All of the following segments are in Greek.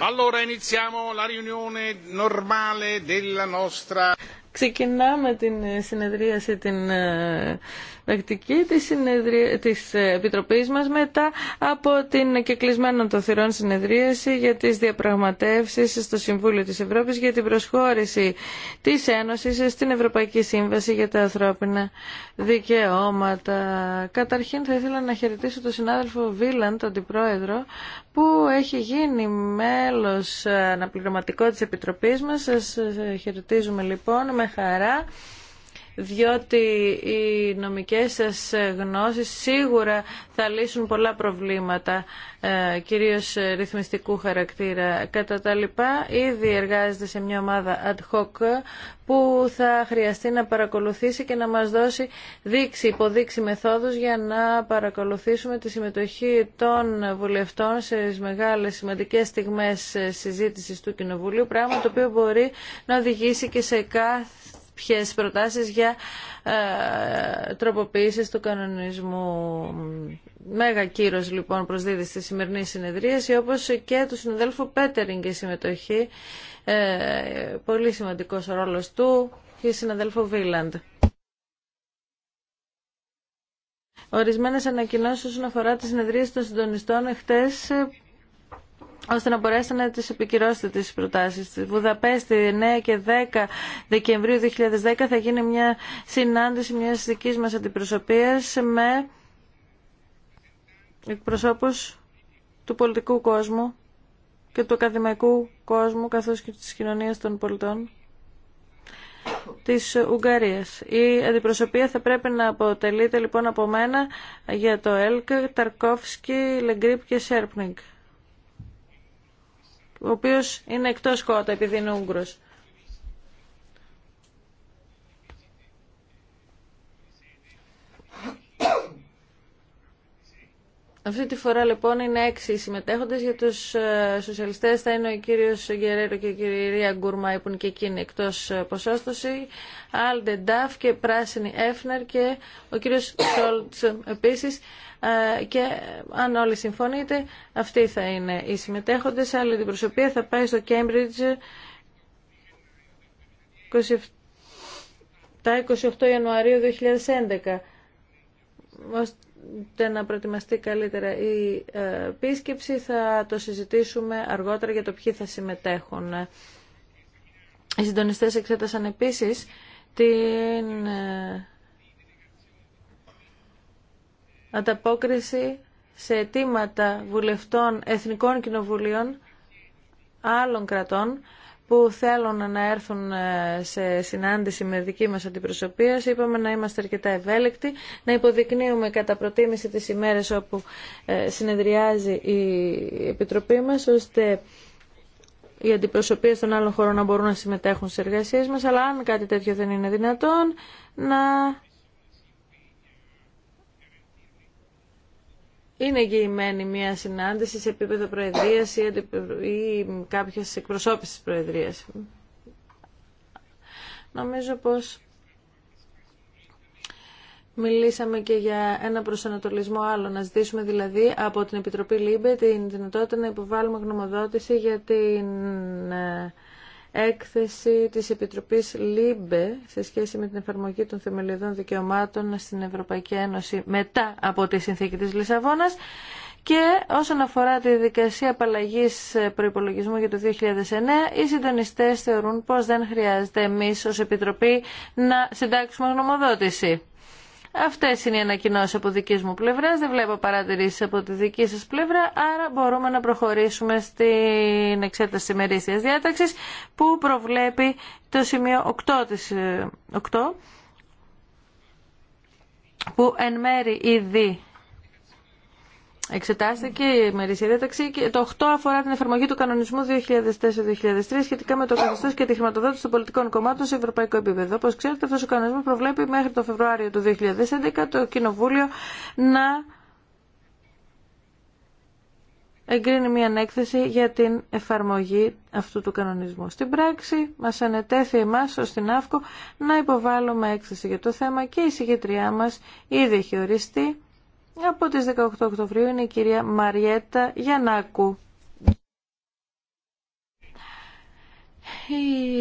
Allora iniziamo la riunione normale della nostra Ξεκινάμε την ε, συνεδρίαση την πρακτική ε, της, συνεδρία, της ε, Επιτροπής μας μετά από την κεκλεισμένο των θυρών συνεδρίαση για τις διαπραγματεύσεις στο Συμβούλιο της Ευρώπης για την προσχώρηση της Ένωσης στην Ευρωπαϊκή Σύμβαση για τα ανθρώπινα δικαιώματα. Καταρχήν θα ήθελα να χαιρετήσω τον συνάδελφο Βίλαν, τον αντιπρόεδρο, που έχει γίνει μέλος αναπληρωματικό της Επιτροπής μας. Σας χαιρετίζουμε λοιπόν με χαρά διότι οι νομικές σας γνώσεις σίγουρα θα λύσουν πολλά προβλήματα, ε, κυρίως ρυθμιστικού χαρακτήρα. Κατά τα λοιπά, ήδη εργάζεται σε μια ομάδα ad hoc που θα χρειαστεί να παρακολουθήσει και να μας δώσει δείξη, υποδείξη μεθόδους για να παρακολουθήσουμε τη συμμετοχή των βουλευτών σε μεγάλες σημαντικές στιγμές συζήτησης του Κοινοβουλίου, πράγμα το οποίο μπορεί να οδηγήσει και σε κάθε ποιες προτάσεις για ε, τροποποίησης του κανονισμού. Μέγα κύρος λοιπόν προσδίδει στη σημερινή συνεδρίαση όπως και του συναδέλφου Πέτερινγκ η συμμετοχή. Ε, πολύ σημαντικός ο ρόλος του και συναδέλφου Βίλαντ. Ορισμένες ανακοινώσεις όσον αφορά τις συνεδρίες των συντονιστών χτες ώστε να μπορέσετε να τις επικυρώσετε τις προτάσεις Στη Βουδαπέστη 9 και 10 Δεκεμβρίου 2010 θα γίνει μια συνάντηση μιας δικής μας αντιπροσωπείας με εκπροσώπους του πολιτικού κόσμου και του ακαδημαϊκού κόσμου καθώς και της κοινωνίας των πολιτών της Ουγγαρίας. Η αντιπροσωπεία θα πρέπει να αποτελείται λοιπόν από μένα για το ΕΛΚ, Ταρκόφσκι, Λεγκρίπ και Σέρπνιγκ ο οποίος είναι εκτός κότα επειδή είναι Ούγγρος. Αυτή τη φορά λοιπόν είναι έξι οι συμμετέχοντες. Για τους ε, σοσιαλιστές θα είναι ο κύριος Γκερέρο και η κυρία Γκουρμά που είναι και εκείνη εκτός ε, ποσόστοση. Άλντε Νταφ και Πράσινη Έφνερ και ο κύριος Σόλτς ε, επίσης. Και αν όλοι συμφωνείτε αυτοί θα είναι οι συμμετέχοντες. Άλλη την προσωπία θα πάει στο Κέμπριτζ 27-28 Ιανουαρίου 2011 να προετοιμαστεί καλύτερα η ε, επίσκεψη. Θα το συζητήσουμε αργότερα για το ποιοι θα συμμετέχουν. Οι συντονιστές εξέτασαν επίσης την ε, ανταπόκριση σε αιτήματα βουλευτών εθνικών κοινοβουλίων άλλων κρατών που θέλουν να έρθουν ε, σε συνάντηση με δική μας αντιπροσωπεία. Είπαμε να είμαστε αρκετά ευέλικτοι, να υποδεικνύουμε κατά προτίμηση τις ημέρες όπου ε, συνεδριάζει η Επιτροπή μας, ώστε οι αντιπροσωπείε των άλλων χωρών να μπορούν να συμμετέχουν στι εργασίε μα, αλλά αν κάτι τέτοιο δεν είναι δυνατόν, να είναι εγγυημένη μια συνάντηση σε επίπεδο προεδρίας ή, ή κάποιας εκπροσώπησης προεδρίας. Νομίζω πως Μιλήσαμε και για ένα προσανατολισμό άλλο, να ζητήσουμε δηλαδή από την Επιτροπή ΛΥΜΠΕ την δυνατότητα να υποβάλουμε γνωμοδότηση για την ε, έκθεση της Επιτροπής ΛΥΜΠΕ σε σχέση με την εφαρμογή των θεμελιωδών δικαιωμάτων στην Ευρωπαϊκή Ένωση μετά από τη συνθήκη της Λισαβόνας και όσον αφορά τη δικασία απαλλαγή προπολογισμού για το 2009, οι συντονιστέ θεωρούν πω δεν χρειάζεται εμεί ω Επιτροπή να συντάξουμε γνωμοδότηση. Αυτές είναι οι ανακοινώσει από δική μου πλευρά. Δεν βλέπω παράτηρήσει από τη δική σας πλευρά, άρα μπορούμε να προχωρήσουμε στην εξέταση μερίσιας διάταξη που προβλέπει το σημείο 8 τη. 8 που εν μέρη ήδη Εξετάστηκε η μερίσια διάταξη και το 8 αφορά την εφαρμογή του κανονισμού 2004-2003 σχετικά με το καθεστώ και τη χρηματοδότηση των πολιτικών κομμάτων σε ευρωπαϊκό επίπεδο. Όπω ξέρετε, αυτό ο κανονισμό προβλέπει μέχρι το Φεβρουάριο του 2011 το Κοινοβούλιο να εγκρίνει μια ανέκθεση για την εφαρμογή αυτού του κανονισμού. Στην πράξη, μα ανετέθη εμά ω την ΑΦΚΟ να υποβάλουμε έκθεση για το θέμα και η συγκεκριά μα ήδη έχει οριστεί από τις 18 Οκτωβρίου είναι η κυρία Μαριέτα Γιαννάκου.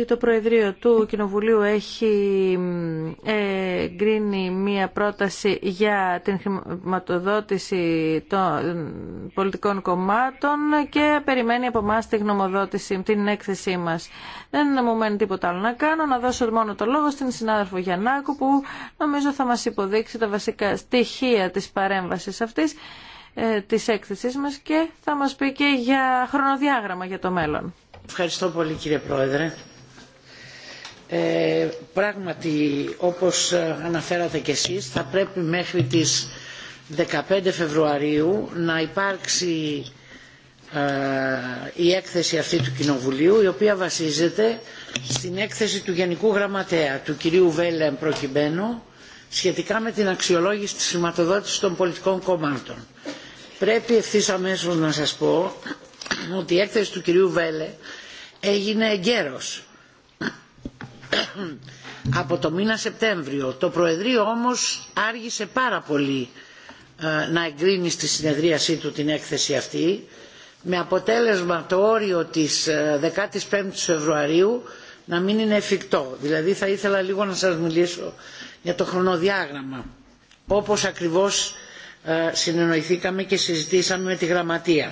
το Προεδρείο του Κοινοβουλίου έχει γκρίνει μία πρόταση για την χρηματοδότηση των πολιτικών κομμάτων και περιμένει από εμάς τη γνωμοδότηση, την έκθεσή μας. Δεν μου μένει τίποτα άλλο να κάνω, να δώσω μόνο το λόγο στην συνάδελφο Γιαννάκου που νομίζω θα μας υποδείξει τα βασικά στοιχεία της παρέμβασης αυτής ε, της έκθεσής μας και θα μας πει και για χρονοδιάγραμμα για το μέλλον. Ευχαριστώ πολύ κύριε Πρόεδρε. Ε, πράγματι όπως ε, αναφέρατε και εσείς θα πρέπει μέχρι τις 15 Φεβρουαρίου να υπάρξει ε, η έκθεση αυτή του Κοινοβουλίου η οποία βασίζεται στην έκθεση του Γενικού Γραμματέα του κυρίου Βέλεμ προκειμένου σχετικά με την αξιολόγηση της χρηματοδότησης των πολιτικών κομμάτων. Πρέπει ευθύ αμέσω να σας πω ότι η έκθεση του κυρίου Βέλε έγινε εγκαίρος από το μήνα Σεπτέμβριο. Το Προεδρείο όμως άργησε πάρα πολύ ε, να εγκρίνει στη συνεδρίασή του την έκθεση αυτή με αποτέλεσμα το όριο της 15ης ε, Φεβρουαρίου να μην είναι εφικτό. Δηλαδή θα ήθελα λίγο να σας μιλήσω για το χρονοδιάγραμμα. Όπως ακριβώς ε, συνεννοηθήκαμε και συζητήσαμε με τη Γραμματεία.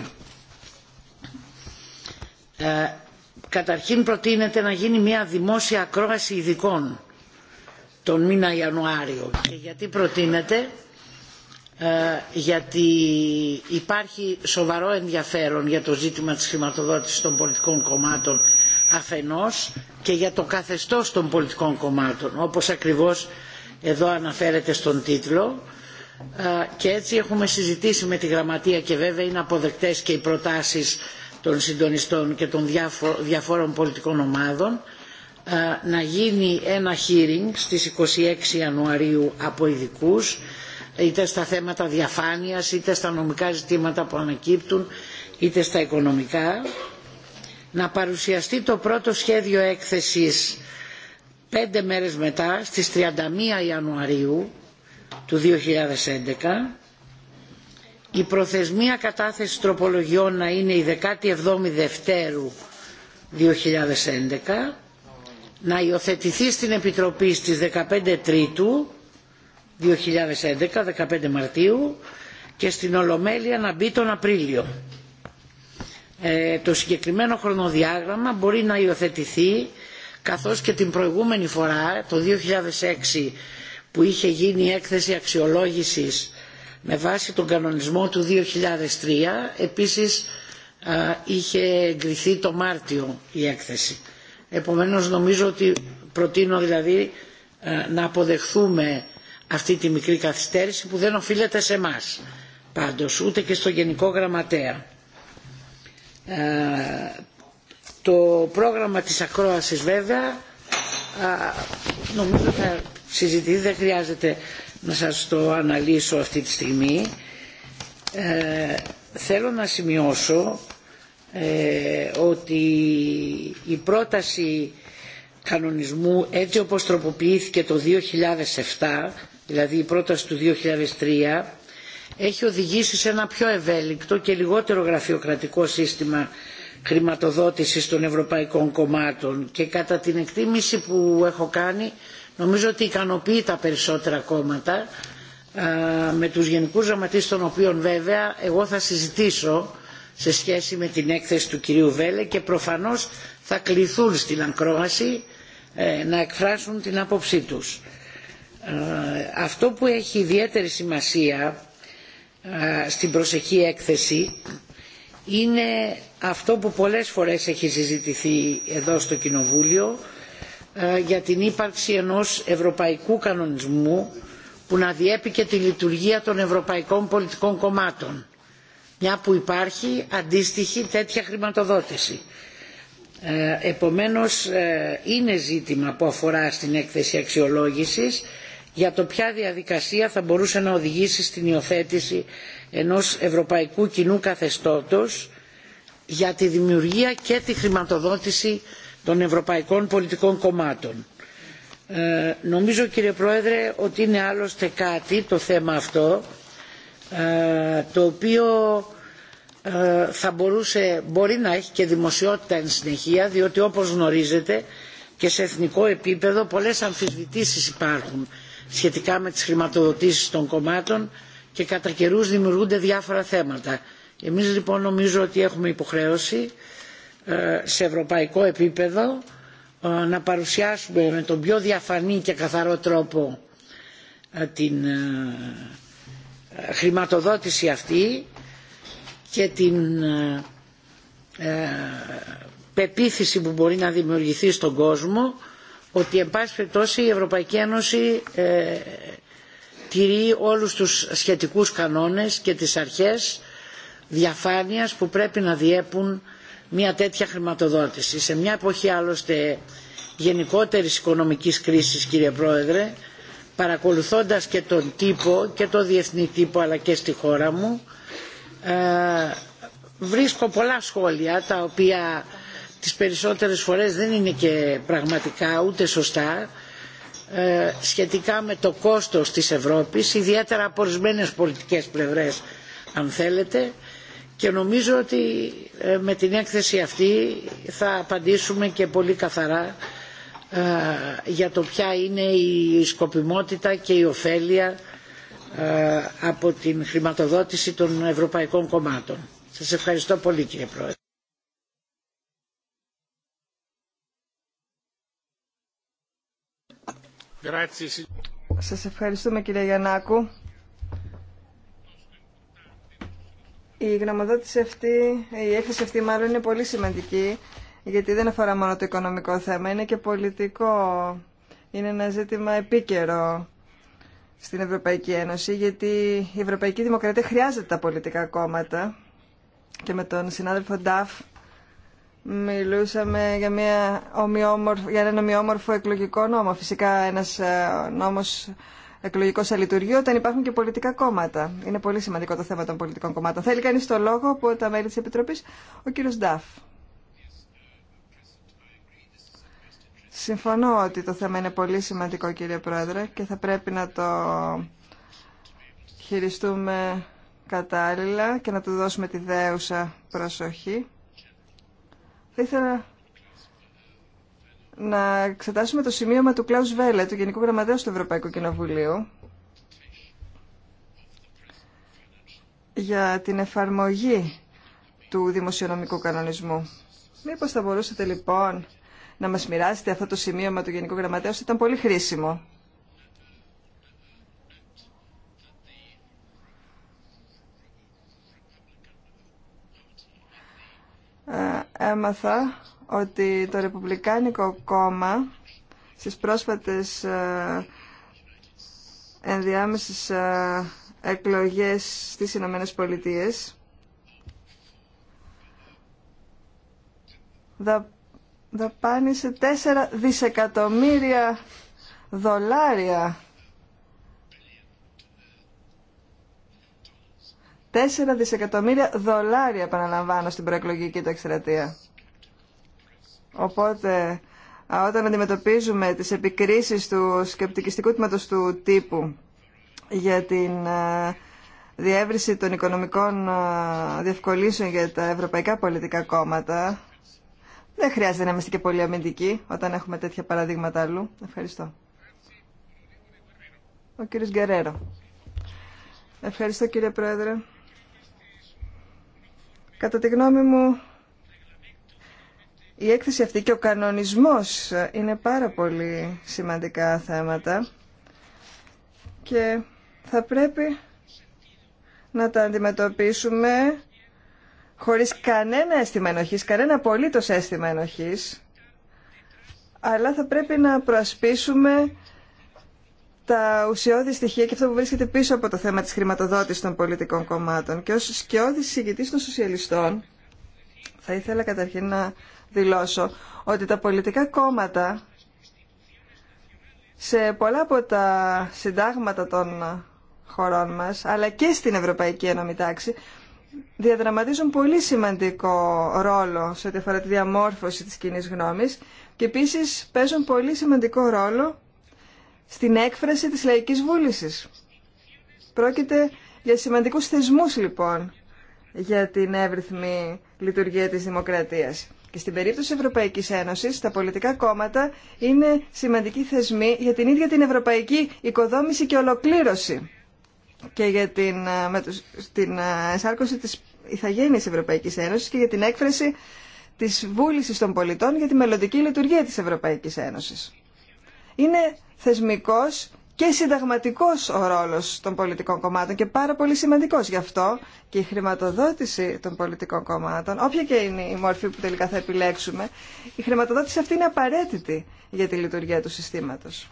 Καταρχήν προτείνεται να γίνει μια δημόσια ακρόαση ειδικών τον μήνα Ιανουάριο. Και γιατί προτείνεται, ε, γιατί υπάρχει σοβαρό ενδιαφέρον για το ζήτημα της χρηματοδότησης των πολιτικών κομμάτων αφενός και για το καθεστώς των πολιτικών κομμάτων, όπως ακριβώς εδώ αναφέρεται στον τίτλο ε, και έτσι έχουμε συζητήσει με τη γραμματεία και βέβαια είναι αποδεκτές και οι προτάσεις των συντονιστών και των διαφόρων πολιτικών ομάδων ε, να γίνει ένα hearing στις 26 Ιανουαρίου από ειδικού, είτε στα θέματα διαφάνειας, είτε στα νομικά ζητήματα που ανακύπτουν, είτε στα οικονομικά. Να παρουσιαστεί το πρώτο σχέδιο έκθεσης πέντε μέρες μετά, στις 31 Ιανουαρίου του 2011 η προθεσμία κατάθεσης τροπολογιών να είναι η 17η Δευτέρου 2011, να υιοθετηθεί στην Επιτροπή στις 15 Τρίτου 2011, 15 Μαρτίου και στην Ολομέλεια να μπει τον Απρίλιο. Ε, το συγκεκριμένο χρονοδιάγραμμα μπορεί να υιοθετηθεί καθώς και την προηγούμενη φορά το 2006 που είχε γίνει η έκθεση αξιολόγησης με βάση τον κανονισμό του 2003 επίσης είχε εγκριθεί το Μάρτιο η έκθεση. Επομένως νομίζω ότι προτείνω δηλαδή να αποδεχθούμε αυτή τη μικρή καθυστέρηση που δεν οφείλεται σε εμά πάντως ούτε και στο Γενικό Γραμματέα. Το πρόγραμμα της ακρόασης βέβαια νομίζω θα συζητηθεί, δεν χρειάζεται να σας το αναλύσω αυτή τη στιγμή. Ε, θέλω να σημειώσω ε, ότι η πρόταση κανονισμού έτσι όπως τροποποιήθηκε το 2007, δηλαδή η πρόταση του 2003, έχει οδηγήσει σε ένα πιο ευέλικτο και λιγότερο γραφειοκρατικό σύστημα χρηματοδότησης των ευρωπαϊκών κομμάτων και κατά την εκτίμηση που έχω κάνει Νομίζω ότι ικανοποιεί τα περισσότερα κόμματα με τους γενικούς γραμματείς των οποίων βέβαια εγώ θα συζητήσω σε σχέση με την έκθεση του κυρίου Βέλε και προφανώς θα κληθούν στην ακρόαση ε, να εκφράσουν την άποψή τους. Ε, αυτό που έχει ιδιαίτερη σημασία ε, στην προσεχή έκθεση είναι αυτό που πολλές φορές έχει συζητηθεί εδώ στο Κοινοβούλιο ε, για την ύπαρξη ενός ευρωπαϊκού κανονισμού που να διέπει και τη λειτουργία των ευρωπαϊκών πολιτικών κομμάτων μια που υπάρχει αντίστοιχη τέτοια χρηματοδότηση. Ε, επομένως ε, είναι ζήτημα που αφορά στην έκθεση αξιολόγησης για το ποια διαδικασία θα μπορούσε να οδηγήσει στην υιοθέτηση ενός ευρωπαϊκού κοινού καθεστώτος για τη δημιουργία και τη χρηματοδότηση των ευρωπαϊκών πολιτικών κομμάτων. Ε, νομίζω κύριε Πρόεδρε ότι είναι άλλωστε κάτι το θέμα αυτό ε, το οποίο ε, θα μπορούσε, μπορεί να έχει και δημοσιότητα εν συνεχεία διότι όπως γνωρίζετε και σε εθνικό επίπεδο πολλές αμφισβητήσεις υπάρχουν σχετικά με τις χρηματοδοτήσεις των κομμάτων και κατά καιρού δημιουργούνται διάφορα θέματα. Εμείς λοιπόν νομίζω ότι έχουμε υποχρέωση ε, σε ευρωπαϊκό επίπεδο ε, να παρουσιάσουμε με τον πιο διαφανή και καθαρό τρόπο ε, την χρηματοδότηση αυτή και την πεποίθηση που μπορεί να δημιουργηθεί στον κόσμο ότι εν πάση περιπτώσει η Ευρωπαϊκή Ένωση τηρεί όλους τους σχετικούς κανόνες και τις αρχές διαφάνειας που πρέπει να διέπουν μια τέτοια χρηματοδότηση. Σε μια εποχή άλλωστε γενικότερης οικονομικής κρίσης κύριε Πρόεδρε, παρακολουθώντας και τον τύπο και το διεθνή τύπο αλλά και στη χώρα μου, ε, βρίσκω πολλά σχόλια τα οποία τις περισσότερες φορές δεν είναι και πραγματικά ούτε σωστά ε, σχετικά με το κόστος της Ευρώπης, ιδιαίτερα από ορισμένε πολιτικές πλευρές αν θέλετε, και νομίζω ότι ε, με την έκθεση αυτή θα απαντήσουμε και πολύ καθαρά ε, για το ποια είναι η σκοπιμότητα και η ωφέλεια ε, από την χρηματοδότηση των ευρωπαϊκών κομμάτων. Σας ευχαριστώ πολύ κύριε Πρόεδρε. Σας ευχαριστούμε κύριε Γιαννάκου. Η γνωμοδότηση αυτή, η έκθεση αυτή μάλλον είναι πολύ σημαντική, γιατί δεν αφορά μόνο το οικονομικό θέμα, είναι και πολιτικό. Είναι ένα ζήτημα επίκαιρο στην Ευρωπαϊκή Ένωση, γιατί η Ευρωπαϊκή Δημοκρατία χρειάζεται τα πολιτικά κόμματα. Και με τον συνάδελφο Νταφ μιλούσαμε για, μια ομοιόμορφο, για έναν ομοιόμορφο εκλογικό νόμο. Φυσικά ένας ε, νόμος εκλογικό σε λειτουργεί όταν υπάρχουν και πολιτικά κόμματα. Είναι πολύ σημαντικό το θέμα των πολιτικών κομμάτων. Θέλει κανεί το λόγο από τα μέλη τη Επιτροπή, ο κύριο Νταφ. Συμφωνώ ότι το θέμα είναι πολύ σημαντικό κύριε Πρόεδρε και θα πρέπει να το χειριστούμε κατάλληλα και να του δώσουμε τη δέουσα προσοχή. Θα ήθελα να εξετάσουμε το σημείωμα του Κλάους Βέλε, του Γενικού Γραμματέου του Ευρωπαϊκού Κοινοβουλίου, για την εφαρμογή του δημοσιονομικού κανονισμού. Μήπως θα μπορούσατε λοιπόν να μας μοιράσετε αυτό το σημείωμα του Γενικού Γραμματέα, ήταν πολύ χρήσιμο. Ε, έμαθα ότι το Ρεπουμπλικάνικο κόμμα στις πρόσφατες ε, ενδιάμεσες ε, εκλογές στις Ηνωμένες Πολιτείες δαπάνησε 4 δισεκατομμύρια δολάρια 4 δισεκατομμύρια δολάρια, επαναλαμβάνω, στην προεκλογική του εκστρατεία. Οπότε, όταν αντιμετωπίζουμε τις επικρίσεις του σκεπτικιστικού τμήματος του τύπου για την διεύρυνση των οικονομικών διευκολύσεων για τα ευρωπαϊκά πολιτικά κόμματα, δεν χρειάζεται να είμαστε και πολύ αμυντικοί όταν έχουμε τέτοια παραδείγματα αλλού. Ευχαριστώ. Ο κύριος Γκερέρο. Ευχαριστώ κύριε Πρόεδρε. Κατά τη γνώμη μου, η έκθεση αυτή και ο κανονισμός είναι πάρα πολύ σημαντικά θέματα και θα πρέπει να τα αντιμετωπίσουμε χωρίς κανένα αίσθημα ενοχής, κανένα απολύτως αίσθημα ενοχής, αλλά θα πρέπει να προασπίσουμε τα ουσιώδη στοιχεία και αυτό που βρίσκεται πίσω από το θέμα της χρηματοδότησης των πολιτικών κομμάτων. Και ως σκιώδης συγκητής των σοσιαλιστών θα ήθελα καταρχήν να δηλώσω ότι τα πολιτικά κόμματα σε πολλά από τα συντάγματα των χωρών μας, αλλά και στην Ευρωπαϊκή Ένωμη Τάξη, διαδραματίζουν πολύ σημαντικό ρόλο σε ό,τι αφορά τη διαμόρφωση της κοινή γνώμης και επίσης παίζουν πολύ σημαντικό ρόλο στην έκφραση της λαϊκής βούλησης. Πρόκειται για σημαντικούς θεσμούς λοιπόν για την εύρυθμη λειτουργία της δημοκρατίας. Και στην περίπτωση Ευρωπαϊκής Ένωσης, τα πολιτικά κόμματα είναι σημαντικοί θεσμοί για την ίδια την ευρωπαϊκή οικοδόμηση και ολοκλήρωση και για την, ε, με τους, την ε, εσάρκωση της ηθαγένειας Ευρωπαϊκής Ένωσης και για την έκφραση της βούλησης των πολιτών για τη μελλοντική λειτουργία της Ευρωπαϊκής Ένωσης. Είναι θεσμικός και συνταγματικό ο ρόλος των πολιτικών κομμάτων και πάρα πολύ σημαντικό γι' αυτό και η χρηματοδότηση των πολιτικών κομμάτων, όποια και είναι η μορφή που τελικά θα επιλέξουμε, η χρηματοδότηση αυτή είναι απαραίτητη για τη λειτουργία του συστήματος.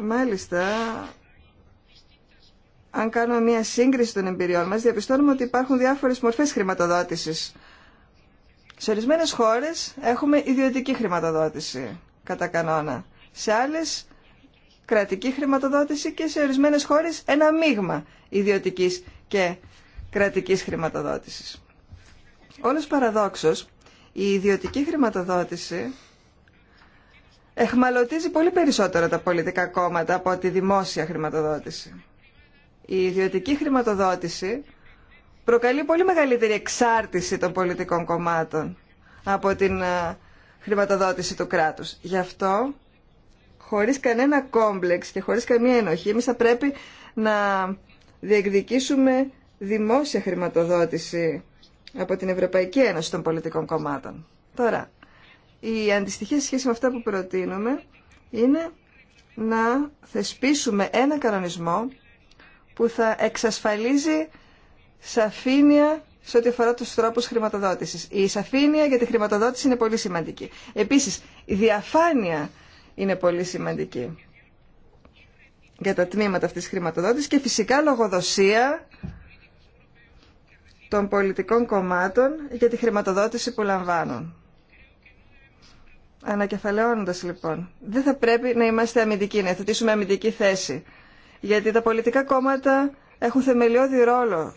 Μάλιστα, αν κάνουμε μια σύγκριση των εμπειριών μας, διαπιστώνουμε ότι υπάρχουν διάφορες μορφές χρηματοδότησης. Σε ορισμένες χώρες έχουμε ιδιωτική χρηματοδότηση κατά κανόνα. Σε άλλες κρατική χρηματοδότηση και σε ορισμένες χώρες ένα μείγμα ιδιωτικής και κρατικής χρηματοδότησης. Όλος παραδόξως, η ιδιωτική χρηματοδότηση εχμαλωτίζει πολύ περισσότερο τα πολιτικά κόμματα από τη δημόσια χρηματοδότηση. Η ιδιωτική χρηματοδότηση προκαλεί πολύ μεγαλύτερη εξάρτηση των πολιτικών κομμάτων από την ε, χρηματοδότηση του κράτους. Γι' αυτό, χωρίς κανένα κόμπλεξ και χωρίς καμία ενοχή, εμείς θα πρέπει να διεκδικήσουμε δημόσια χρηματοδότηση από την Ευρωπαϊκή Ένωση των Πολιτικών Κομμάτων. Τώρα, η αντιστοιχία σχέση με αυτά που προτείνουμε είναι να θεσπίσουμε ένα κανονισμό που θα εξασφαλίζει σαφήνεια σε ό,τι αφορά του τρόπου χρηματοδότηση. Η σαφήνεια για τη χρηματοδότηση είναι πολύ σημαντική. Επίση, η διαφάνεια είναι πολύ σημαντική για τα τμήματα αυτής της χρηματοδότησης και φυσικά λογοδοσία των πολιτικών κομμάτων για τη χρηματοδότηση που λαμβάνουν. Ανακεφαλαιώνοντας λοιπόν, δεν θα πρέπει να είμαστε αμυντικοί, να εθετήσουμε αμυντική θέση, γιατί τα πολιτικά κόμματα έχουν θεμελιώδη ρόλο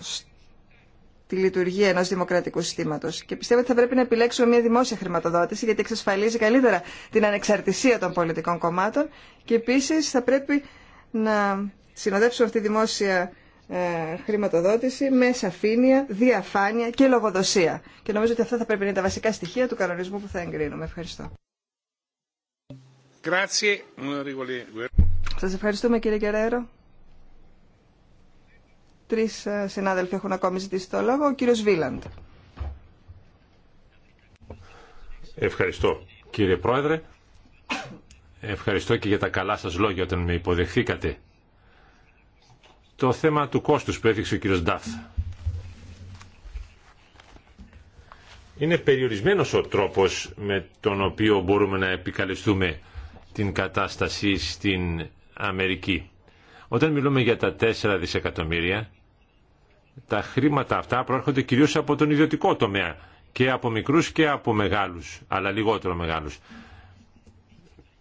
τη λειτουργία ενός δημοκρατικού συστήματος. Και πιστεύω ότι θα πρέπει να επιλέξουμε μια δημόσια χρηματοδότηση γιατί εξασφαλίζει καλύτερα την ανεξαρτησία των πολιτικών κομμάτων και επίσης θα πρέπει να συνοδεύσουμε αυτή τη δημόσια ε, χρηματοδότηση με σαφήνεια, διαφάνεια και λογοδοσία. Και νομίζω ότι αυτά θα πρέπει να είναι τα βασικά στοιχεία του κανονισμού που θα εγκρίνουμε. Ευχαριστώ. Σας ευχαριστούμε κύριε Κεραίρο. Τρεις ε, συνάδελφοι έχουν ακόμη ζητήσει το λόγο. Ο κύριος Βίλαντ. Ευχαριστώ κύριε Πρόεδρε. Ευχαριστώ και για τα καλά σας λόγια όταν με υποδεχθήκατε. Το θέμα του κόστους που έδειξε ο κύριος Ντάφ. Είναι περιορισμένος ο τρόπος με τον οποίο μπορούμε να επικαλεστούμε την κατάσταση στην Αμερική. Όταν μιλούμε για τα 4 δισεκατομμύρια, τα χρήματα αυτά προέρχονται κυρίως από τον ιδιωτικό τομέα και από μικρούς και από μεγάλους, αλλά λιγότερο μεγάλους.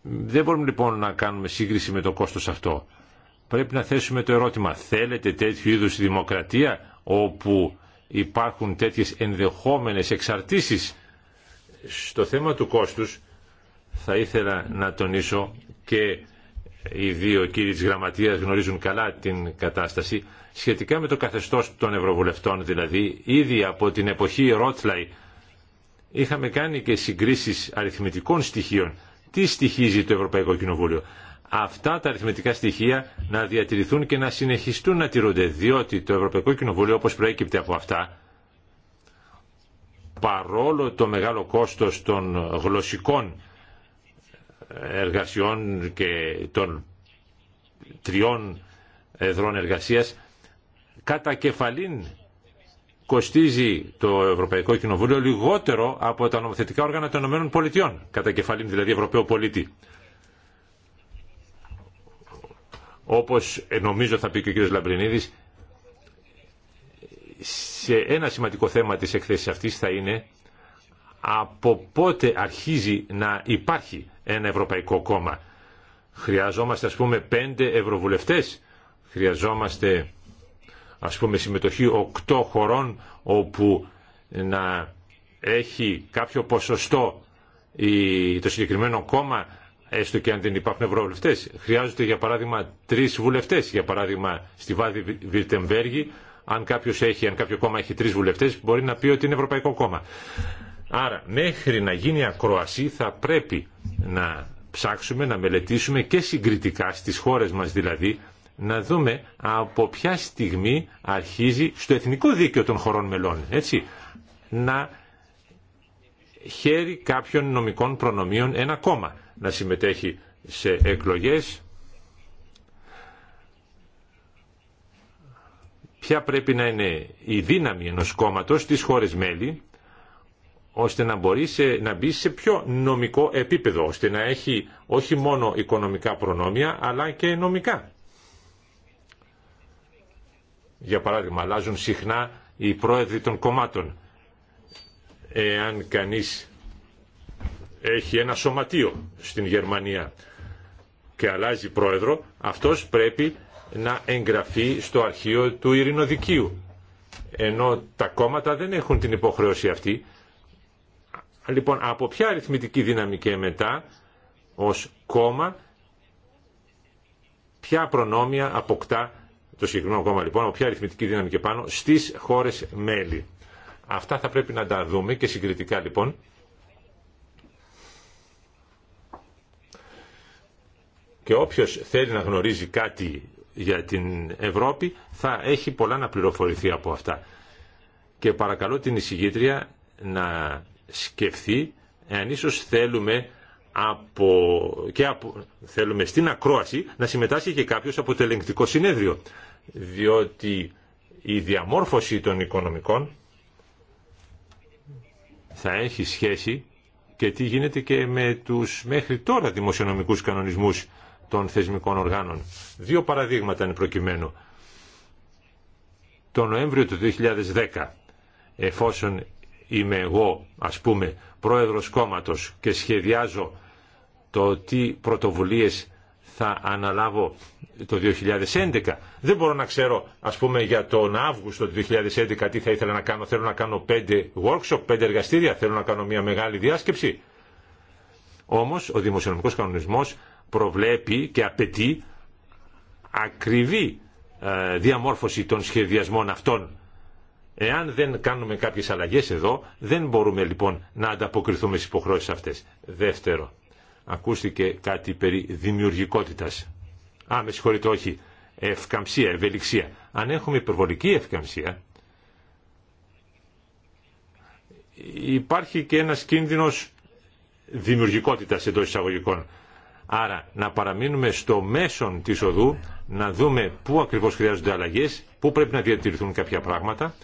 Δεν μπορούμε λοιπόν να κάνουμε σύγκριση με το κόστος αυτό. Πρέπει να θέσουμε το ερώτημα, θέλετε τέτοιου είδους δημοκρατία όπου υπάρχουν τέτοιες ενδεχόμενες εξαρτήσεις στο θέμα του κόστους θα ήθελα να τονίσω και οι δύο κύριοι της Γραμματείας γνωρίζουν καλά την κατάσταση, σχετικά με το καθεστώς των Ευρωβουλευτών δηλαδή, ήδη από την εποχή Ρότλαϊ είχαμε κάνει και συγκρίσεις αριθμητικών στοιχείων. Τι στοιχίζει το Ευρωπαϊκό Κοινοβούλιο. Αυτά τα αριθμητικά στοιχεία να διατηρηθούν και να συνεχιστούν να τηρούνται, διότι το Ευρωπαϊκό Κοινοβούλιο, όπως προέκυπτε από αυτά, παρόλο το μεγάλο κόστος των γλωσσικών εργασιών και των τριών εδρών εργασίας κατά κεφαλήν κοστίζει το Ευρωπαϊκό Κοινοβούλιο λιγότερο από τα νομοθετικά όργανα των ΗΠΑ, κατά κεφαλήν δηλαδή Ευρωπαίου πολίτη. Όπως ε, νομίζω θα πει και ο κ. Λαμπρινίδης, σε ένα σημαντικό θέμα της εκθέσης αυτής θα είναι από πότε αρχίζει να υπάρχει ένα ευρωπαϊκό κόμμα. Χρειαζόμαστε ας πούμε πέντε ευρωβουλευτές. Χρειαζόμαστε ας πούμε συμμετοχή οκτώ χωρών όπου να έχει κάποιο ποσοστό το συγκεκριμένο κόμμα έστω και αν δεν υπάρχουν Ευρωβουλευτές Χρειάζονται για παράδειγμα τρεις βουλευτές Για παράδειγμα, στη Βάδη Βιρτεμβέργη, αν, κάποιος έχει, αν κάποιο κόμμα έχει τρει βουλευτέ, μπορεί να πει ότι είναι Ευρωπαϊκό Κόμμα. Άρα μέχρι να γίνει ακρόαση θα πρέπει να ψάξουμε, να μελετήσουμε και συγκριτικά στις χώρες μας δηλαδή, να δούμε από ποια στιγμή αρχίζει στο εθνικό δίκαιο των χωρών μελών, έτσι, να χαίρει κάποιων νομικών προνομίων ένα κόμμα, να συμμετέχει σε εκλογές, ποια πρέπει να είναι η δύναμη ενός κόμματος στις χώρες μέλη ώστε να μπορεί να μπει σε πιο νομικό επίπεδο, ώστε να έχει όχι μόνο οικονομικά προνόμια, αλλά και νομικά. Για παράδειγμα, αλλάζουν συχνά οι πρόεδροι των κομμάτων. Εάν κανείς έχει ένα σωματείο στην Γερμανία και αλλάζει πρόεδρο, αυτός πρέπει να εγγραφεί στο αρχείο του ειρηνοδικίου. Ενώ τα κόμματα δεν έχουν την υποχρέωση αυτή Λοιπόν, από ποια αριθμητική δύναμη και μετά, ως κόμμα, ποια προνόμια αποκτά το συγκεκριμένο κόμμα, λοιπόν, από ποια αριθμητική δύναμη και πάνω, στις χώρες μέλη. Αυτά θα πρέπει να τα δούμε και συγκριτικά, λοιπόν. Και όποιος θέλει να γνωρίζει κάτι για την Ευρώπη θα έχει πολλά να πληροφορηθεί από αυτά. Και παρακαλώ την εισηγήτρια να σκεφτεί εάν ίσως θέλουμε, από, και από, θέλουμε στην ακρόαση να συμμετάσχει και κάποιος από το ελεγκτικό συνέδριο. Διότι η διαμόρφωση των οικονομικών θα έχει σχέση και τι γίνεται και με τους μέχρι τώρα δημοσιονομικούς κανονισμούς των θεσμικών οργάνων. Δύο παραδείγματα είναι προκειμένου. Το Νοέμβριο του 2010, εφόσον είμαι εγώ ας πούμε πρόεδρος κόμματος και σχεδιάζω το τι πρωτοβουλίες θα αναλάβω το 2011. Δεν μπορώ να ξέρω, ας πούμε, για τον Αύγουστο του 2011 τι θα ήθελα να κάνω. Θέλω να κάνω πέντε workshop, πέντε εργαστήρια, θέλω να κάνω μια μεγάλη διάσκεψη. Όμως, ο δημοσιονομικός κανονισμός προβλέπει και απαιτεί ακριβή ε, διαμόρφωση των σχεδιασμών αυτών Εάν δεν κάνουμε κάποιες αλλαγές εδώ, δεν μπορούμε λοιπόν να ανταποκριθούμε στις υποχρώσεις αυτές. Δεύτερο, ακούστηκε κάτι περί δημιουργικότητας. Α, με συγχωρείτε, όχι. Ευκαμψία, ευελιξία. Αν έχουμε υπερβολική ευκαμψία, υπάρχει και ένας κίνδυνος δημιουργικότητας εντός εισαγωγικών. Άρα να παραμείνουμε στο μέσον της οδού, να δούμε πού ακριβώς χρειάζονται αλλαγές, πού πρέπει να διατηρηθούν κάποια πράγματα.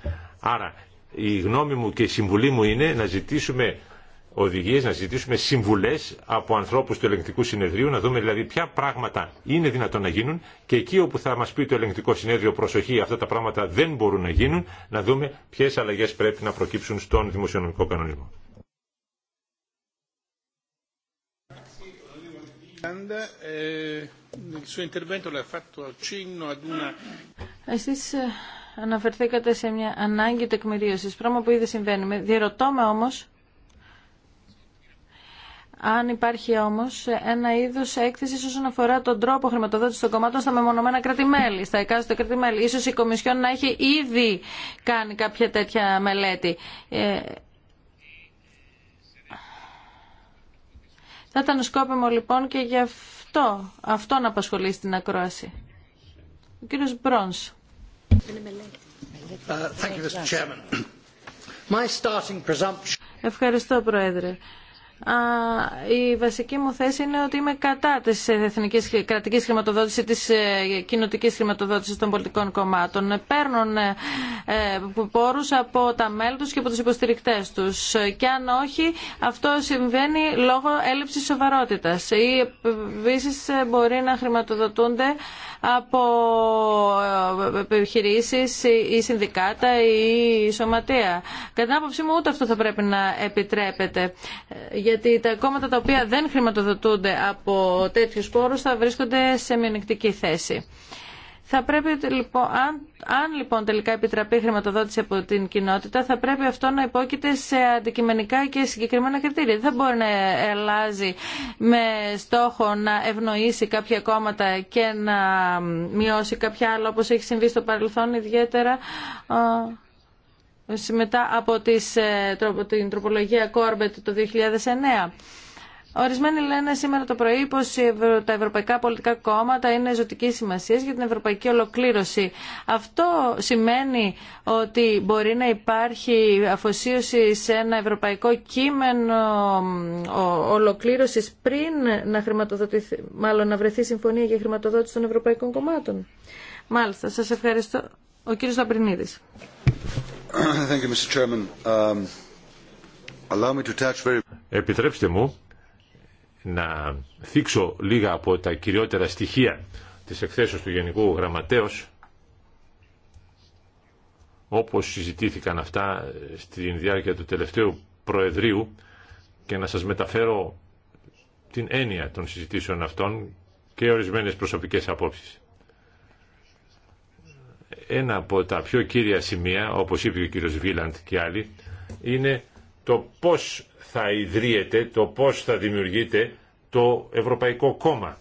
Άρα η γνώμη μου και η συμβουλή μου είναι να ζητήσουμε οδηγίες, να ζητήσουμε συμβουλές από ανθρώπους του ελεγκτικού συνεδρίου, να δούμε δηλαδή ποια πράγματα είναι δυνατόν να γίνουν και εκεί όπου θα μας πει το ελεγκτικό συνέδριο προσοχή αυτά τα πράγματα δεν μπορούν να γίνουν, να δούμε ποιες αλλαγές πρέπει να προκύψουν στον δημοσιονομικό κανονισμό. domanda, eh, suo intervento l'ha fatto ad una... Ε, αναφερθήκατε σε μια ανάγκη τεκμηρίωσης, πράγμα που ήδη συμβαίνει. Διερωτώ με όμως αν υπάρχει όμω ένα είδο έκθεση όσον αφορά τον τρόπο χρηματοδότηση των κομμάτων στα μεμονωμένα κράτη-μέλη, στα εκάστοτε κράτη-μέλη. σω η Κομισιόν να έχει ήδη κάνει κάποια τέτοια μελέτη. Ε, Θα ήταν σκόπιμο λοιπόν και γι' αυτό, αυτό να απασχολεί στην ακρόαση. Ο κύριος Μπρόνς. Uh, Ευχαριστώ, Πρόεδρε η βασική μου θέση είναι ότι είμαι κατά της εθνική κρατικής χρηματοδότησης, τη ε, κοινοτική χρηματοδότηση των πολιτικών κομμάτων. Ε, παίρνουν ε, πόρους από τα μέλη τους και από τους υποστηρικτές τους. Και αν όχι, αυτό συμβαίνει λόγω έλλειψης σοβαρότητας. Οι επίσης μπορεί να χρηματοδοτούνται από επιχειρήσει ή συνδικάτα ή σωματεία. Κατά την άποψή μου ούτε αυτό θα πρέπει να επιτρέπεται γιατί τα κόμματα τα οποία δεν χρηματοδοτούνται από τέτοιους πόρους θα βρίσκονται σε μειονεκτική θέση. Θα πρέπει, λοιπόν, αν, λοιπόν τελικά επιτραπεί χρηματοδότηση από την κοινότητα, θα πρέπει αυτό να υπόκειται σε αντικειμενικά και συγκεκριμένα κριτήρια. Δεν μπορεί να αλλάζει με στόχο να ευνοήσει κάποια κόμματα και να μειώσει κάποια άλλα, όπως έχει συμβεί στο παρελθόν ιδιαίτερα μετά από τις, ε, την τροπολογία Κόρμπετ το 2009. Ορισμένοι λένε σήμερα το πρωί πω τα ευρωπαϊκά πολιτικά κόμματα είναι ζωτική σημασία για την ευρωπαϊκή ολοκλήρωση. Αυτό σημαίνει ότι μπορεί να υπάρχει αφοσίωση σε ένα ευρωπαϊκό κείμενο ολοκλήρωση πριν να, μάλλον να βρεθεί συμφωνία για χρηματοδότηση των ευρωπαϊκών κομμάτων. Μάλιστα, σα ευχαριστώ. Ο κύριο Λαμπρινίδη. Um, Επιτρέψτε μου να θίξω λίγα από τα κυριότερα στοιχεία της εκθέσεως του Γενικού Γραμματέως όπως συζητήθηκαν αυτά στην διάρκεια του τελευταίου Προεδρίου και να σας μεταφέρω την έννοια των συζητήσεων αυτών και ορισμένες προσωπικές απόψεις. Ένα από τα πιο κύρια σημεία, όπως είπε ο κύριος Βίλαντ και άλλοι, είναι το πώς θα ιδρύεται, το πώς θα δημιουργείται το Ευρωπαϊκό Κόμμα.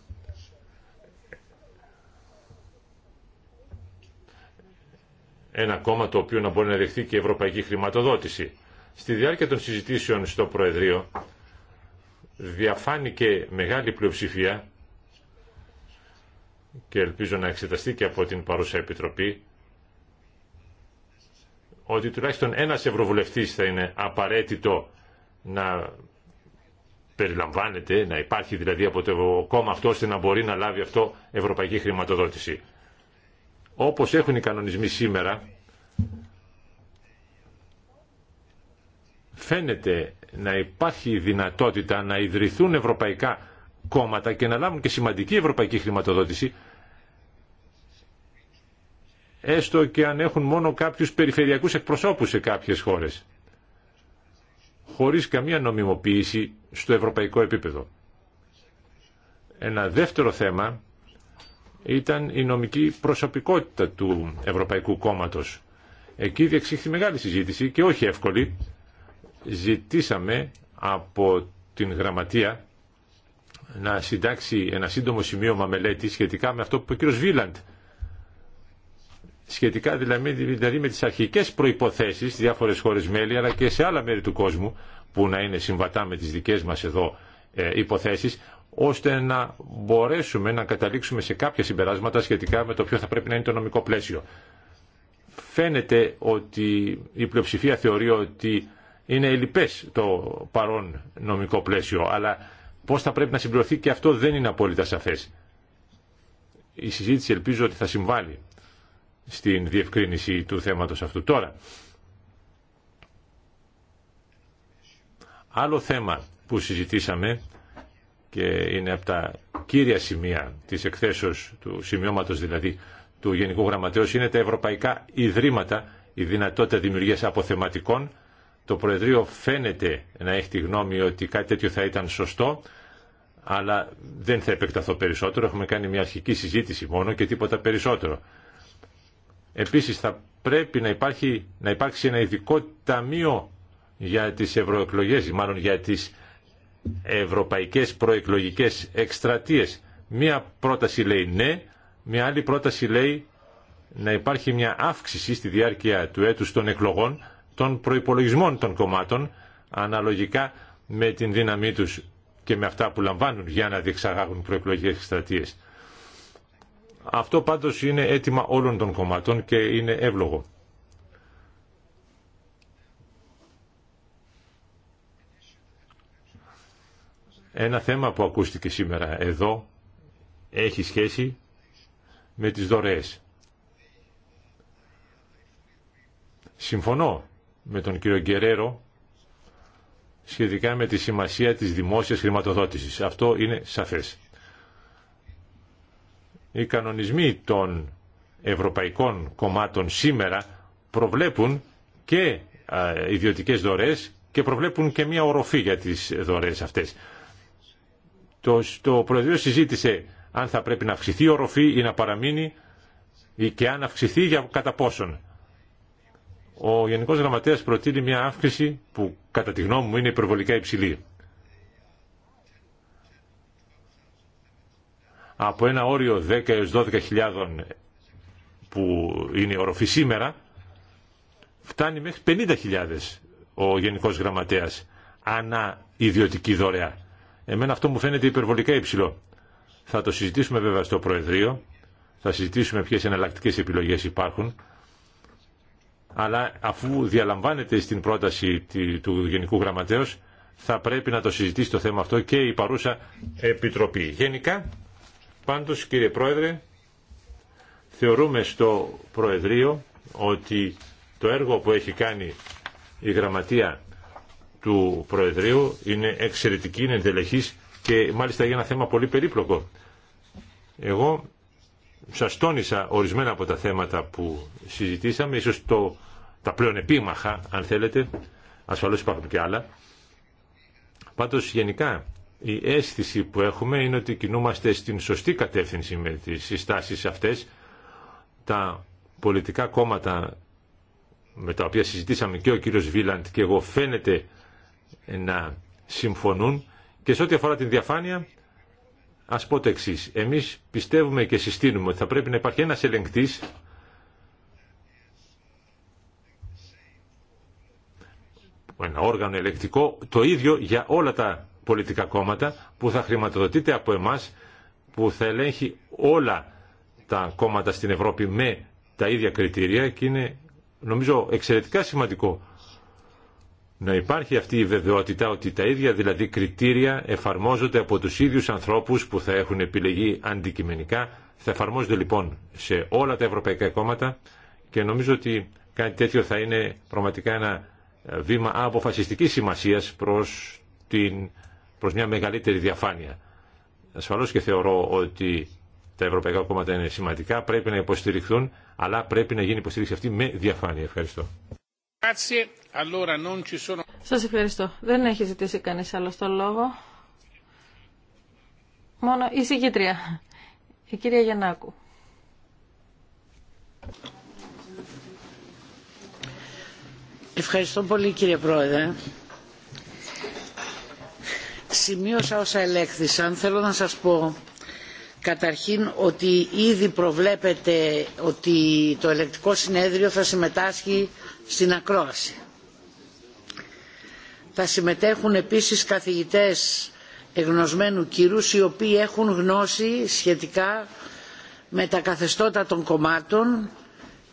Ένα κόμμα το οποίο να μπορεί να δεχθεί και ευρωπαϊκή χρηματοδότηση. Στη διάρκεια των συζητήσεων στο Προεδρείο διαφάνηκε μεγάλη πλειοψηφία και ελπίζω να εξεταστεί και από την παρούσα Επιτροπή ότι τουλάχιστον ένας ευρωβουλευτής θα είναι απαραίτητο να περιλαμβάνεται, να υπάρχει δηλαδή από το κόμμα αυτό ώστε να μπορεί να λάβει αυτό ευρωπαϊκή χρηματοδότηση. Όπως έχουν οι κανονισμοί σήμερα, φαίνεται να υπάρχει δυνατότητα να ιδρυθούν ευρωπαϊκά κόμματα και να λάβουν και σημαντική ευρωπαϊκή χρηματοδότηση έστω και αν έχουν μόνο κάποιους περιφερειακούς εκπροσώπους σε κάποιες χώρες, χωρίς καμία νομιμοποίηση στο ευρωπαϊκό επίπεδο. Ένα δεύτερο θέμα ήταν η νομική προσωπικότητα του Ευρωπαϊκού Κόμματος. Εκεί διεξήχθη μεγάλη συζήτηση και όχι εύκολη. Ζητήσαμε από την Γραμματεία να συντάξει ένα σύντομο σημείωμα μελέτη σχετικά με αυτό που ο κ. Βίλαντ σχετικά δηλαδή, δηλαδή με τις αρχικές προϋποθέσεις στις διάφορες χώρες μέλη αλλά και σε άλλα μέρη του κόσμου που να είναι συμβατά με τις δικές μας εδώ ε, υποθέσεις ώστε να μπορέσουμε να καταλήξουμε σε κάποια συμπεράσματα σχετικά με το ποιο θα πρέπει να είναι το νομικό πλαίσιο. Φαίνεται ότι η πλειοψηφία θεωρεί ότι είναι ελλειπές το παρόν νομικό πλαίσιο, αλλά πώς θα πρέπει να συμπληρωθεί και αυτό δεν είναι απόλυτα σαφές. Η συζήτηση ελπίζω ότι θα συμβάλλει στην διευκρίνηση του θέματος αυτού. Τώρα, άλλο θέμα που συζητήσαμε και είναι από τα κύρια σημεία της εκθέσεως του σημειώματος δηλαδή του Γενικού Γραμματέως είναι τα ευρωπαϊκά ιδρύματα, η δυνατότητα δημιουργίας αποθεματικών. Το Προεδρείο φαίνεται να έχει τη γνώμη ότι κάτι τέτοιο θα ήταν σωστό, αλλά δεν θα επεκταθώ περισσότερο. Έχουμε κάνει μια αρχική συζήτηση μόνο και τίποτα περισσότερο. Επίσης θα πρέπει να, υπάρχει, να υπάρξει ένα ειδικό ταμείο για τις ευρωεκλογές, μάλλον για τις ευρωπαϊκές προεκλογικές εκστρατείες. Μία πρόταση λέει ναι, μία άλλη πρόταση λέει να υπάρχει μια αύξηση στη διάρκεια του έτους των εκλογών των προϋπολογισμών των κομμάτων αναλογικά με την δύναμή τους και με αυτά που λαμβάνουν για να διεξαγάγουν προεκλογικές εκστρατείες. Αυτό πάντως είναι αίτημα όλων των κομμάτων και είναι εύλογο. Ένα θέμα που ακούστηκε σήμερα εδώ έχει σχέση με τις δωρεές. Συμφωνώ με τον κύριο Γκερέρο σχετικά με τη σημασία της δημόσιας χρηματοδότησης. Αυτό είναι σαφές. Οι κανονισμοί των ευρωπαϊκών κομμάτων σήμερα προβλέπουν και ιδιωτικές δωρές και προβλέπουν και μια οροφή για τις δωρές αυτές. Το, το Προεδρείο συζήτησε αν θα πρέπει να αυξηθεί η οροφή ή να παραμείνει ή και αν αυξηθεί για κατά πόσον. Ο Γενικός Γραμματέας προτείνει μια αύξηση που κατά τη γνώμη μου είναι υπερβολικά υψηλή. από ένα όριο 10 έως 12.000 που είναι οροφή σήμερα, φτάνει μέχρι 50.000 ο Γενικός Γραμματέας ανά ιδιωτική δωρεά. Εμένα αυτό μου φαίνεται υπερβολικά υψηλό. Θα το συζητήσουμε βέβαια στο Προεδρείο, θα συζητήσουμε ποιες εναλλακτικές επιλογές υπάρχουν, αλλά αφού διαλαμβάνεται στην πρόταση του Γενικού Γραμματέως, θα πρέπει να το συζητήσει το θέμα αυτό και η παρούσα Επιτροπή. Γενικά, Πάντως κύριε Πρόεδρε, θεωρούμε στο Προεδρείο ότι το έργο που έχει κάνει η γραμματεία του Προεδρείου είναι εξαιρετική, είναι εντελεχής και μάλιστα για ένα θέμα πολύ περίπλοκο. Εγώ σας τόνισα ορισμένα από τα θέματα που συζητήσαμε, ίσως το, τα πλέον επίμαχα αν θέλετε, ασφαλώς υπάρχουν και άλλα. Πάντως γενικά η αίσθηση που έχουμε είναι ότι κινούμαστε στην σωστή κατεύθυνση με τις συστάσεις αυτές. Τα πολιτικά κόμματα με τα οποία συζητήσαμε και ο κύριος Βίλαντ και εγώ φαίνεται να συμφωνούν και σε ό,τι αφορά την διαφάνεια ας πω το εξή. Εμείς πιστεύουμε και συστήνουμε ότι θα πρέπει να υπάρχει ένας ελεγκτής ένα όργανο ελεκτικό το ίδιο για όλα τα πολιτικά κόμματα που θα χρηματοδοτείται από εμάς που θα ελέγχει όλα τα κόμματα στην Ευρώπη με τα ίδια κριτήρια και είναι νομίζω εξαιρετικά σημαντικό να υπάρχει αυτή η βεβαιότητα ότι τα ίδια δηλαδή κριτήρια εφαρμόζονται από τους ίδιους ανθρώπους που θα έχουν επιλεγεί αντικειμενικά. Θα εφαρμόζονται λοιπόν σε όλα τα ευρωπαϊκά κόμματα και νομίζω ότι κάτι τέτοιο θα είναι πραγματικά ένα βήμα αποφασιστικής σημασίας προς την προς μια μεγαλύτερη διαφάνεια. Ασφαλώ και θεωρώ ότι τα ευρωπαϊκά κόμματα είναι σημαντικά, πρέπει να υποστηριχθούν, αλλά πρέπει να γίνει υποστήριξη αυτή με διαφάνεια. Ευχαριστώ. Σα ευχαριστώ. Δεν έχει ζητήσει κανεί άλλο το λόγο. Μόνο η συγκήτρια, η κυρία Γιαννάκου. Ευχαριστώ πολύ κύριε Πρόεδρε σημείωσα όσα ελέγχθησαν. Θέλω να σας πω καταρχήν ότι ήδη προβλέπεται ότι το ελεκτικό συνέδριο θα συμμετάσχει στην ακρόαση. Θα συμμετέχουν επίσης καθηγητές εγνωσμένου κύρους οι οποίοι έχουν γνώση σχετικά με τα καθεστώτα των κομμάτων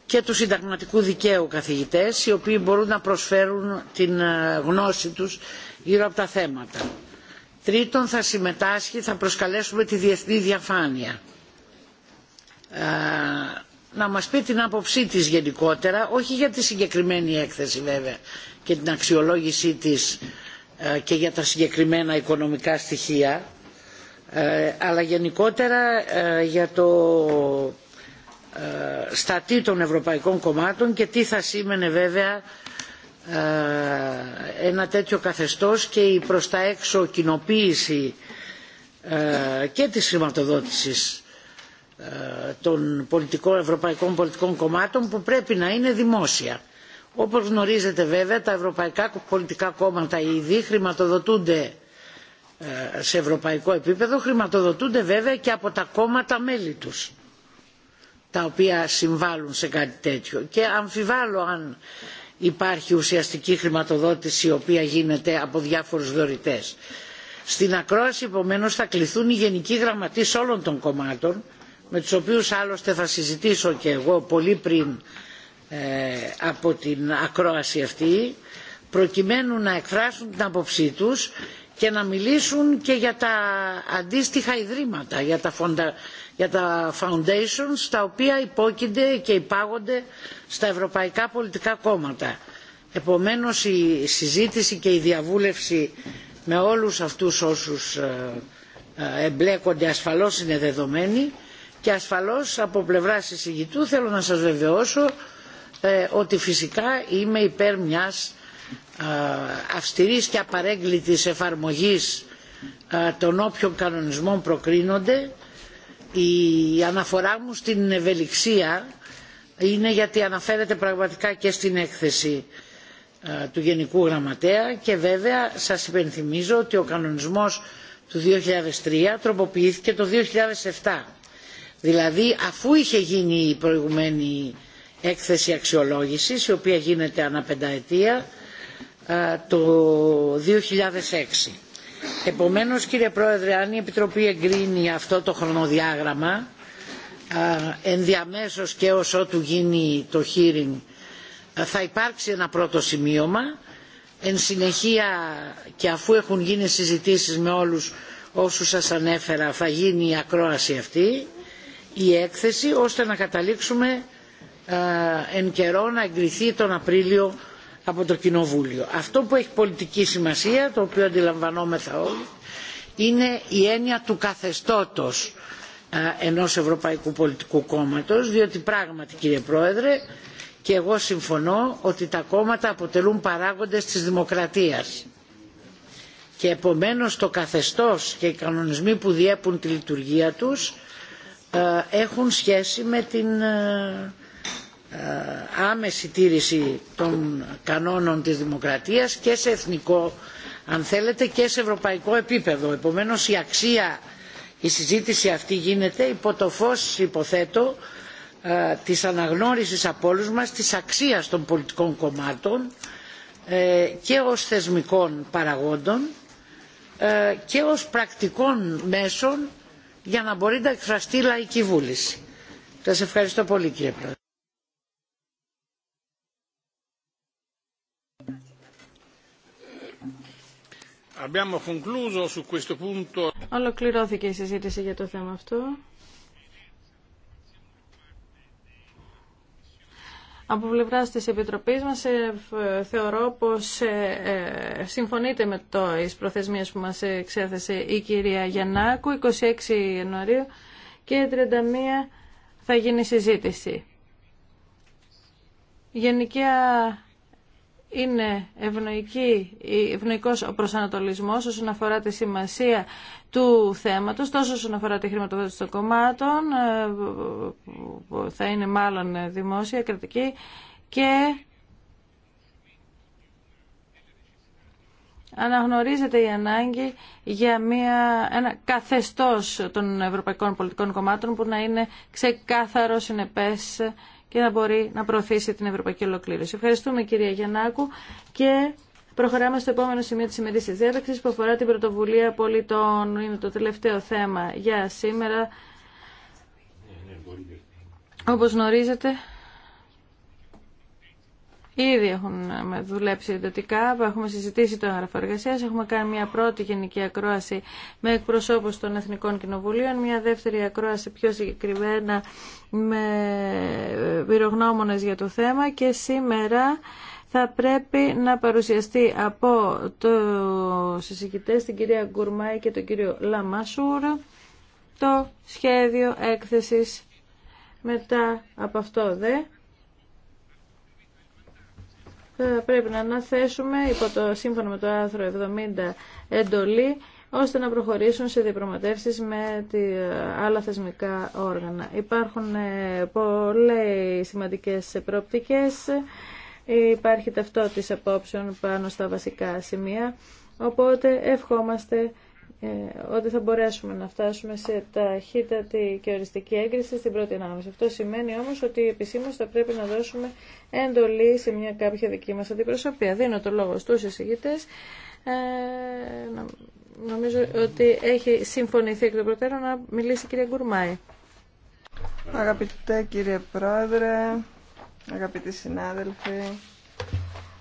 και του συνταγματικού δικαίου καθηγητές οι οποίοι μπορούν να προσφέρουν την ε, γνώση τους γύρω από τα θέματα Τρίτον, θα συμμετάσχει, θα προσκαλέσουμε τη διεθνή διαφάνεια. Ε, να μας πει την άποψή της γενικότερα, όχι για τη συγκεκριμένη έκθεση βέβαια και την αξιολόγησή της ε, και για τα συγκεκριμένα οικονομικά στοιχεία, ε, αλλά γενικότερα για το στατή των ευρωπαϊκών κομμάτων και τι θα σήμαινε βέβαια ε, ένα τέτοιο καθεστώς και η προς τα έξω κοινοποίηση ε, και της χρηματοδότησης ε, των πολιτικών, ευρωπαϊκών πολιτικών κομμάτων που πρέπει να είναι δημόσια. Όπως γνωρίζετε βέβαια τα ευρωπαϊκά πολιτικά κόμματα ήδη χρηματοδοτούνται σε ευρωπαϊκό επίπεδο, χρηματοδοτούνται βέβαια και από τα κόμματα μέλη τους τα οποία συμβάλλουν σε κάτι τέτοιο και αμφιβάλλω αν υπάρχει ουσιαστική χρηματοδότηση η οποία γίνεται από διάφορους δωρητές. Στην ακρόαση επομένως θα κληθούν οι γενικοί γραμματείς όλων των κομμάτων με τους οποίους άλλωστε θα συζητήσω και εγώ πολύ πριν ε, από την ακρόαση αυτή προκειμένου να εκφράσουν την άποψή τους και να μιλήσουν και για τα αντίστοιχα ιδρύματα, για τα, φοντα... για τα foundations τα οποία υπόκεινται και υπάγονται στα ευρωπαϊκά πολιτικά κόμματα. Επομένως η συζήτηση και η διαβούλευση με όλους αυτούς όσους ε, ε, εμπλέκονται ασφαλώς είναι δεδομένη και ασφαλώς από πλευρά εισηγητού θέλω να σας βεβαιώσω ε, ότι φυσικά είμαι υπέρ μιας ε, αυστηρής και απαρέγκλητης εφαρμογής ε, των όποιων κανονισμών προκρίνονται η αναφορά μου στην ευελιξία είναι γιατί αναφέρεται πραγματικά και στην έκθεση ε, του Γενικού Γραμματέα και βέβαια σας υπενθυμίζω ότι ο κανονισμός του 2003 τροποποιήθηκε το 2007. Δηλαδή αφού είχε γίνει η προηγουμένη έκθεση αξιολόγησης η οποία γίνεται ανά ε, το 2006. Επομένως κύριε Πρόεδρε αν η Επιτροπή εγκρίνει αυτό το χρονοδιάγραμμα ε, ενδιαμέσως και ως ότου γίνει το hearing ε, θα υπάρξει ένα πρώτο σημείωμα εν συνεχεία και αφού έχουν γίνει συζητήσεις με όλους όσους σας ανέφερα θα γίνει η ακρόαση αυτή η έκθεση ώστε να καταλήξουμε εν καιρό να εγκριθεί τον Απρίλιο από το Κοινοβούλιο. Αυτό που έχει πολιτική σημασία, το οποίο αντιλαμβανόμεθα όλοι, είναι η έννοια του καθεστώτος ε, ενός Ευρωπαϊκού Πολιτικού Κόμματος, διότι πράγματι κύριε Πρόεδρε, και εγώ συμφωνώ ότι τα κόμματα αποτελούν παράγοντες της δημοκρατίας και επομένως το καθεστώς και οι κανονισμοί που διέπουν τη λειτουργία τους ε, έχουν σχέση με την ε, ε, άμεση τήρηση των κανόνων της δημοκρατίας και σε εθνικό αν θέλετε και σε ευρωπαϊκό επίπεδο. Επομένως η αξία, η συζήτηση αυτή γίνεται υπό το φως υποθέτω ε, της αναγνώρισης από όλους μας της αξίας των πολιτικών κομμάτων ε, και ως θεσμικών παραγόντων και ως πρακτικών μέσων για να μπορεί να εκφραστεί λαϊκή βούληση. Σας ευχαριστώ πολύ κύριε Πρόεδρε. Ολοκληρώθηκε η συζήτηση για το θέμα αυτό. Από πλευρά τη Επιτροπή μα, ε, θεωρώ πω ε, ε, συμφωνείτε με το προθεσμίε που μα εξέθεσε η κυρία Γιαννάκου. 26 Ιανουαρίου και 31 θα γίνει συζήτηση. Γενικά είναι ευνοϊκή, ευνοϊκός ο προσανατολισμός όσον αφορά τη σημασία του θέματος, τόσο όσον αφορά τη χρηματοδότηση των κομμάτων, που ε, θα είναι μάλλον δημόσια, κρατική, και αναγνωρίζεται η ανάγκη για μια, ένα καθεστώς των ευρωπαϊκών πολιτικών κομμάτων που να είναι ξεκάθαρο συνεπές και να μπορεί να προωθήσει την ευρωπαϊκή ολοκλήρωση. Ευχαριστούμε κυρία Γιαννάκου και προχωράμε στο επόμενο σημείο της της διάταξης που αφορά την πρωτοβουλία πολιτών. Είναι το τελευταίο θέμα για σήμερα. Όπως γνωρίζετε, Ήδη έχουν ε, δουλέψει εντατικά, έχουμε συζητήσει το έγγραφο εργασία, έχουμε κάνει μια πρώτη γενική ακρόαση με εκπροσώπου των Εθνικών Κοινοβουλίων, μια δεύτερη ακρόαση πιο συγκεκριμένα με ε, πυρογνώμονε για το θέμα και σήμερα θα πρέπει να παρουσιαστεί από τους συζητητέ την κυρία Γκουρμάη και τον κύριο Λαμασούρ το σχέδιο έκθεσης μετά από αυτό δε ε, πρέπει να αναθέσουμε υπό το σύμφωνο με το άρθρο 70 εντολή ώστε να προχωρήσουν σε διαπραγματεύσει με τη, ε, άλλα θεσμικά όργανα. Υπάρχουν ε, πολλές σημαντικές προοπτικές, υπάρχει ταυτότητα απόψεων πάνω στα βασικά σημεία, οπότε ευχόμαστε ε, ότι θα μπορέσουμε να φτάσουμε σε ταχύτατη και οριστική έγκριση στην πρώτη ανάγνωση. Αυτό σημαίνει όμως ότι επισήμω θα πρέπει να δώσουμε εντολή σε μια κάποια δική μας αντιπροσωπεία. Δίνω το λόγο στους εισηγητές. Ε, νομίζω ότι έχει συμφωνηθεί εκ των προτέρων να μιλήσει η κυρία Γκουρμάη. Αγαπητέ κύριε Πρόεδρε, αγαπητοί συνάδελφοι,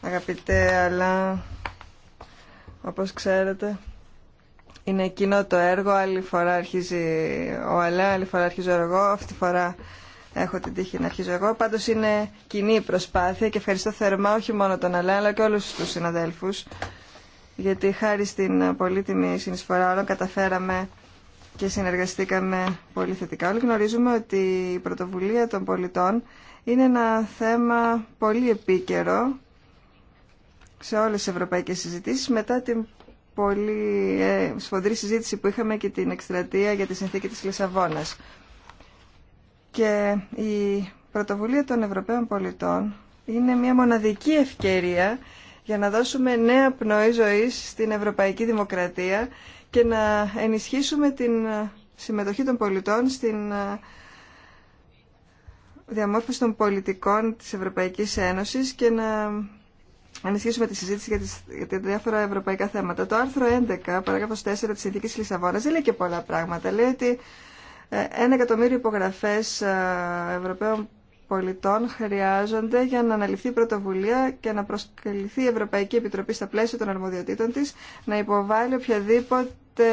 αγαπητέ αλλά όπως ξέρετε είναι κοινό το έργο, άλλη φορά αρχίζει ο Αλέ, άλλη φορά αρχίζω εγώ, αυτή τη φορά έχω την τύχη να αρχίζω εγώ. Πάντως είναι κοινή η προσπάθεια και ευχαριστώ θερμά όχι μόνο τον Αλέ αλλά και όλους τους συναδέλφους γιατί χάρη στην πολύτιμη συνεισφορά όλων καταφέραμε και συνεργαστήκαμε πολύ θετικά. Όλοι γνωρίζουμε ότι η πρωτοβουλία των πολιτών είναι ένα θέμα πολύ επίκαιρο σε όλες τις ευρωπαϊκές συζητήσεις μετά την πολύ ε, σφοδρή συζήτηση που είχαμε και την εκστρατεία για τη συνθήκη της Λισαβόνας. Και η πρωτοβουλία των Ευρωπαίων πολιτών είναι μια μοναδική ευκαιρία για να δώσουμε νέα πνοή ζωής στην ευρωπαϊκή δημοκρατία και να ενισχύσουμε την συμμετοχή των πολιτών στην ε, διαμόρφωση των πολιτικών της Ευρωπαϊκής Ένωσης και να ενισχύσουμε τη συζήτηση για, τις, για τα διάφορα ευρωπαϊκά θέματα. Το άρθρο 11, παράγραφος 4 της Συνθήκης Λισαβόνας, δεν λέει και πολλά πράγματα. Λέει ότι ε, ένα εκατομμύριο υπογραφές ε, Ευρωπαίων πολιτών χρειάζονται για να αναλυφθεί πρωτοβουλία και να προσκληθεί η Ευρωπαϊκή Επιτροπή στα πλαίσια των αρμοδιοτήτων της να υποβάλει οποιαδήποτε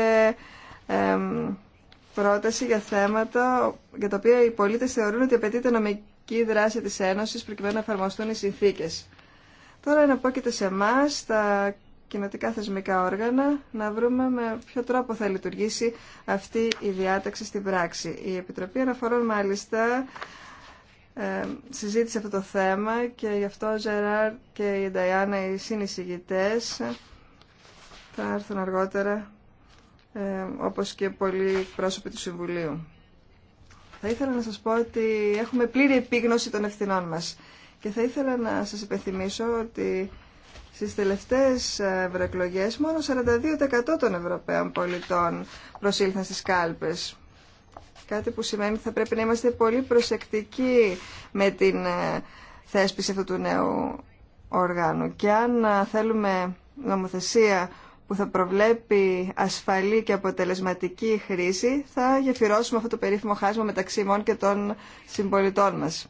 πρόταση για θέματα για τα οποία οι πολίτες θεωρούν ότι απαιτείται νομική δράση της Ένωσης προκειμένου να εφαρμοστούν οι συνθήκες. Τώρα εναπόκειται σε εμά, τα κοινοτικά θεσμικά όργανα, να βρούμε με ποιο τρόπο θα λειτουργήσει αυτή η διάταξη στην πράξη. Η Επιτροπή Αναφορών, μάλιστα, ε, συζήτησε αυτό το θέμα και γι' αυτό ο Ζεράρ και η Νταϊάννα, οι συνεισηγητές, θα έρθουν αργότερα, ε, όπως και πολλοί πρόσωποι του Συμβουλίου. Θα ήθελα να σας πω ότι έχουμε πλήρη επίγνωση των ευθυνών μας και θα ήθελα να σας υπενθυμίσω ότι στις τελευταίες ευρωεκλογέ μόνο 42% των Ευρωπαίων πολιτών προσήλθαν στις κάλπες. Κάτι που σημαίνει ότι θα πρέπει να είμαστε πολύ προσεκτικοί με την ε, θέσπιση αυτού του νέου οργάνου. Και αν ε, θέλουμε νομοθεσία που θα προβλέπει ασφαλή και αποτελεσματική χρήση, θα γεφυρώσουμε αυτό το περίφημο χάσμα μεταξύ μόν και των συμπολιτών μας.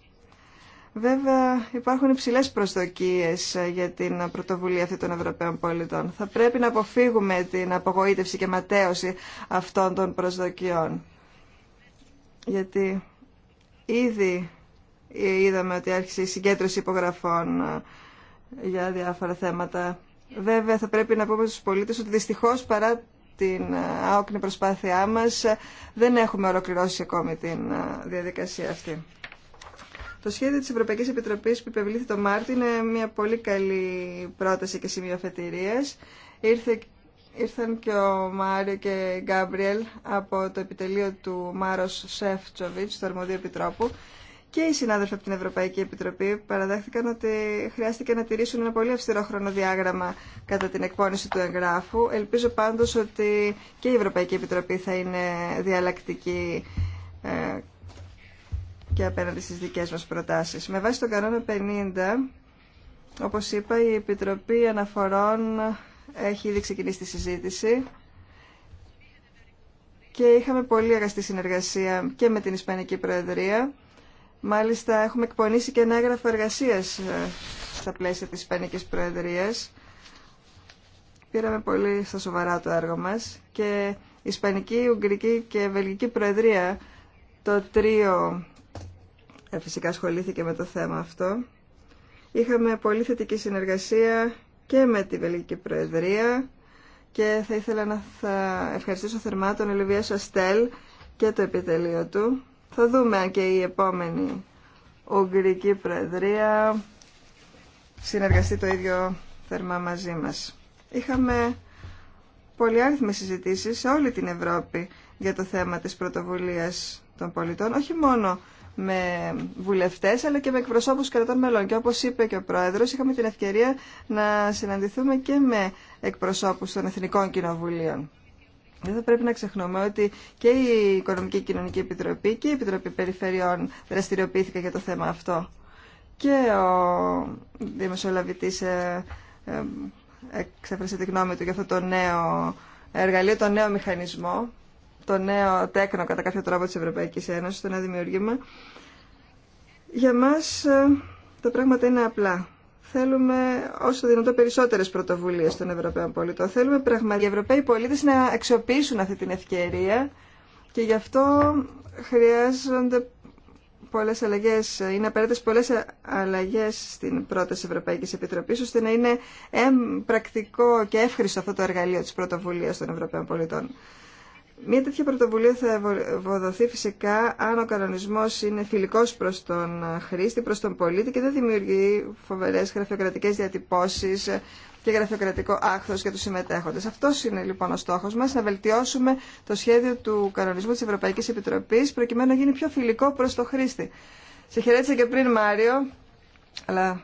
Βέβαια υπάρχουν υψηλές προσδοκίες ε, για την πρωτοβουλία αυτή των Ευρωπαίων πολιτών. Θα πρέπει να αποφύγουμε την απογοήτευση και ματέωση αυτών των προσδοκιών. Γιατί ήδη είδαμε ότι άρχισε η συγκέντρωση υπογραφών ε, για διάφορα θέματα. Βέβαια θα πρέπει να πούμε στους πολίτες ότι δυστυχώς παρά την ε, άοκνη προσπάθειά μας δεν έχουμε ολοκληρώσει ακόμη την διαδικασία αυτή. Το σχέδιο τη Ευρωπαϊκή Επιτροπή που υπευλήθη το Μάρτιο είναι μια πολύ καλή πρόταση και σημείο αφετηρία. Ήρθε, ήρθαν και ο Μάριο και η Γκάμπριελ από το επιτελείο του Μάρος Σεφτσοβιτς, του Αρμοδίου Επιτρόπου, και οι συνάδελφοι από την Ευρωπαϊκή Επιτροπή παραδέχθηκαν ότι χρειάστηκε να τηρήσουν ένα πολύ αυστηρό χρονοδιάγραμμα κατά την εκπόνηση του εγγράφου. Ελπίζω πάντως ότι και η Ευρωπαϊκή Επιτροπή θα είναι διαλλακτική ε, και απέναντι στις δικές μας προτάσεις. Με βάση τον κανόνα 50, όπως είπα, η Επιτροπή Αναφορών έχει ήδη ξεκινήσει τη συζήτηση και είχαμε πολύ αγαστή συνεργασία και με την Ισπανική Προεδρία. Μάλιστα, έχουμε εκπονήσει και ένα έγγραφο εργασία ε, στα πλαίσια της Ισπανικής Προεδρίας. Πήραμε πολύ στα σοβαρά το έργο μας και η Ισπανική, Ουγγρική και Βελγική Προεδρία, το τρίο ε, φυσικά ασχολήθηκε με το θέμα αυτό. Είχαμε πολύ θετική συνεργασία και με τη Βελγική Προεδρία και θα ήθελα να θα ευχαριστήσω θερμά τον Ελβια Σαστέλ και το επιτελείο του. Θα δούμε αν και η επόμενη Ουγγρική Προεδρία συνεργαστεί το ίδιο θερμά μαζί μας. Είχαμε πολυάριθμες συζητήσεις σε όλη την Ευρώπη για το θέμα της πρωτοβουλίας των πολιτών, όχι μόνο με βουλευτές αλλά και με εκπροσώπους κρατών μελών. Και όπως είπε και ο Πρόεδρος, είχαμε την ευκαιρία να συναντηθούμε και με εκπροσώπους των Εθνικών Κοινοβουλίων. Δεν θα πρέπει να ξεχνούμε ότι και η Οικονομική και Κοινωνική Επιτροπή και η Επιτροπή Περιφερειών δραστηριοποιήθηκαν για το θέμα αυτό. Και ο ε, ε, ε, εξέφρασε τη γνώμη του για αυτό το νέο εργαλείο, το νέο μηχανισμό το νέο τέκνο κατά κάποιο τρόπο της Ευρωπαϊκής Ένωσης, το νέο δημιούργημα, για μας ε, τα πράγματα είναι απλά. Θέλουμε όσο δυνατόν περισσότερες πρωτοβουλίες των Ευρωπαίων πολιτών. Θέλουμε πραγματικά οι Ευρωπαίοι πολίτες να αξιοποιήσουν αυτή την ευκαιρία και γι' αυτό χρειάζονται πολλές αλλαγές, είναι απαραίτητες πολλές αλλαγές στην πρόταση Ευρωπαϊκής Επιτροπής, ώστε να είναι πρακτικό και εύχριστο αυτό το εργαλείο της πρωτοβουλίας των Ευρωπαίων πολιτών. Μία τέτοια πρωτοβουλία θα ευοδοθεί φυσικά αν ο κανονισμός είναι φιλικός προς τον χρήστη, προς τον πολίτη και δεν δημιουργεί φοβερές γραφειοκρατικές διατυπώσεις και γραφειοκρατικό άχθο για τους συμμετέχοντες. Αυτό είναι λοιπόν ο στόχος μας, να βελτιώσουμε το σχέδιο του κανονισμού της Ευρωπαϊκής Επιτροπή προκειμένου να γίνει πιο φιλικό προ τον χρήστη. Σε χαιρέτησα και πριν Μάριο, αλλά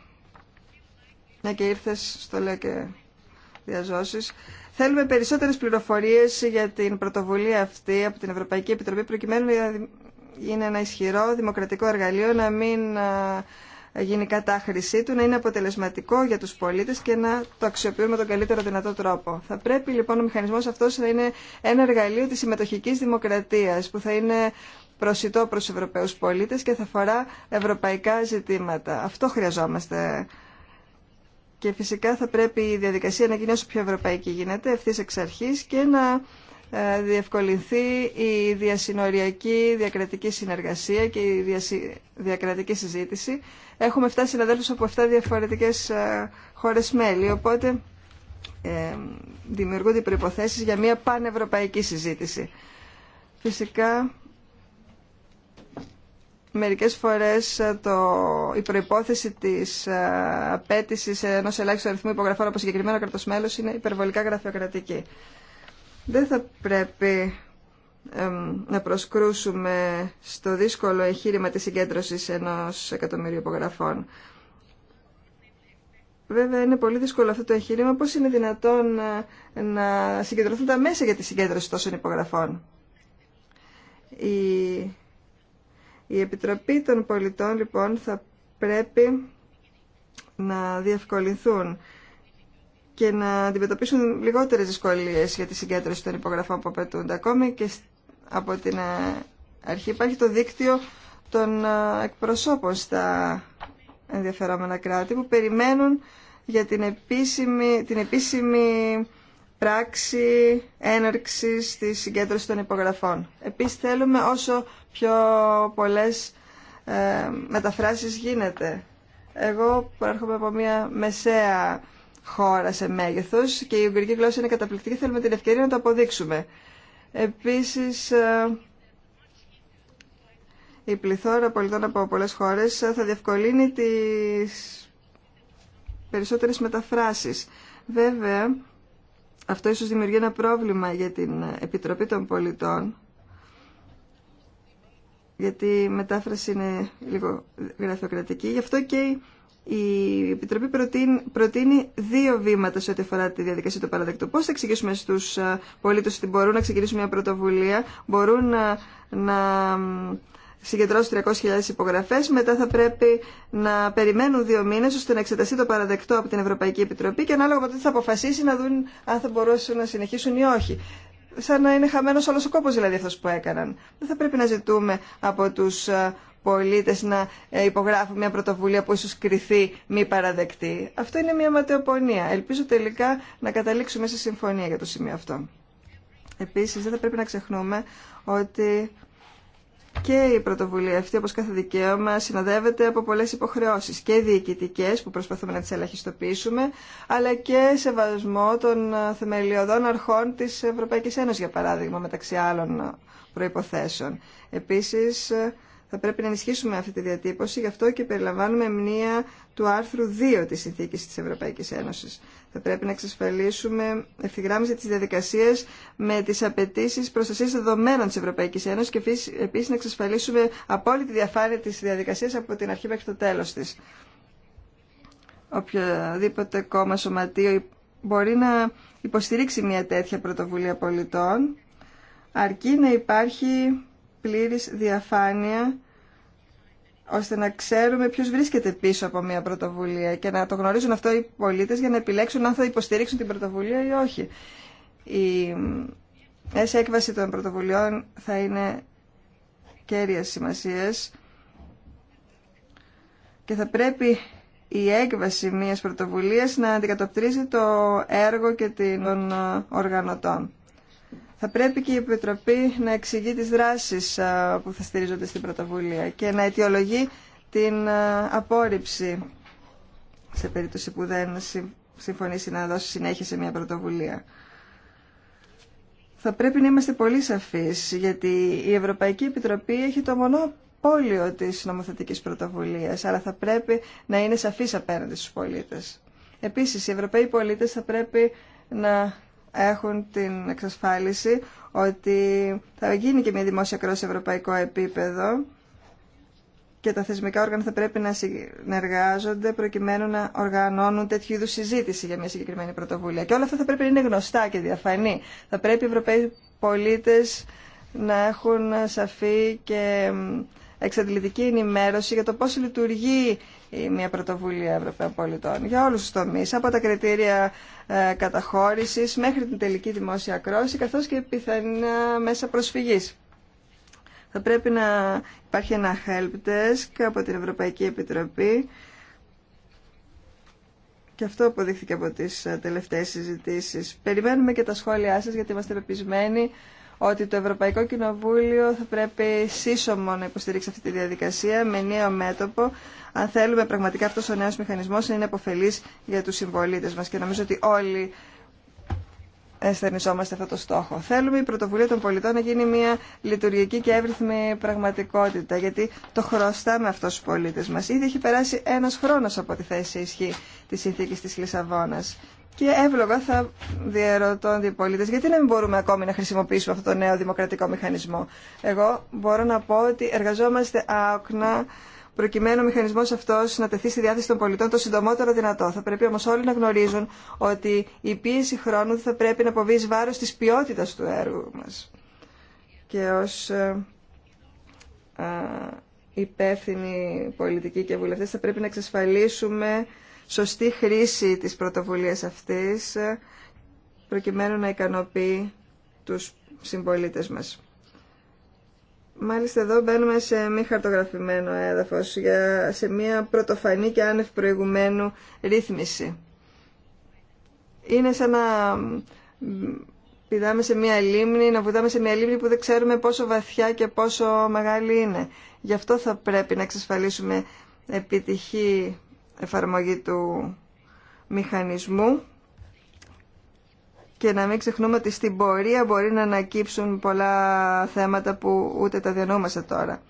μια και ήρθε στο λέω και διαζώσει. Θέλουμε περισσότερε πληροφορίε για την πρωτοβουλία αυτή από την Ευρωπαϊκή Επιτροπή προκειμένου να είναι ένα ισχυρό δημοκρατικό εργαλείο να μην γίνει κατάχρησή του, να είναι αποτελεσματικό για του πολίτε και να το αξιοποιούμε τον καλύτερο δυνατό τρόπο. Θα πρέπει λοιπόν ο μηχανισμό αυτό να είναι ένα εργαλείο τη συμμετοχική δημοκρατία που θα είναι προσιτό προ ευρωπαίου πολίτε και θα αφορά ευρωπαϊκά ζητήματα. Αυτό χρειαζόμαστε και φυσικά θα πρέπει η διαδικασία να γίνει όσο πιο ευρωπαϊκή γίνεται ευθύ εξ αρχή και να ε, διευκολυνθεί η διασυνοριακή διακρατική συνεργασία και η διακρατική συζήτηση. Έχουμε 7 συναδέλφους από 7 διαφορετικές ε, χώρες μέλη, οπότε ε, δημιουργούνται οι για μια πανευρωπαϊκή συζήτηση. Φυσικά μερικές φορές ε, το, η προϋπόθεση της ε, απέτηση ενός ελάχιστου αριθμού υπογραφών από συγκεκριμένο κρατος είναι υπερβολικά γραφειοκρατική. Δεν θα πρέπει να προσκρούσουμε στο δύσκολο εγχείρημα της συγκέντρωσης ενός εκατομμύριου υπογραφών. Βέβαια είναι πολύ δύσκολο αυτό το εγχείρημα. Πώς είναι δυνατόν ε, να, συγκεντρωθούν τα μέσα για τη συγκέντρωση τόσων υπογραφών. Η η Επιτροπή των Πολιτών λοιπόν θα πρέπει να διευκολυνθούν και να αντιμετωπίσουν λιγότερες δυσκολίες για τη συγκέντρωση των υπογραφών που απαιτούνται. Ακόμη και από την ε, αρχή υπάρχει το δίκτυο των ε, εκπροσώπων στα ενδιαφερόμενα κράτη που περιμένουν για την επίσημη, την επίσημη πράξη έναρξη της συγκέντρωση των υπογραφών. Επίσης θέλουμε όσο πιο πολλές ε, μεταφράσεις γίνεται. Εγώ προέρχομαι από μια μεσαία χώρα σε μέγεθος και η ουγγρική γλώσσα είναι καταπληκτική, θέλουμε την ευκαιρία να το αποδείξουμε. Επίσης, ε, η πληθώρα πολιτών από πολλές χώρες θα διευκολύνει τις περισσότερες μεταφράσεις. Βέβαια, αυτό ίσως δημιουργεί ένα πρόβλημα για την Επιτροπή των Πολιτών, γιατί η μετάφραση είναι λίγο γραφειοκρατική. Γι' αυτό και η Επιτροπή προτείνει, δύο βήματα σε ό,τι αφορά τη διαδικασία του παραδεκτού. Πώς θα εξηγήσουμε στους ε, πολίτες ότι μπορούν να ξεκινήσουν μια πρωτοβουλία, μπορούν ε, να, να συγκεντρώσει 300.000 υπογραφέ, μετά θα πρέπει να περιμένουν δύο μήνε ώστε να εξεταστεί το παραδεκτό από την Ευρωπαϊκή Επιτροπή και ανάλογα με το τι θα αποφασίσει να δουν αν θα μπορούσαν να συνεχίσουν ή όχι. Σαν να είναι χαμένο όλο ο κόπο δηλαδή αυτό που έκαναν. Δεν θα πρέπει να ζητούμε από του ε, πολιτε να ε, υπογράφουν μια πρωτοβουλία που ίσω κριθεί μη παραδεκτή. Αυτό είναι μια ματαιοπονία. Ελπίζω τελικά να καταλήξουμε σε συμφωνία για το σημείο αυτό. Επίσης δεν θα πρέπει να ξεχνούμε ότι και η πρωτοβουλία αυτή, όπω κάθε δικαίωμα, συνοδεύεται από πολλέ υποχρεώσεις και διοικητικέ που προσπαθούμε να τις ελαχιστοποιήσουμε, αλλά και σεβασμό των ε, θεμελιωδών αρχών της Ευρωπαϊκής Ένωσης, για παράδειγμα, μεταξύ άλλων ε, προϋποθέσεων. Επίσης, ε, θα πρέπει να ενισχύσουμε αυτή τη διατύπωση, γι' αυτό και περιλαμβάνουμε μνήα του άρθρου 2 τη συνθήκη τη Ευρωπαϊκή Ένωση. Θα πρέπει να εξασφαλίσουμε ευθυγράμμιση τη διαδικασία με τις απαιτήσει προστασία δεδομένων τη Ευρωπαϊκή Ένωση και επίσης να εξασφαλίσουμε απόλυτη διαφάνεια τη διαδικασία από την αρχή μέχρι το τέλος της. Οποιοδήποτε κόμμα σωματείο μπορεί να υποστηρίξει μια τέτοια πρωτοβουλία πολιτών αρκεί να υπάρχει πλήρης διαφάνεια ώστε να ξέρουμε ποιο βρίσκεται πίσω από μια πρωτοβουλία και να το γνωρίζουν αυτό οι πολίτε για να επιλέξουν αν θα υποστηρίξουν την πρωτοβουλία ή όχι. Η έκβαση των πρωτοβουλειών θα είναι κέρια σημασία και θα πρέπει η έκβαση μιας πρωτοβουλίας να αντικατοπτρίζει το έργο και των οργανωτών θα πρέπει και η Επιτροπή να εξηγεί τις δράσεις που θα στηρίζονται στην πρωτοβουλία και να αιτιολογεί την απόρριψη σε περίπτωση που δεν συμφωνήσει να δώσει συνέχεια σε μια πρωτοβουλία. Θα πρέπει να είμαστε πολύ σαφείς, γιατί η Ευρωπαϊκή Επιτροπή έχει το μονοπόλιο της νομοθετικής πρωτοβουλίας, αλλά θα πρέπει να είναι σαφής απέναντι στους πολίτες. Επίσης, οι Ευρωπαίοι πολίτες θα πρέπει να έχουν την εξασφάλιση ότι θα γίνει και μια δημόσια κρόση σε ευρωπαϊκό επίπεδο και τα θεσμικά όργανα θα πρέπει να συνεργάζονται προκειμένου να οργανώνουν τέτοιου είδου συζήτηση για μια συγκεκριμένη πρωτοβουλία. Και όλα αυτά θα πρέπει να είναι γνωστά και διαφανή. Θα πρέπει οι Ευρωπαίοι πολίτε να έχουν σαφή και εξαντλητική ενημέρωση για το πώς λειτουργεί ή μια πρωτοβουλία Ευρωπαίων πολιτών για όλους τους τομείς, από τα κριτήρια ε, καταχώρησης μέχρι την τελική δημόσια κρόση, καθώς και πιθανά μέσα προσφυγής. Θα πρέπει να υπάρχει ένα help desk από την Ευρωπαϊκή Επιτροπή και αυτό αποδείχθηκε από τις ε, τελευταίες συζητήσεις. Περιμένουμε και τα σχόλιά σας γιατί είμαστε πεπισμένοι ότι το Ευρωπαϊκό Κοινοβούλιο θα πρέπει σύσσωμο να υποστηρίξει αυτή τη διαδικασία με νέο μέτωπο, αν θέλουμε πραγματικά αυτός ο νέος μηχανισμός να είναι επωφελής για τους συμπολίτε μας και νομίζω ότι όλοι αισθανιζόμαστε αυτό το στόχο. Θέλουμε η πρωτοβουλία των πολιτών να γίνει μια λειτουργική και εύρυθμη πραγματικότητα, γιατί το χρωστάμε αυτό στου πολίτε μα. Ήδη έχει περάσει ένα χρόνο από τη θέση ισχύ τη συνθήκη τη Λισαβόνα και εύλογα θα διαρωτώ οι πολίτε γιατί να μην μπορούμε ακόμη να χρησιμοποιήσουμε αυτό το νέο δημοκρατικό μηχανισμό. Εγώ μπορώ να πω ότι εργαζόμαστε άοκνα προκειμένου ο μηχανισμό αυτό να τεθεί στη διάθεση των πολιτών το συντομότερο δυνατό. Θα πρέπει όμω όλοι να γνωρίζουν ότι η πίεση χρόνου θα πρέπει να αποβεί βάρο τη ποιότητα του έργου μα. Και ω ε, ε, υπεύθυνοι πολιτικοί και βουλευτέ θα πρέπει να εξασφαλίσουμε σωστή χρήση της πρωτοβουλίας αυτής προκειμένου να ικανοποιεί τους συμπολίτες μας. Μάλιστα εδώ μπαίνουμε σε μη χαρτογραφημένο έδαφος, για, σε μια πρωτοφανή και άνευ προηγουμένου ρύθμιση. Είναι σαν να πηδάμε σε μια λίμνη, να βουδάμε σε μια λίμνη που δεν ξέρουμε πόσο βαθιά και πόσο μεγάλη είναι. Γι' αυτό θα πρέπει να εξασφαλίσουμε επιτυχή εφαρμογή του μηχανισμού και να μην ξεχνούμε ότι στην πορεία μπορεί να ανακύψουν πολλά θέματα που ούτε τα διανόμαστε τώρα.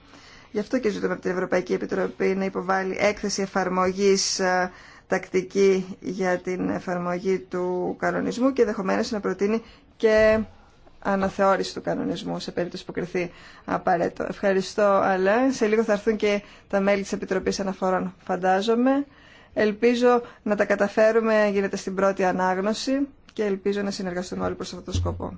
Γι' αυτό και ζητούμε από την Ευρωπαϊκή Επιτροπή να υποβάλει έκθεση εφαρμογής ε, τακτική για την εφαρμογή του κανονισμού και δεχομένω να προτείνει και αναθεώρηση του κανονισμού σε περίπτωση που κρυθεί απαραίτητο. Ευχαριστώ, αλλά σε λίγο θα έρθουν και τα μέλη της Επιτροπής Αναφορών, φαντάζομαι. Ελπίζω να τα καταφέρουμε, γίνεται στην πρώτη ανάγνωση και ελπίζω να συνεργαστούμε όλοι προς αυτόν τον σκοπό.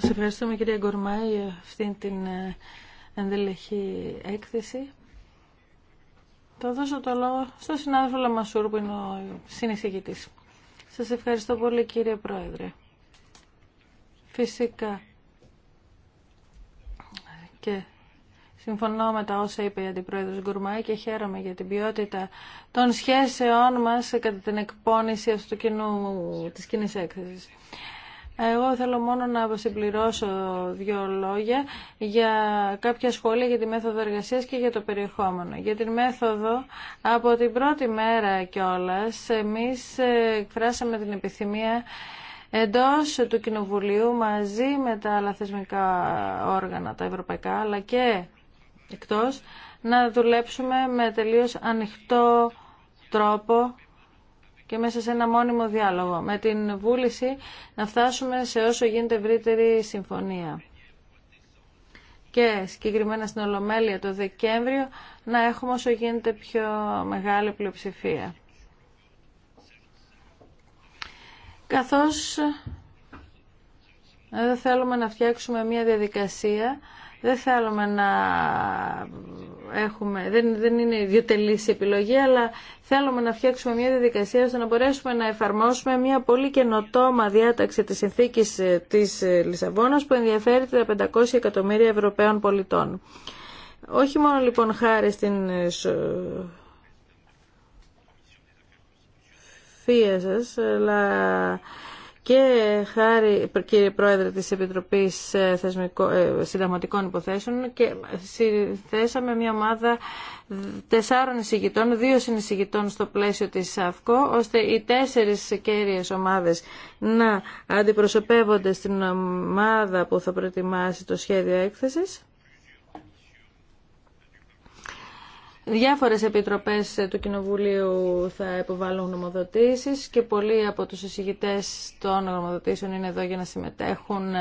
Σας ευχαριστούμε κύριε Γκορμάη για αυτήν την ε, ενδελεχή έκθεση. Θα δώσω το λόγο στον συνάδελφο Λαμασούρ που είναι ο συνεισηγητής. Σας ευχαριστώ πολύ κύριε Πρόεδρε. Φυσικά και Συμφωνώ με τα όσα είπε η Αντιπρόεδρος Γκουρμάη και χαίρομαι για την ποιότητα των σχέσεών μας κατά την εκπόνηση αυτού του κοινού, της κοινής έκθεσης. Εγώ θέλω μόνο να συμπληρώσω δύο λόγια για κάποια σχόλια για τη μέθοδο εργασίας και για το περιεχόμενο. Για την μέθοδο, από την πρώτη μέρα κιόλα, εμείς εκφράσαμε την επιθυμία εντός του Κοινοβουλίου μαζί με τα άλλα θεσμικά όργανα, τα ευρωπαϊκά, αλλά και εκτός, να δουλέψουμε με τελείως ανοιχτό τρόπο και μέσα σε ένα μόνιμο διάλογο, με την βούληση να φτάσουμε σε όσο γίνεται ευρύτερη συμφωνία. Και συγκεκριμένα στην Ολομέλεια το Δεκέμβριο να έχουμε όσο γίνεται πιο μεγάλη πλειοψηφία. Καθώς ε, δεν θέλουμε να φτιάξουμε μια διαδικασία δεν θέλουμε να έχουμε, δεν, δεν είναι ιδιωτελής η επιλογή, αλλά θέλουμε να φτιάξουμε μια διαδικασία ώστε να μπορέσουμε να εφαρμόσουμε μια πολύ καινοτόμα διάταξη της συνθήκης της Λισαβόνας που ενδιαφέρει τα 500 εκατομμύρια Ευρωπαίων πολιτών. Όχι μόνο λοιπόν χάρη στην ε, σοφία σας, αλλά και χάρη, κύριε Πρόεδρε της Επιτροπής ε, ε, Συνταγματικών Υποθέσεων, και συνθέσαμε μια ομάδα τεσσάρων εισηγητών, δύο συνεισηγητών στο πλαίσιο της ΑΦΚΟ, ώστε οι τέσσερις κέρυες ομάδες να αντιπροσωπεύονται στην ομάδα που θα προετοιμάσει το σχέδιο έκθεσης. Διάφορες επιτροπές του Κοινοβουλίου θα υποβάλουν γνωμοδοτήσεις και πολλοί από τους εισηγητές των γνωμοδοτήσεων είναι εδώ για να συμμετέχουν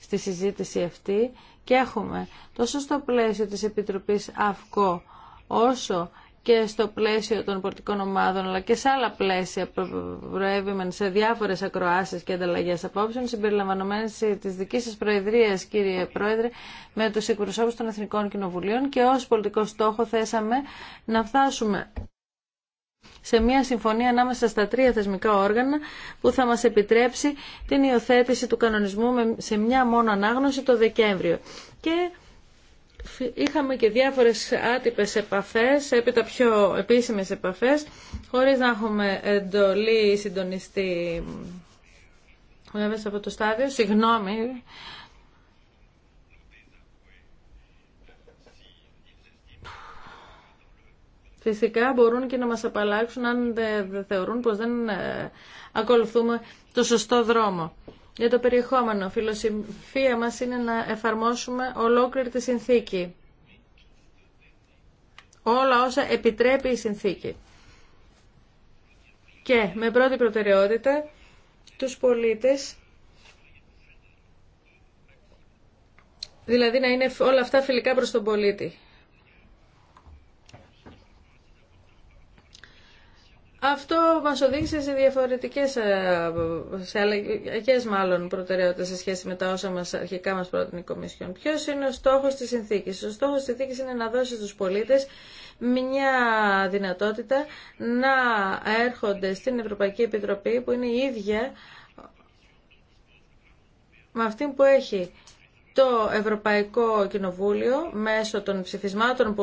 στη συζήτηση αυτή και έχουμε τόσο στο πλαίσιο της Επιτροπής ΑΦΚΟ όσο και στο πλαίσιο των πολιτικών ομάδων αλλά και σε άλλα πλαίσια προέβημεν σε διάφορες ακροάσεις και ανταλλαγέ απόψεων συμπεριλαμβανομένες της δικής σα προεδρίας κύριε Πρόεδρε με τους εκπροσώπους των Εθνικών Κοινοβουλίων και ως πολιτικό στόχο θέσαμε να φτάσουμε σε μια συμφωνία ανάμεσα στα τρία θεσμικά όργανα που θα μας επιτρέψει την υιοθέτηση του κανονισμού σε μια μόνο ανάγνωση το Δεκέμβριο. Και είχαμε και διάφορες άτυπες επαφές, έπειτα πιο επίσημες επαφές, χωρίς να έχουμε εντολή συντονιστή βέβαια από το στάδιο. Συγγνώμη. Φυσικά μπορούν και να μας απαλλάξουν αν δεν θεωρούν πως δεν ε, ακολουθούμε το σωστό δρόμο. Για το περιεχόμενο, φιλοσοφία μας είναι να εφαρμόσουμε ολόκληρη τη συνθήκη. Όλα όσα επιτρέπει η συνθήκη. Και με πρώτη προτεραιότητα τους πολίτες, δηλαδή να είναι όλα αυτά φιλικά προς τον πολίτη. Αυτό μα οδήγησε σε διαφορετικές, ε, σε μάλλον προτεραιότητες σε σχέση με τα όσα μας, αρχικά μας πρότεινε η Κομισιόν. Ποιο είναι ο στόχο τη συνθήκης. Ο στόχο της συνθήκης είναι να δώσει στους πολίτες μια δυνατότητα να έρχονται στην Ευρωπαϊκή Επιτροπή που είναι η ίδια με αυτή που έχει το Ευρωπαϊκό Κοινοβούλιο μέσω των ψηφισμάτων που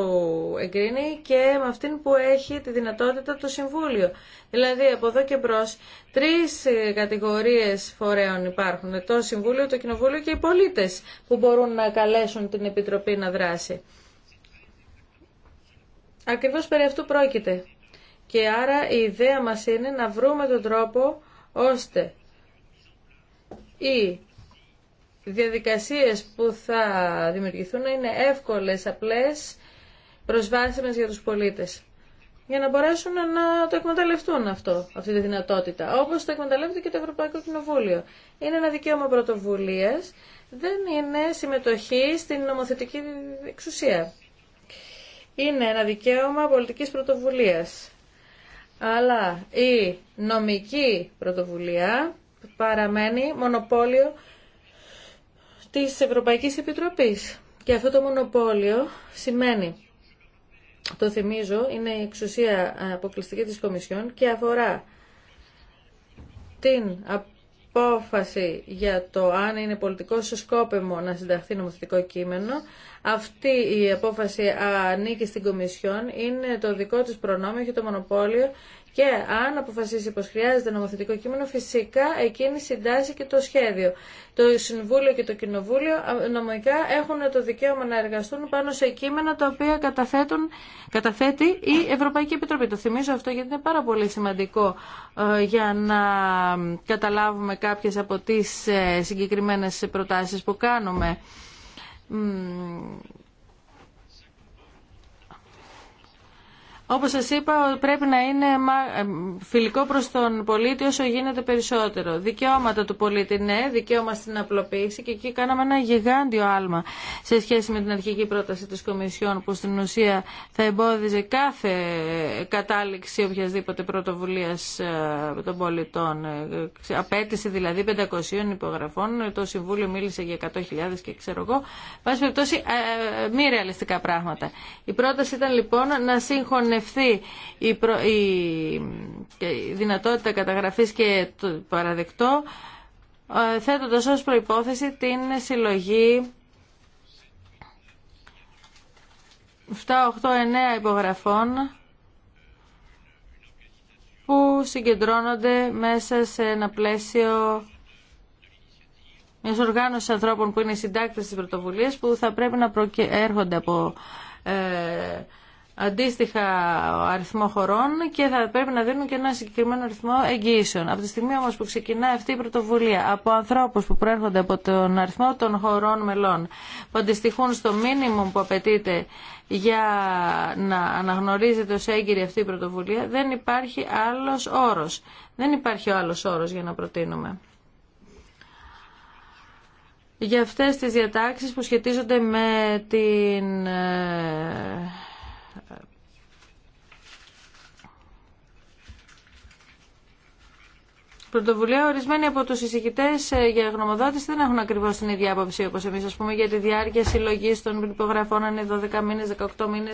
εγκρίνει και με αυτήν που έχει τη δυνατότητα το Συμβούλιο. Δηλαδή από εδώ και μπρος τρεις κατηγορίες φορέων υπάρχουν. Το Συμβούλιο, το Κοινοβούλιο και οι πολίτες που μπορούν να καλέσουν την Επιτροπή να δράσει. Ακριβώς περί αυτού πρόκειται. Και άρα η ιδέα μας είναι να βρούμε τον τρόπο ώστε η διαδικασίες που θα δημιουργηθούν είναι εύκολες, απλές, προσβάσιμες για τους πολίτες. Για να μπορέσουν να το εκμεταλλευτούν αυτό, αυτή τη δυνατότητα, όπως το εκμεταλλεύεται και το Ευρωπαϊκό Κοινοβούλιο. Είναι ένα δικαίωμα πρωτοβουλίας, δεν είναι συμμετοχή στην νομοθετική εξουσία. Είναι ένα δικαίωμα πολιτικής πρωτοβουλίας. Αλλά η νομική πρωτοβουλία παραμένει μονοπόλιο της Ευρωπαϊκής Επιτροπής. Και αυτό το μονοπόλιο σημαίνει, το θυμίζω, είναι η εξουσία αποκλειστική της Κομισιόν και αφορά την απόφαση για το αν είναι πολιτικό σκόπεμο να συνταχθεί νομοθετικό κείμενο. Αυτή η απόφαση ανήκει στην Κομισιόν, είναι το δικό της προνόμιο, και το μονοπόλιο και αν αποφασίσει πω χρειάζεται νομοθετικό κείμενο, φυσικά εκείνη συντάσσει και το σχέδιο. Το Συμβούλιο και το Κοινοβούλιο νομικά έχουν το δικαίωμα να εργαστούν πάνω σε κείμενα τα οποία καταθέτουν, καταθέτει η Ευρωπαϊκή Επιτροπή. Το θυμίζω αυτό γιατί είναι πάρα πολύ σημαντικό ε, για να καταλάβουμε κάποιες από τις ε, συγκεκριμένες προτάσεις που κάνουμε. Όπως σας είπα, πρέπει να είναι ε, φιλικό προς τον πολίτη όσο γίνεται περισσότερο. Δικαιώματα του πολίτη, ναι, δικαίωμα στην απλοποίηση και εκεί κάναμε ένα γιγάντιο άλμα σε σχέση με την αρχική πρόταση της Κομισιόν που στην ουσία θα εμπόδιζε κάθε ε, κατάληξη οποιασδήποτε πρωτοβουλίας ε, των πολιτών. Απέτηση δηλαδή 500 υπογραφών, το Συμβούλιο μίλησε για 100.000 και ξέρω εγώ. Πάση περιπτώσει, μη ρεαλιστικά πράγματα. Η πρόταση ήταν λοιπόν να σύγχωνε η, δυνατότητα καταγραφής και το παραδεκτό, ε, θέτοντας ως προϋπόθεση την συλλογή 7, 8, 9 υπογραφών που συγκεντρώνονται μέσα σε ένα πλαίσιο μια οργάνωση ανθρώπων που είναι συντάκτες της πρωτοβουλίας που θα πρέπει να έρχονται από ε, αντίστοιχα αριθμό χωρών και θα πρέπει να δίνουν και ένα συγκεκριμένο αριθμό εγγύησεων. Από τη στιγμή όμως που ξεκινά αυτή η πρωτοβουλία από ανθρώπους που προέρχονται από τον αριθμό των χωρών μελών που αντιστοιχούν στο μήνυμο που απαιτείται για να αναγνωρίζεται ως έγκυρη αυτή η πρωτοβουλία δεν υπάρχει άλλος όρος. Δεν υπάρχει ο άλλος όρος για να προτείνουμε για αυτές τις διατάξεις που σχετίζονται με την ε, πρωτοβουλία, ορισμένοι από του συζητητέ ε, για γνωμοδότηση δεν έχουν ακριβώ την ίδια άποψη όπω εμεί, α πούμε, για τη διάρκεια συλλογή των υπογραφών, αν είναι 12 μήνε, 18 μήνε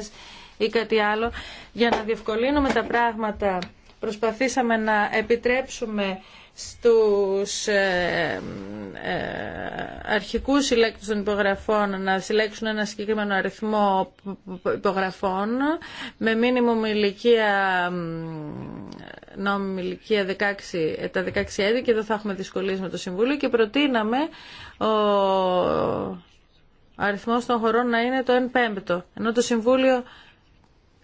ή κάτι άλλο. Για να διευκολύνουμε τα πράγματα, προσπαθήσαμε να επιτρέψουμε στους ε, ε, αρχικούς συλλέκτους των υπογραφών να συλλέξουν ένα συγκεκριμένο αριθμό υπογραφών με μήνυμο ηλικία νόμιμη ηλικία 16, ε, τα 16 έτη και δεν θα έχουμε δυσκολίες με το Συμβούλιο και προτείναμε ο αριθμός των χωρών να είναι το 1 πέμπτο, ενώ το Συμβούλιο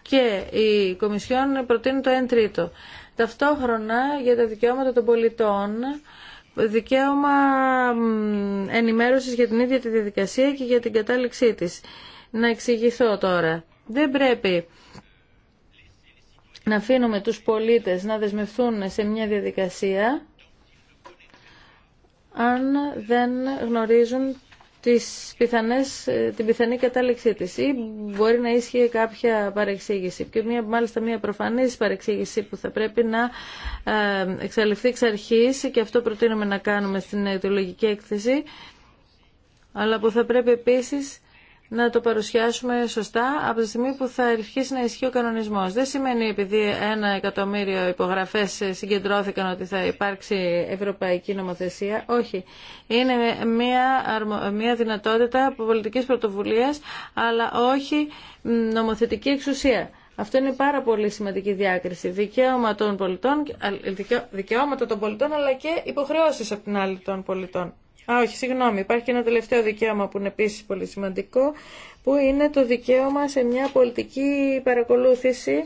και η Κομισιόν προτείνει το 1 τρίτο. Ταυτόχρονα για τα δικαιώματα των πολιτών δικαίωμα ενημέρωσης για την ίδια τη διαδικασία και για την κατάληξή της. Να εξηγηθώ τώρα. Δεν πρέπει να αφήνουμε τους πολίτες να δεσμευθούν σε μια διαδικασία αν δεν γνωρίζουν τις πιθανές, την πιθανή κατάληξή της ή μπορεί να ίσχυε κάποια παρεξήγηση και μια, μάλιστα μια προφανής παρεξήγηση που θα πρέπει να ε, εξαλειφθεί εξ αρχής και αυτό προτείνουμε να κάνουμε στην αιτιολογική έκθεση αλλά που θα πρέπει επίσης να το παρουσιάσουμε σωστά από τη στιγμή που θα αρχίσει να ισχύει ο κανονισμός. Δεν σημαίνει επειδή ένα εκατομμύριο υπογραφές συγκεντρώθηκαν ότι θα υπάρξει ευρωπαϊκή νομοθεσία. Όχι. Είναι μια, μια δυνατότητα πολιτικής πρωτοβουλία, αλλά όχι νομοθετική εξουσία. Αυτό είναι πάρα πολύ σημαντική διάκριση. Δικαίωμα των πολιτών, δικαιώματα των πολιτών, αλλά και υποχρεώσεις από την άλλη των πολιτών. Α, όχι, συγγνώμη. Υπάρχει και ένα τελευταίο δικαίωμα που είναι επίση πολύ σημαντικό, που είναι το δικαίωμα σε μια πολιτική παρακολούθηση.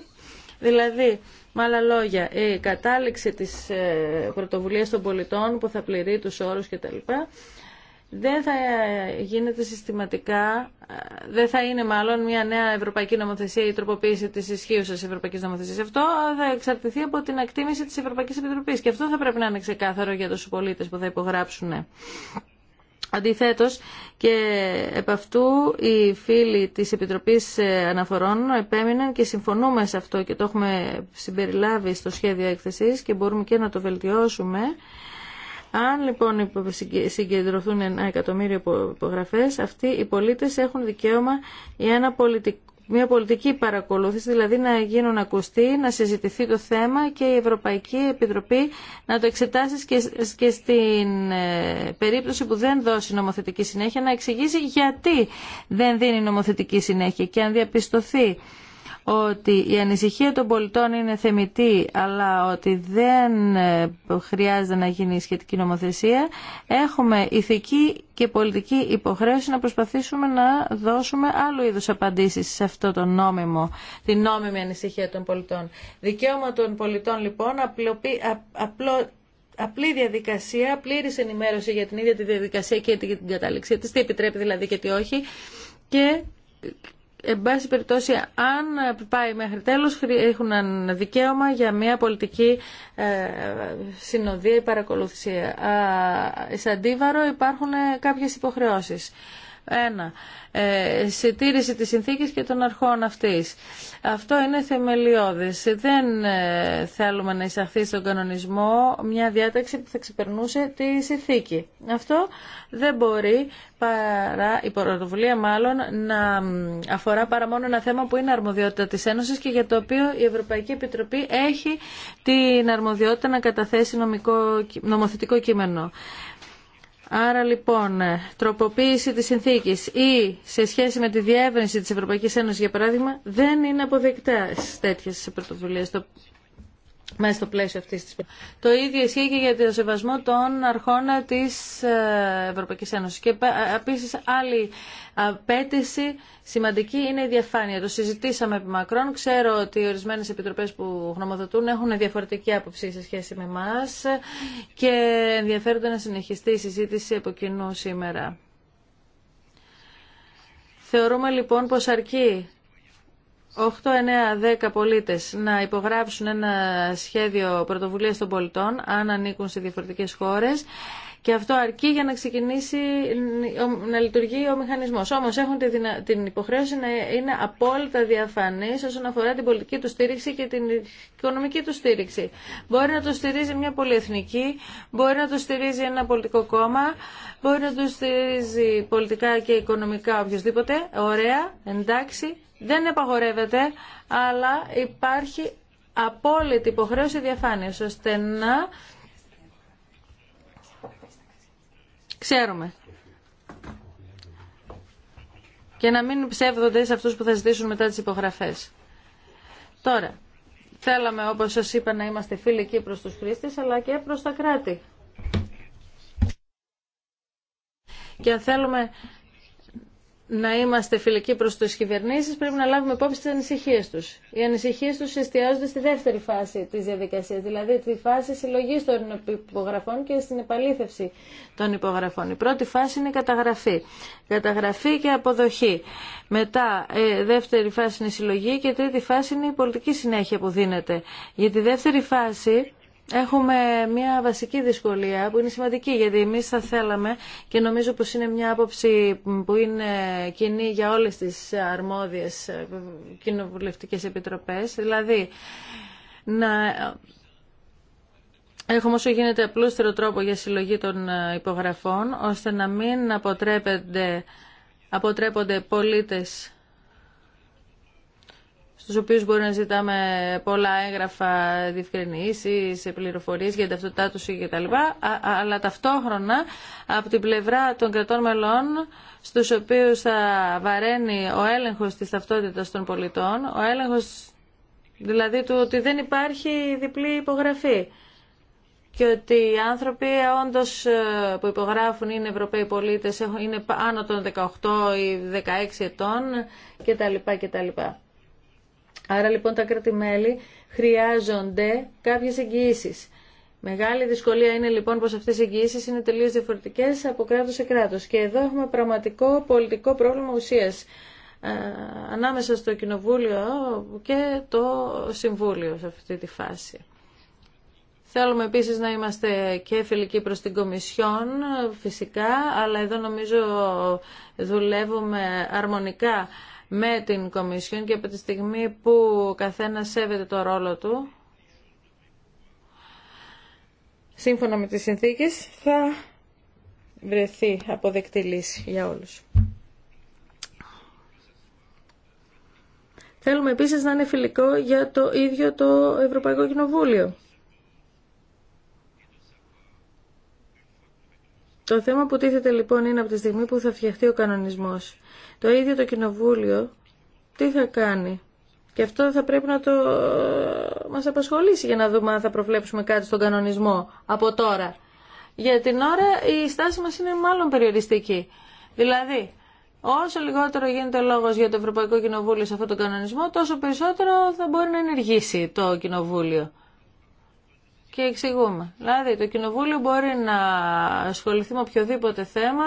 Δηλαδή, με άλλα λόγια, η κατάληξη της ε, πρωτοβουλίας των πολιτών που θα πληρεί τους όρους κτλ δεν θα γίνεται συστηματικά, δεν θα είναι μάλλον μια νέα ευρωπαϊκή νομοθεσία ή τροποποίηση τη ισχύουσα ευρωπαϊκή νομοθεσία. Αυτό θα εξαρτηθεί από την εκτίμηση τη Ευρωπαϊκή Επιτροπή. Και αυτό θα πρέπει να είναι ξεκάθαρο για του πολίτε που θα υπογράψουν. Αντιθέτω, και επ' αυτού οι φίλοι τη Επιτροπή Αναφορών επέμειναν και συμφωνούμε σε αυτό και το έχουμε συμπεριλάβει στο σχέδιο έκθεση και μπορούμε και να το βελτιώσουμε. Αν λοιπόν συγκεντρωθούν ένα εκατομμύριο υπογραφέ, αυτοί οι πολίτες έχουν δικαίωμα για μια πολιτική παρακολούθηση, δηλαδή να γίνουν ακουστοί, να συζητηθεί το θέμα και η Ευρωπαϊκή Επιτροπή να το εξετάσει και στην ε, περίπτωση που δεν δώσει νομοθετική συνέχεια, να εξηγήσει γιατί δεν δίνει νομοθετική συνέχεια και αν διαπιστωθεί ότι η ανησυχία των πολιτών είναι θεμητή αλλά ότι δεν ε, χρειάζεται να γίνει σχετική νομοθεσία έχουμε ηθική και πολιτική υποχρέωση να προσπαθήσουμε να δώσουμε άλλου είδους απαντήσεις σε αυτό το νόμιμο, την νόμιμη ανησυχία των πολιτών. Δικαίωμα των πολιτών λοιπόν απλή διαδικασία, πλήρη ενημέρωση για την ίδια τη διαδικασία και την κατάληξή της, τι επιτρέπει δηλαδή και τι όχι και εν πάση περιπτώσει, αν πάει μέχρι τέλο έχουν δικαίωμα για μια πολιτική ε, συνοδεία ή παρακολουθησία. Σε αντίβαρο υπάρχουν ε, κάποιες υποχρεώσεις. Ένα, ε, συντήρηση της συνθήκης και των αρχών αυτής. Αυτό είναι θεμελιώδες. Δεν ε, θέλουμε να εισαχθεί στον κανονισμό μια διάταξη που θα ξεπερνούσε τη συνθήκη. Αυτό δεν μπορεί παρά, η πρωτοβουλία μάλλον, να αφορά παρά μόνο ένα θέμα που είναι αρμοδιότητα της Ένωσης και για το οποίο η Ευρωπαϊκή Επιτροπή έχει την αρμοδιότητα να καταθέσει νομικό, νομοθετικό κείμενο. Άρα λοιπόν, τροποποίηση της συνθήκης ή σε σχέση με τη διεύρυνση της Ευρωπαϊκής Ένωσης για παράδειγμα δεν είναι αποδεκτές τέτοιες πρωτοβουλίες. Το μέσα στο αυτής της Το ίδιο ισχύει και για το σεβασμό των αρχών της ε, Ευρωπαϊκής Ένωσης. Και ε, επίση άλλη απέτηση σημαντική είναι η διαφάνεια. Το συζητήσαμε επί μακρόν. Ξέρω ότι οι ορισμένες επιτροπές που γνωμοδοτούν έχουν διαφορετική άποψη σε σχέση με εμά και ενδιαφέρονται να συνεχιστεί η συζήτηση από κοινού σήμερα. Θεωρούμε λοιπόν πως αρκεί 8-9-10 πολίτες να υπογράψουν ένα σχέδιο πρωτοβουλία των πολιτών αν ανήκουν σε διαφορετικές χώρες και αυτό αρκεί για να ξεκινήσει να λειτουργεί ο μηχανισμό. Όμω έχουν την υποχρέωση να είναι απόλυτα διαφανεί όσον αφορά την πολιτική του στήριξη και την οικονομική του στήριξη. Μπορεί να το στηρίζει μια πολυεθνική, μπορεί να το στηρίζει ένα πολιτικό κόμμα, μπορεί να το στηρίζει πολιτικά και οικονομικά οποιοδήποτε. Ωραία, εντάξει, δεν απαγορεύεται, αλλά υπάρχει απόλυτη υποχρέωση διαφάνειας ώστε να ξέρουμε. Και να μην ψεύδονται σε αυτούς που θα ζητήσουν μετά τις υπογραφές. Τώρα, θέλαμε όπως σας είπα να είμαστε φιλικοί προς τους χρήστες αλλά και προς τα κράτη. Και θέλουμε να είμαστε φιλικοί προς τι κυβερνήσει, πρέπει να λάβουμε υπόψη τις ανησυχίε τους. Οι ανησυχίες τους εστιάζονται στη δεύτερη φάση της διαδικασία, δηλαδή τη φάση συλλογή των υπογραφών και στην επαλήθευση των υπογραφών. Η πρώτη φάση είναι η καταγραφή. Καταγραφή και αποδοχή. Μετά ε, δεύτερη φάση είναι η συλλογή και τρίτη φάση είναι η πολιτική συνέχεια που δίνεται. Για τη δεύτερη φάση έχουμε μια βασική δυσκολία που είναι σημαντική γιατί εμείς θα θέλαμε και νομίζω πως είναι μια άποψη που είναι κοινή για όλες τις αρμόδιες κοινοβουλευτικές επιτροπές δηλαδή να Έχουμε όσο γίνεται απλούστερο τρόπο για συλλογή των υπογραφών, ώστε να μην αποτρέπονται, αποτρέπονται πολίτες στους οποίους μπορεί να ζητάμε πολλά έγγραφα, διευκρινήσεις, πληροφορίες για την ταυτότητά τους και τα λοιπά, αλλά ταυτόχρονα από την πλευρά των κρατών μελών, στους οποίους θα βαραίνει ο έλεγχος της ταυτότητας των πολιτών, ο έλεγχος δηλαδή του ότι δεν υπάρχει διπλή υπογραφή και ότι οι άνθρωποι ε, όντω ε, που υπογράφουν είναι Ευρωπαίοι πολίτες, είναι άνω των 18 ή 16 ετών κτλ. κτλ. Άρα λοιπόν τα κράτη-μέλη χρειάζονται κάποιες εγγυήσεις. Μεγάλη δυσκολία είναι λοιπόν πως αυτές οι εγγυήσεις είναι τελείως διαφορετικές από κράτος σε κράτος. Και εδώ έχουμε πραγματικό πολιτικό πρόβλημα ουσίας ε, ανάμεσα στο Κοινοβούλιο και το Συμβούλιο σε αυτή τη φάση. Θέλουμε επίσης να είμαστε και φιλικοί προς την Κομισιόν φυσικά, αλλά εδώ νομίζω δουλεύουμε αρμονικά με την Κομισιόν και από τη στιγμή που ο καθένας σέβεται το ρόλο του, σύμφωνα με τις συνθήκες, θα βρεθεί αποδεκτή λύση για όλους. Θέλουμε επίσης να είναι φιλικό για το ίδιο το Ευρωπαϊκό Κοινοβούλιο. Το θέμα που τίθεται λοιπόν είναι από τη στιγμή που θα φτιαχτεί ο κανονισμός. Το ίδιο το κοινοβούλιο τι θα κάνει. Και αυτό θα πρέπει να το ε, μας απασχολήσει για να δούμε αν θα προβλέψουμε κάτι στον κανονισμό από τώρα. Για την ώρα η στάση μας είναι μάλλον περιοριστική. Δηλαδή, όσο λιγότερο γίνεται λόγος για το Ευρωπαϊκό Κοινοβούλιο σε αυτόν τον κανονισμό, τόσο περισσότερο θα μπορεί να ενεργήσει το Κοινοβούλιο και εξηγούμε. Δηλαδή, το Κοινοβούλιο μπορεί να ασχοληθεί με οποιοδήποτε θέμα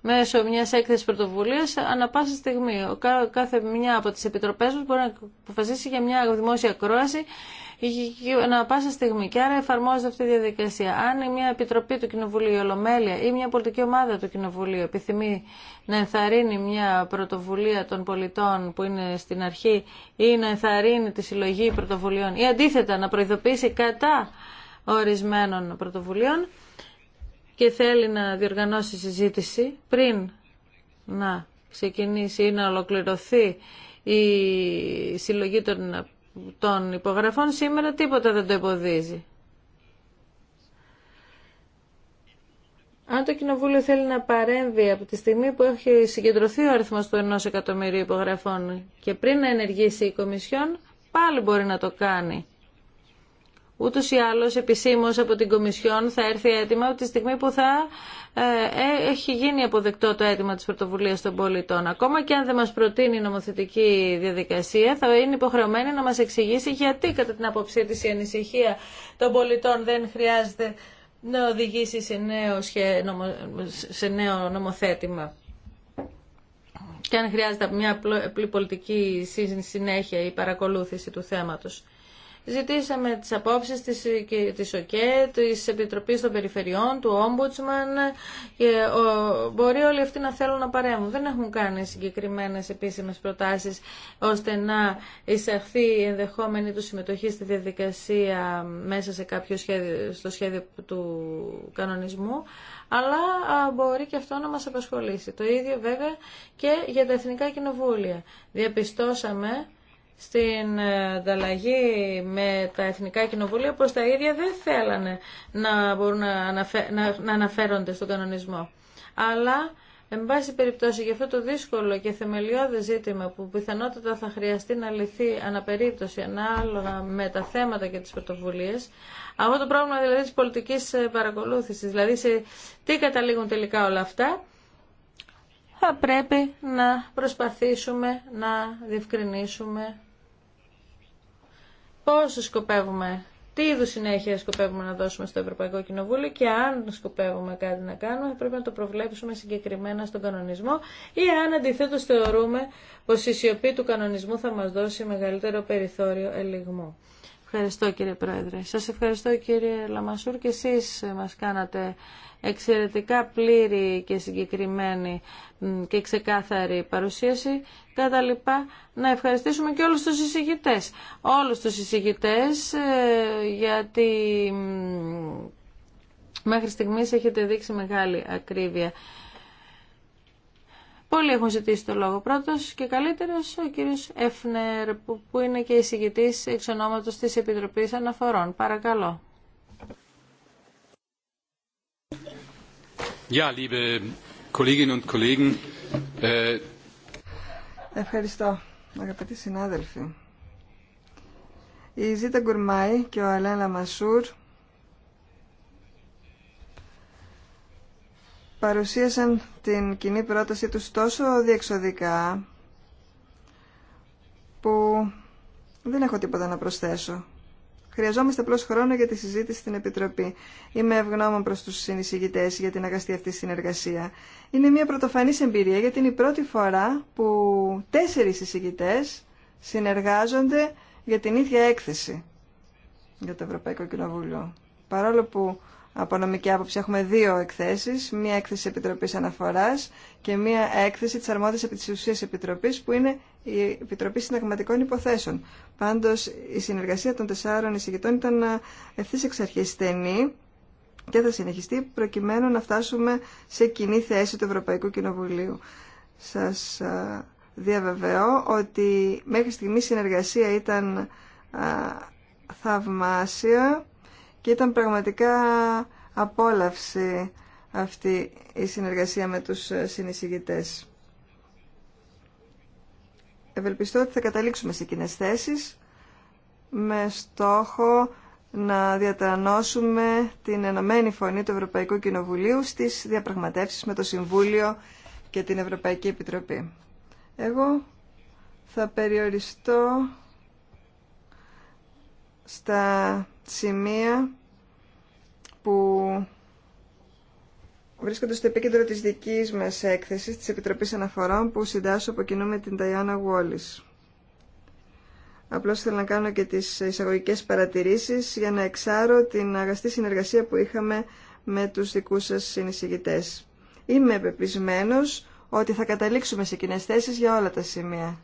μέσω μια έκθεση πρωτοβουλία ανα πάσα στιγμή. Κάθε μια από τι επιτροπέ μα μπορεί να αποφασίσει για μια δημόσια κρόαση ανα πάσα στιγμή. Και άρα εφαρμόζεται αυτή η διαδικασία. Αν μια επιτροπή του Κοινοβουλίου, η Ολομέλεια ή μια πολιτική ομάδα του Κοινοβουλίου επιθυμεί να ενθαρρύνει μια πρωτοβουλία των πολιτών που είναι στην αρχή ή να ενθαρρύνει τη συλλογή πρωτοβουλειών ή αντίθετα να προειδοποιήσει κατά ορισμένων πρωτοβουλίων και θέλει να διοργανώσει συζήτηση πριν να ξεκινήσει ή να ολοκληρωθεί η συλλογή των, των υπογραφών, σήμερα τίποτα δεν το εμποδίζει. Αν το Κοινοβούλιο θέλει να παρέμβει από τη στιγμή που έχει συγκεντρωθεί ο αριθμός του 1 εκατομμυρίου υπογραφών και πριν να ενεργήσει η Κομισιόν, πάλι μπορεί να το κάνει. Ούτως ή άλλως επισήμως από την Κομισιόν θα έρθει έτοιμα από τη στιγμή που θα ε, ε, έχει γίνει αποδεκτό το αίτημα της πρωτοβουλία των πολιτών. Ακόμα και αν δεν μας προτείνει η νομοθετική διαδικασία θα είναι υποχρεωμένη να μας εξηγήσει γιατί κατά την αποψή της η ανησυχία των πολιτών δεν χρειάζεται να οδηγήσει σε νέο, σε νέο νομοθέτημα. Και αν χρειάζεται μια απλή πολιτική συνέχεια ή παρακολούθηση του θέματος. Ζητήσαμε τις απόψεις της, της ΟΚΕ, της Επιτροπής των Περιφερειών, του Ombudsman και μπορεί όλοι αυτοί να θέλουν να παρέμβουν. Δεν έχουν κάνει συγκεκριμένες επίσημες προτάσεις ώστε να εισαχθεί η ενδεχόμενη του συμμετοχή στη διαδικασία μέσα σε κάποιο σχέδιο, στο σχέδιο του κανονισμού, αλλά μπορεί και αυτό να μας απασχολήσει. Το ίδιο βέβαια και για τα Εθνικά Κοινοβούλια. Διαπιστώσαμε στην ανταλλαγή με τα Εθνικά Κοινοβούλια πως τα ίδια δεν θέλανε να μπορούν να αναφέρονται στον κανονισμό. Αλλά Εν πάση περιπτώσει, για αυτό το δύσκολο και θεμελιώδη ζήτημα που πιθανότατα θα χρειαστεί να λυθεί αναπερίπτωση ανάλογα με τα θέματα και τις πρωτοβουλίε, αυτό το πρόβλημα δηλαδή της πολιτικής ε, παρακολούθησης, δηλαδή σε τι καταλήγουν τελικά όλα αυτά, θα πρέπει να προσπαθήσουμε να διευκρινίσουμε πόσο σκοπεύουμε, τι είδου συνέχεια σκοπεύουμε να δώσουμε στο Ευρωπαϊκό Κοινοβούλιο και αν σκοπεύουμε κάτι να κάνουμε πρέπει να το προβλέψουμε συγκεκριμένα στον κανονισμό ή αν αντιθέτω θεωρούμε πω η σιωπή του κανονισμού θα μα δώσει μεγαλύτερο περιθώριο ελιγμού. Ευχαριστώ κύριε Πρόεδρε. Σας ευχαριστώ κύριε Λαμασούρ και εσείς μας κάνατε εξαιρετικά πλήρη και συγκεκριμένη και ξεκάθαρη παρουσίαση. Κατά λοιπά, να ευχαριστήσουμε και όλους τους εισηγητές. Όλους τους εισηγητές ε, γιατί μέχρι στιγμής έχετε δείξει μεγάλη ακρίβεια. Πολλοί έχουν ζητήσει το λόγο. πρώτο και καλύτερο ο κύριο Εφνερ, που είναι και εισηγητή εξ ονόματο τη Επιτροπή Αναφορών. Παρακαλώ. liebe äh, Ευχαριστώ, αγαπητοί συνάδελφοι. Η Ζήτα Γκουρμάη και ο Αλένα Μασούρ. παρουσίασαν την κοινή πρότασή τους τόσο διεξοδικά που δεν έχω τίποτα να προσθέσω. Χρειαζόμαστε απλώ χρόνο για τη συζήτηση στην Επιτροπή. Είμαι ευγνώμων προς τους συνεισηγητές για την αγαστή αυτή συνεργασία. Είναι μια πρωτοφανής εμπειρία γιατί είναι η πρώτη φορά που τέσσερις συζητητές συνεργάζονται για την ίδια έκθεση για το Ευρωπαϊκό Κοινοβούλιο. Παρόλο που από νομική άποψη έχουμε δύο εκθέσεις, μία έκθεση Επιτροπής Αναφοράς και μία έκθεση της αρμόδιας επί τη Επιτροπής που είναι η Επιτροπή Συνταγματικών Υποθέσεων. Πάντως η συνεργασία των τεσσάρων εισηγητών ήταν ε, ευθύ εξ αρχής στενή και θα συνεχιστεί προκειμένου να φτάσουμε σε κοινή θέση του Ευρωπαϊκού Κοινοβουλίου. Σας ε, διαβεβαιώ ότι μέχρι στιγμή η συνεργασία ήταν ε, θαυμάσια και ήταν πραγματικά απόλαυση αυτή η συνεργασία με τους συνεισηγητές. Ευελπιστώ ότι θα καταλήξουμε σε κοινέ θέσει με στόχο να διατρανώσουμε την ενωμένη φωνή του Ευρωπαϊκού Κοινοβουλίου στις διαπραγματεύσεις με το Συμβούλιο και την Ευρωπαϊκή Επιτροπή. Εγώ θα περιοριστώ στα σημεία που βρίσκονται στο επίκεντρο της δικής μας έκθεσης της Επιτροπής Αναφορών που συντάσσω από κοινού με την Ταϊάννα Γουόλης. Απλώς θέλω να κάνω και τις εισαγωγικές παρατηρήσεις για να εξάρω την αγαστή συνεργασία που είχαμε με τους δικούς σας συνεισηγητές. Είμαι πεπισμένος ότι θα καταλήξουμε σε κοινέ θέσεις για όλα τα σημεία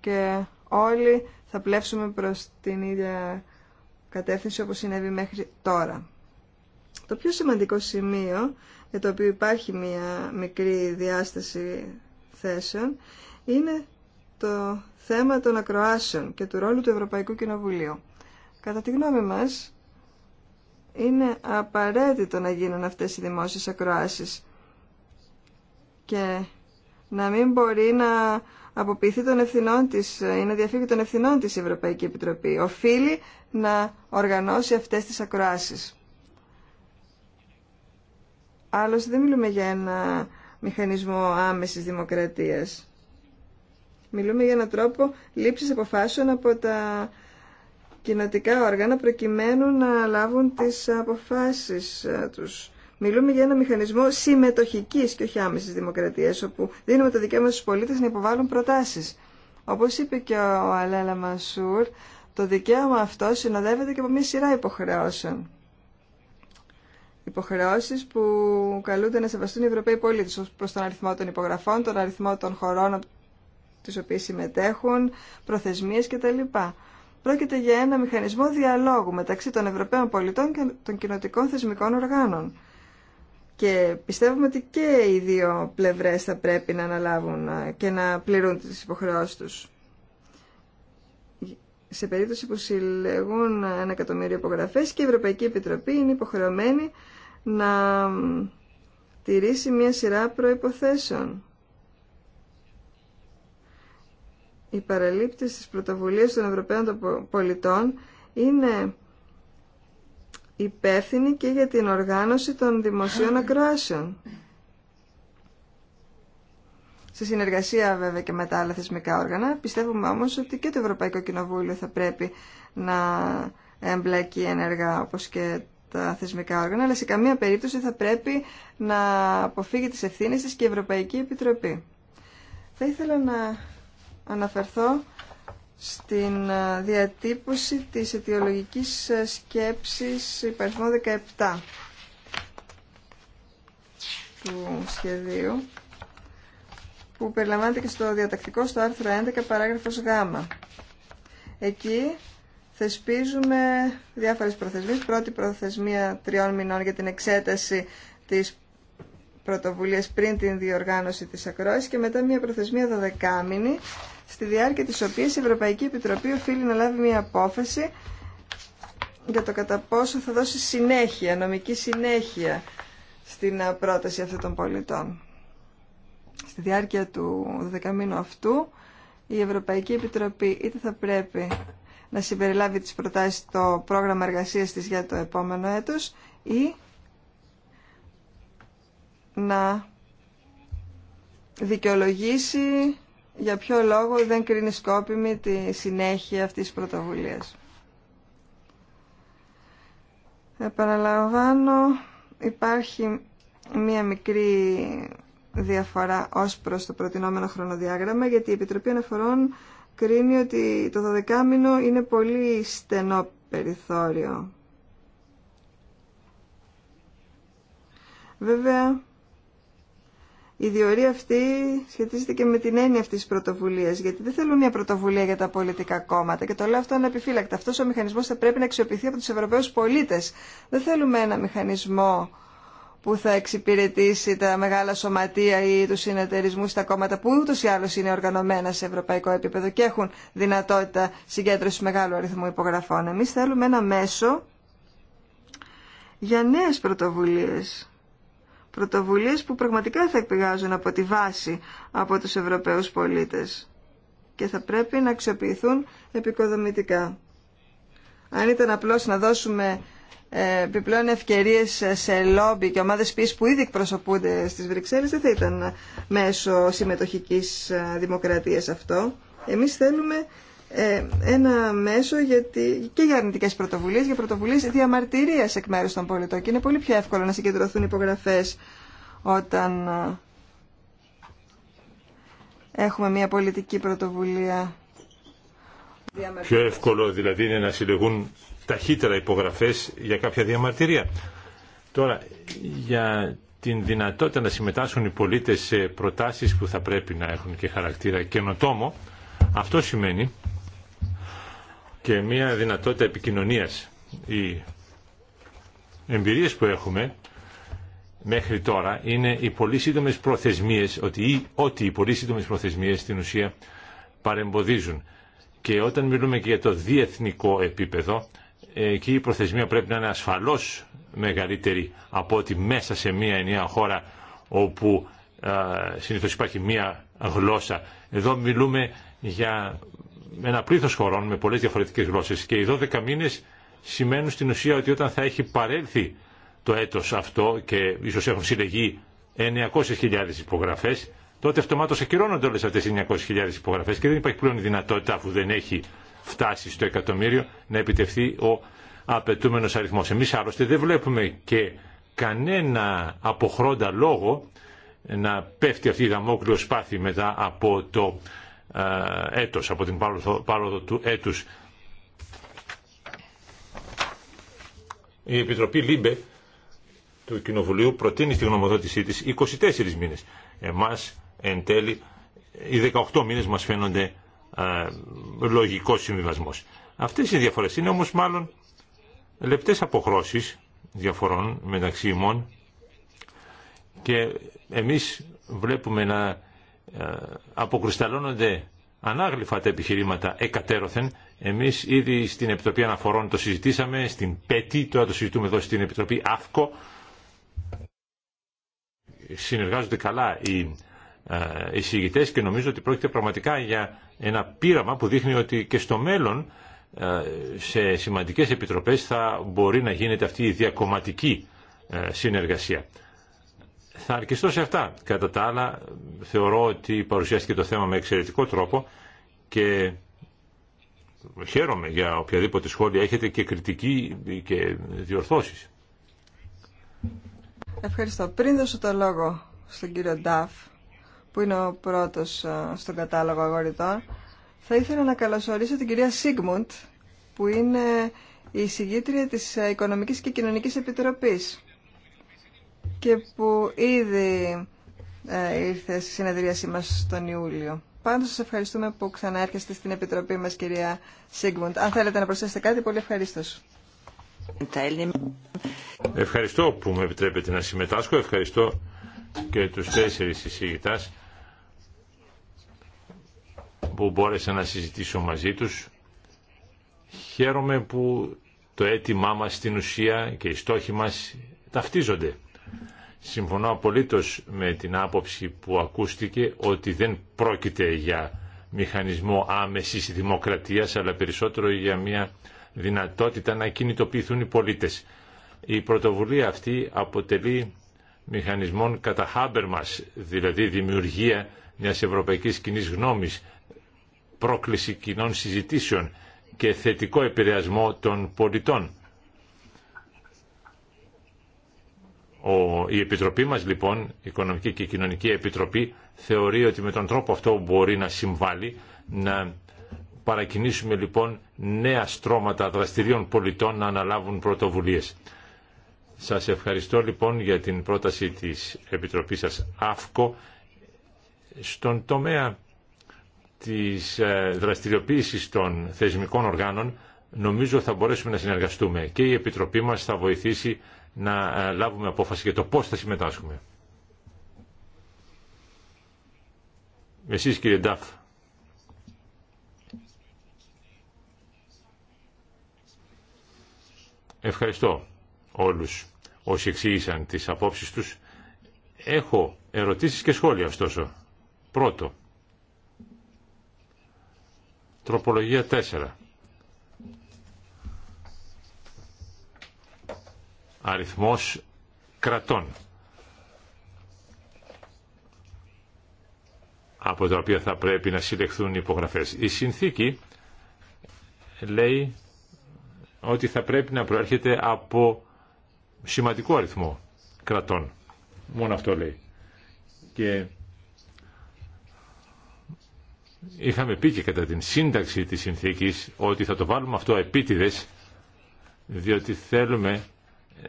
και όλοι θα πλέψουμε προς την ίδια κατεύθυνση όπως συνέβη μέχρι τώρα. Το πιο σημαντικό σημείο για το οποίο υπάρχει μια μικρή διάσταση θέσεων είναι το θέμα των ακροάσεων και του ρόλου του Ευρωπαϊκού Κοινοβουλίου. Κατά τη γνώμη μας, είναι απαραίτητο να γίνουν αυτές οι δημόσιες ακροάσεις και να μην μπορεί να αποποιηθεί των ευθυνών της ή ε, να διαφύγει των ευθυνών της είναι να οργανώσει αυτές τις ακροάσεις. Άλλωστε δεν μιλούμε για ένα μηχανισμό άμεσης δημοκρατίας. Μιλούμε για έναν τρόπο λήψης αποφάσεων από τα κοινοτικά όργανα προκειμένου να λάβουν τις αποφάσεις ε, τους Μιλούμε για ένα μηχανισμό συμμετοχική και όχι άμεση δημοκρατία, όπου δίνουμε το δικαίωμα στου πολίτε να υποβάλουν προτάσει. Όπω είπε και ο Αλέλα Μασούρ, το δικαίωμα αυτό συνοδεύεται και από μια σειρά υποχρεώσεων. Υποχρεώσει που καλούνται να σεβαστούν οι Ευρωπαίοι πολίτε προ τον αριθμό των υπογραφών, τον αριθμό των χωρών τι οποίε συμμετέχουν, προθεσμίε κτλ. Πρόκειται για ένα μηχανισμό διαλόγου μεταξύ των Ευρωπαίων πολιτών και των κοινοτικών θεσμικών οργάνων. Και πιστεύουμε ότι και οι δύο πλευρές θα πρέπει να αναλάβουν ε, και να πληρούν τις υποχρεώσεις τους. Σε περίπτωση που συλλεγούν ένα εκατομμύριο υπογραφές και η Ευρωπαϊκή Επιτροπή είναι υποχρεωμένη να τηρήσει μια σειρά προϋποθέσεων. Οι παραλήπτες της πρωτοβουλίας των Ευρωπαίων των πολιτών είναι υπεύθυνη και για την οργάνωση των δημοσίων ακροάσεων. Σε συνεργασία βέβαια και με τα άλλα θεσμικά όργανα, πιστεύουμε όμως ότι και το Ευρωπαϊκό Κοινοβούλιο θα πρέπει να εμπλακεί ενεργά όπως και τα θεσμικά όργανα, αλλά σε καμία περίπτωση θα πρέπει να αποφύγει τις ευθύνες της και η Ευρωπαϊκή Επιτροπή. Θα ήθελα να αναφερθώ στην ε, διατύπωση της αιτιολογικής ε, σκέψης υπαριθμό 17 του σχεδίου που περιλαμβάνεται και στο διατακτικό στο άρθρο 11 παράγραφος Γ. Εκεί θεσπίζουμε διάφορες προθεσμίες. Πρώτη προθεσμία τριών μηνών για την εξέταση της πρωτοβουλίας πριν την διοργάνωση της ακρόασης και μετά μια προθεσμία δωδεκάμινη στη διάρκεια της οποίας η Ευρωπαϊκή Επιτροπή οφείλει να λάβει μια απόφαση για το κατά πόσο θα δώσει συνέχεια, νομική συνέχεια στην πρόταση αυτών των πολιτών. Στη διάρκεια του δεκαμήνου αυτού η Ευρωπαϊκή Επιτροπή είτε θα πρέπει να συμπεριλάβει τις προτάσεις στο πρόγραμμα εργασίας της για το επόμενο έτος ή να δικαιολογήσει για ποιο λόγο δεν κρίνει σκόπιμη τη συνέχεια αυτής της πρωτοβουλίας. Επαναλαμβάνω, υπάρχει μία μικρή διαφορά ως προς το προτινόμενο χρονοδιάγραμμα, γιατί η Επιτροπή Αναφορών κρίνει ότι το 12 μήνο είναι πολύ στενό περιθώριο. Βέβαια, η διορία αυτή σχετίζεται και με την έννοια αυτή τη πρωτοβουλία. Γιατί δεν θέλουμε μια πρωτοβουλία για τα πολιτικά κόμματα. Και το λέω αυτό ανεπιφύλακτα. Αυτό ο μηχανισμό θα πρέπει να αξιοποιηθεί από του Ευρωπαίου πολίτε. Δεν θέλουμε ένα μηχανισμό που θα εξυπηρετήσει τα μεγάλα σωματεία ή του συνεταιρισμού στα κόμματα που ούτω ή άλλω είναι οργανωμένα σε ευρωπαϊκό επίπεδο και έχουν δυνατότητα συγκέντρωση μεγάλου αριθμού υπογραφών. Εμεί θέλουμε ένα μέσο για νέε πρωτοβουλίε πρωτοβουλίες που πραγματικά θα εκπηγάζουν από τη βάση από τους Ευρωπαίους πολίτες και θα πρέπει να αξιοποιηθούν επικοδομητικά. Αν ήταν απλώς να δώσουμε ε, επιπλέον ευκαιρίες σε λόμπι και ομάδες πίεσης που ήδη εκπροσωπούνται στις Βρυξέλλες δεν θα ήταν μέσω συμμετοχικής ε, δημοκρατίας αυτό. Εμείς θέλουμε ε, ένα μέσο γιατί, και για αρνητικέ πρωτοβουλίε, για πρωτοβουλίε διαμαρτυρία εκ μέρου των πολιτών. Και είναι πολύ πιο εύκολο να συγκεντρωθούν υπογραφέ όταν ε, έχουμε μια πολιτική πρωτοβουλία. Πιο εύκολο δηλαδή είναι να συλλεγούν ταχύτερα υπογραφές για κάποια διαμαρτυρία. Τώρα, για την δυνατότητα να συμμετάσχουν οι πολίτες σε προτάσεις που θα πρέπει να έχουν και χαρακτήρα καινοτόμο, αυτό σημαίνει και μια δυνατότητα επικοινωνίας. Οι εμπειρίες που έχουμε μέχρι τώρα είναι οι πολύ σύντομες προθεσμίες, ότι, ότι οι πολύ σύντομες προθεσμίες στην ουσία παρεμποδίζουν. Και όταν μιλούμε και για το διεθνικό επίπεδο, εκεί η προθεσμία πρέπει να είναι ασφαλώς μεγαλύτερη από ότι μέσα σε μια ενιαία χώρα όπου συνήθως υπάρχει μια γλώσσα. Εδώ μιλούμε για με ένα πλήθο χωρών, με πολλέ διαφορετικέ γλώσσε και οι 12 μήνε σημαίνουν στην ουσία ότι όταν θα έχει παρέλθει το έτος αυτό και ίσω έχουν συλλεγεί 900.000 υπογραφέ, τότε αυτομάτω ακυρώνονται όλε αυτέ οι 900.000 υπογραφέ και δεν υπάρχει πλέον η δυνατότητα αφού δεν έχει φτάσει στο εκατομμύριο να επιτευχθεί ο απαιτούμενο αριθμό. Εμεί άλλωστε δεν βλέπουμε και κανένα αποχρόντα λόγο να πέφτει αυτή η δαμόκλειο σπάθη μετά από το έτος, από την πάροδο του έτους. Η Επιτροπή ΛΥΜΠΕ του Κοινοβουλίου προτείνει στη γνωμοδότησή της 24 μήνες. Εμάς εν τέλει οι 18 μήνες μας φαίνονται α, λογικός συμβιβασμός. Αυτές οι διαφορές είναι όμως μάλλον λεπτές αποχρώσεις διαφορών μεταξύ ημών και εμείς βλέπουμε να ε, αποκρισταλώνονται ανάγλυφα τα επιχειρήματα εκατέρωθεν. Εμείς ήδη στην Επιτροπή Αναφορών το συζητήσαμε, στην ΠΕΤΗ, τώρα το συζητούμε εδώ στην Επιτροπή ΑΦΚΟ. Συνεργάζονται καλά οι εισηγητές και νομίζω ότι πρόκειται πραγματικά για ένα πείραμα που δείχνει ότι και στο μέλλον ε, σε σημαντικές επιτροπές θα μπορεί να γίνεται αυτή η διακομματική ε, συνεργασία. Θα αρκεστώ σε αυτά. Κατά τα άλλα, θεωρώ ότι παρουσιάστηκε το θέμα με εξαιρετικό τρόπο και χαίρομαι για οποιαδήποτε σχόλια έχετε και κριτική και διορθώσεις. Ευχαριστώ. Πριν δώσω το λόγο στον κύριο Νταφ, που είναι ο πρώτος στον κατάλογο αγοριτών, θα ήθελα να καλωσορίσω την κυρία Σίγμουντ, που είναι η συγγήτρια της ε, Οικονομικής και Κοινωνικής Επιτροπής και που ήδη ε, ήρθε στη συνεδρίασή μας τον Ιούλιο. Πάντως σας ευχαριστούμε που ξαναέρχεστε στην Επιτροπή μας, κυρία Σίγκμουντ. Αν θέλετε να προσθέσετε κάτι, πολύ ευχαριστώ. Ευχαριστώ που με επιτρέπετε να συμμετάσχω. Ευχαριστώ και τους τέσσερις συζητητάς που μπόρεσα να συζητήσω μαζί τους. Χαίρομαι που το αίτημά μας στην ουσία και οι στόχοι μας ταυτίζονται. Συμφωνώ απολύτως με την άποψη που ακούστηκε ότι δεν πρόκειται για μηχανισμό άμεσης δημοκρατίας αλλά περισσότερο για μια δυνατότητα να κινητοποιηθούν οι πολίτες. Η πρωτοβουλία αυτή αποτελεί μηχανισμών κατά χάμπερ μας, δηλαδή δημιουργία μιας ευρωπαϊκής κοινής γνώμης, πρόκληση κοινών συζητήσεων και θετικό επηρεασμό των πολιτών. η Επιτροπή μας λοιπόν, η Οικονομική και Κοινωνική Επιτροπή, θεωρεί ότι με τον τρόπο αυτό μπορεί να συμβάλλει, να παρακινήσουμε λοιπόν νέα στρώματα δραστηριών πολιτών να αναλάβουν πρωτοβουλίες. Σας ευχαριστώ λοιπόν για την πρόταση της Επιτροπής σας ΑΦΚΟ στον τομέα της ε, δραστηριοποίησης των θεσμικών οργάνων νομίζω θα μπορέσουμε να συνεργαστούμε και η Επιτροπή μας θα βοηθήσει να ε, λάβουμε απόφαση για το πώς θα συμμετάσχουμε. Εσείς κύριε Ντάφ. Ευχαριστώ όλους όσοι εξήγησαν τις απόψεις τους. Έχω ερωτήσεις και σχόλια ωστόσο. Πρώτο. Τροπολογία 4. αριθμός κρατών από τα οποία θα πρέπει να συλλεχθούν οι υπογραφές. Η συνθήκη λέει ότι θα πρέπει να προέρχεται από σημαντικό αριθμό κρατών. Μόνο αυτό λέει. Και είχαμε πει και κατά την σύνταξη της συνθήκης ότι θα το βάλουμε αυτό επίτηδες διότι θέλουμε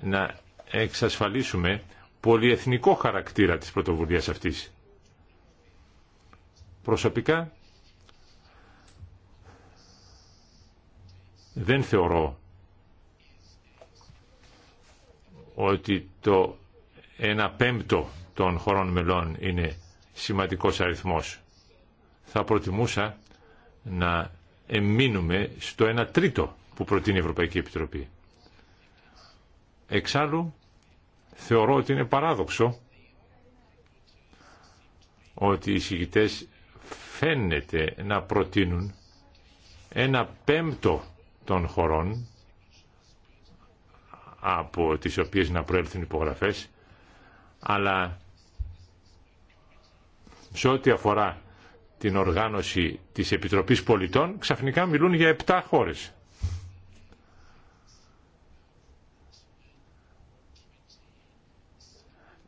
να εξασφαλίσουμε πολυεθνικό χαρακτήρα της πρωτοβουλίας αυτής. Προσωπικά δεν θεωρώ ότι το 1 πέμπτο των χωρών μελών είναι σημαντικός αριθμός. Θα προτιμούσα να εμείνουμε στο 1 τρίτο που προτείνει η Ευρωπαϊκή Επιτροπή. Εξάλλου, θεωρώ ότι είναι παράδοξο ότι οι συγκητές φαίνεται να προτείνουν ένα πέμπτο των χωρών από τις οποίες να προέλθουν υπογραφές αλλά σε ό,τι αφορά την οργάνωση της Επιτροπής Πολιτών ξαφνικά μιλούν για επτά χώρες.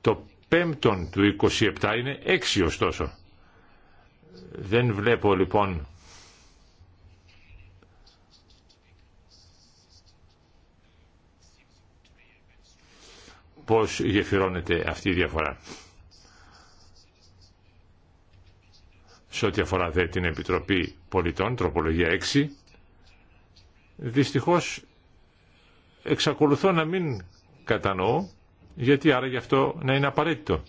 Το πέμπτον του 27 είναι 6 ωστόσο. Δεν βλέπω λοιπόν πώς γεφυρώνεται αυτή η διαφορά. Σε ό,τι αφορά την Επιτροπή Πολιτών, τροπολογία 6, δυστυχώς εξακολουθώ να μην κατανοώ γιατί άρα γι' αυτό να είναι απαραίτητο.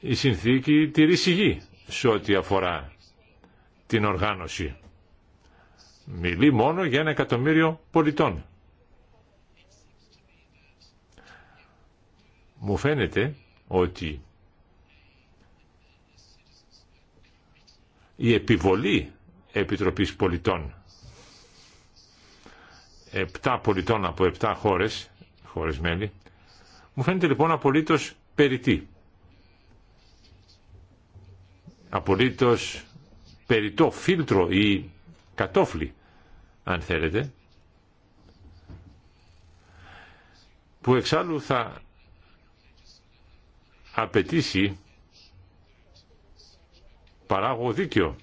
Η συνθήκη τηρεί σιγή σε ό,τι αφορά την οργάνωση. Μιλεί μόνο για ένα εκατομμύριο πολιτών. Μου φαίνεται ότι η επιβολή Επιτροπής Πολιτών Επτά πολιτών από επτά χώρες, χώρες μέλη, μου φαίνεται λοιπόν απολύτως περιττή. Απολύτως περιττό φίλτρο ή κατόφλι, αν θέλετε, που εξάλλου θα απαιτήσει παράγω δίκαιο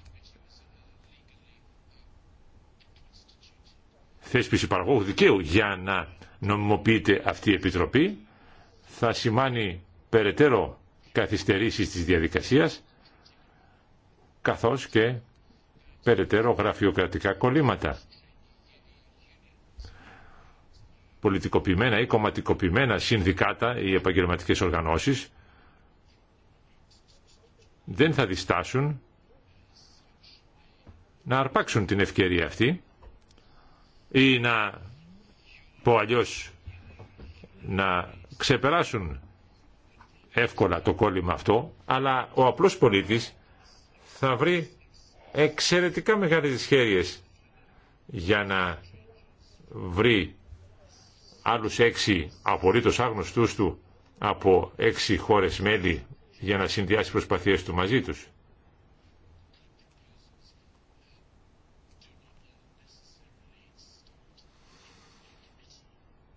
θέσπιση παραγωγού δικαίου για να νομιμοποιείται αυτή η Επιτροπή, θα σημάνει περαιτέρω καθυστερήσεις της διαδικασίας, καθώς και περαιτέρω γραφειοκρατικά κολλήματα. Πολιτικοποιημένα ή κομματικοποιημένα συνδικάτα ή επαγγελματικές οργανώσεις δεν θα διστάσουν να αρπάξουν την ευκαιρία αυτή ή να πω αλλιώς να ξεπεράσουν εύκολα το κόλλημα αυτό, αλλά ο απλός πολίτης θα βρει εξαιρετικά μεγάλες δυσχέρειες για να βρει άλλους έξι απολύτως άγνωστούς του από έξι χώρες μέλη για να συνδυάσει προσπαθίες του μαζί τους.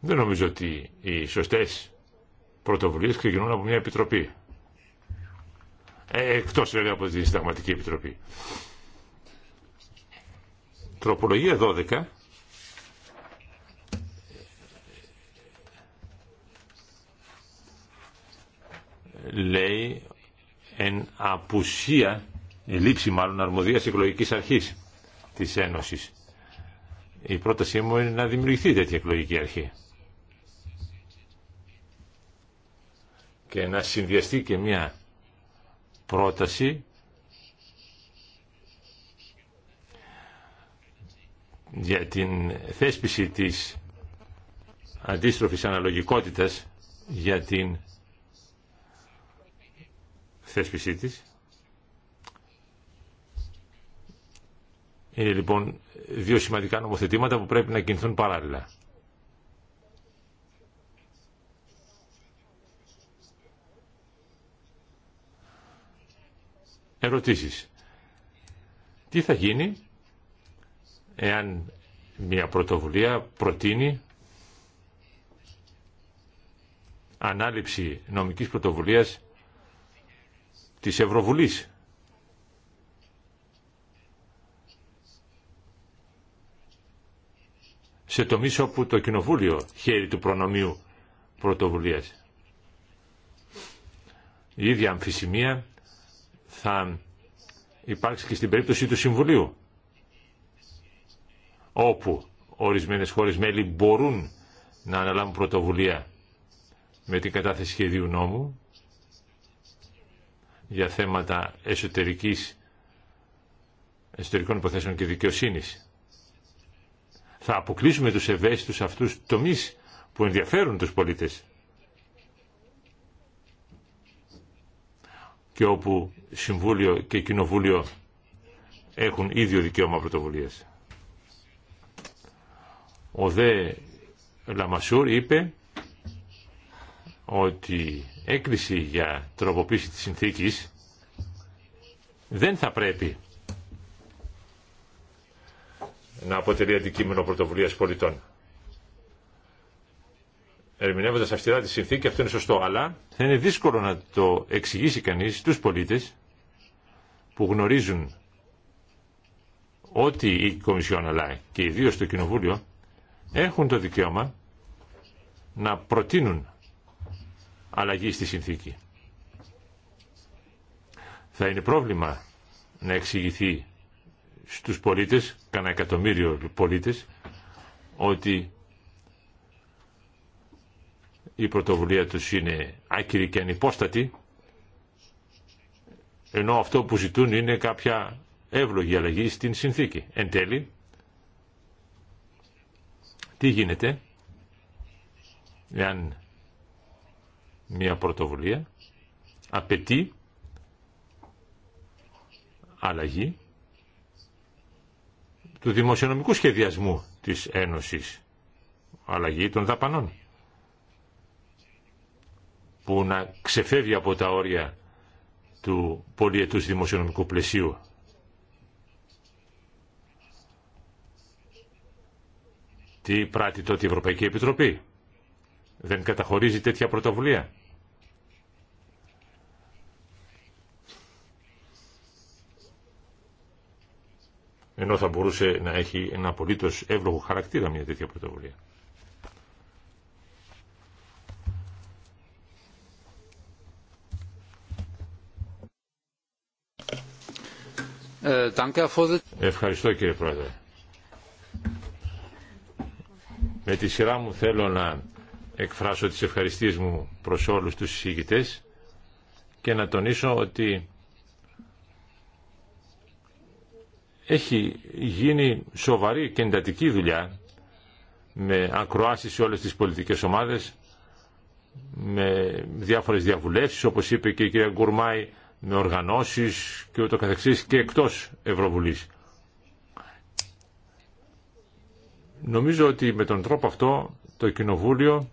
Δεν νομίζω ότι οι σωστές πρωτοβουλίες ξεκινούν από μια επιτροπή. Ε, εκτός βέβαια από την Συνταγματική Επιτροπή. Τροπολογία 12 λέει εν απουσία, λήψη μάλλον αρμοδίας εκλογικής αρχής της Ένωσης. Η πρότασή μου είναι να δημιουργηθεί τέτοια εκλογική αρχή. και να συνδυαστεί και μια πρόταση για την θέσπιση της αντίστροφης αναλογικότητας για την θέσπιση της. Είναι λοιπόν δύο σημαντικά νομοθετήματα που πρέπει να κινηθούν παράλληλα. ερωτήσεις. Τι θα γίνει εάν μια πρωτοβουλία προτείνει ανάληψη νομικής πρωτοβουλίας της Ευρωβουλής. Σε το μισό που το Κοινοβούλιο χέρι του προνομίου πρωτοβουλίας. Η ίδια αμφισημία θα υπάρξει και στην περίπτωση του Συμβουλίου όπου ορισμένες χώρες μέλη μπορούν να αναλάβουν πρωτοβουλία με την κατάθεση σχεδίου νόμου για θέματα εσωτερικής, εσωτερικών υποθέσεων και δικαιοσύνης. Θα αποκλείσουμε τους ευαίσθητους αυτούς τομείς που ενδιαφέρουν τους πολίτες. και όπου Συμβούλιο και Κοινοβούλιο έχουν ίδιο δικαίωμα πρωτοβουλίας. Ο Δε Λαμασούρ είπε ότι έκκληση για τροποποίηση της συνθήκης δεν θα πρέπει να αποτελεί αντικείμενο πρωτοβουλίας πολιτών ερμηνεύοντας αυστηρά τη συνθήκη, αυτό είναι σωστό, αλλά θα είναι δύσκολο να το εξηγήσει κανείς στους πολίτε που γνωρίζουν ότι η Κομισιόν αλλά και ιδίω το Κοινοβούλιο έχουν το δικαίωμα να προτείνουν αλλαγή στη συνθήκη. Θα είναι πρόβλημα να εξηγηθεί στους πολίτες, κανένα εκατομμύριο πολίτες, ότι η πρωτοβουλία τους είναι άκυρη και ανυπόστατη, ενώ αυτό που ζητούν είναι κάποια εύλογη αλλαγή στην συνθήκη. Εν τέλει, τι γίνεται εάν μια πρωτοβουλία απαιτεί αλλαγή του δημοσιονομικού σχεδιασμού της Ένωσης, αλλαγή των δαπανών που να ξεφεύγει από τα όρια του πολιετούς δημοσιονομικού πλαισίου. Τι πράττει τότε η Ευρωπαϊκή Επιτροπή. Δεν καταχωρίζει τέτοια πρωτοβουλία. Ενώ θα μπορούσε να έχει ένα απολύτως εύλογο χαρακτήρα μια τέτοια πρωτοβουλία. Ευχαριστώ κύριε Πρόεδρε. Με τη σειρά μου θέλω να εκφράσω τις ευχαριστίες μου προς όλους τους συζητητές και να τονίσω ότι έχει γίνει σοβαρή και εντατική δουλειά με ακροάσεις σε όλες τις πολιτικές ομάδες, με διάφορες διαβουλεύσεις, όπως είπε και η κυρία Γκουρμάη, με οργανώσεις και ούτω καθεξής και εκτός Ευρωβουλής. Νομίζω ότι με τον τρόπο αυτό το Κοινοβούλιο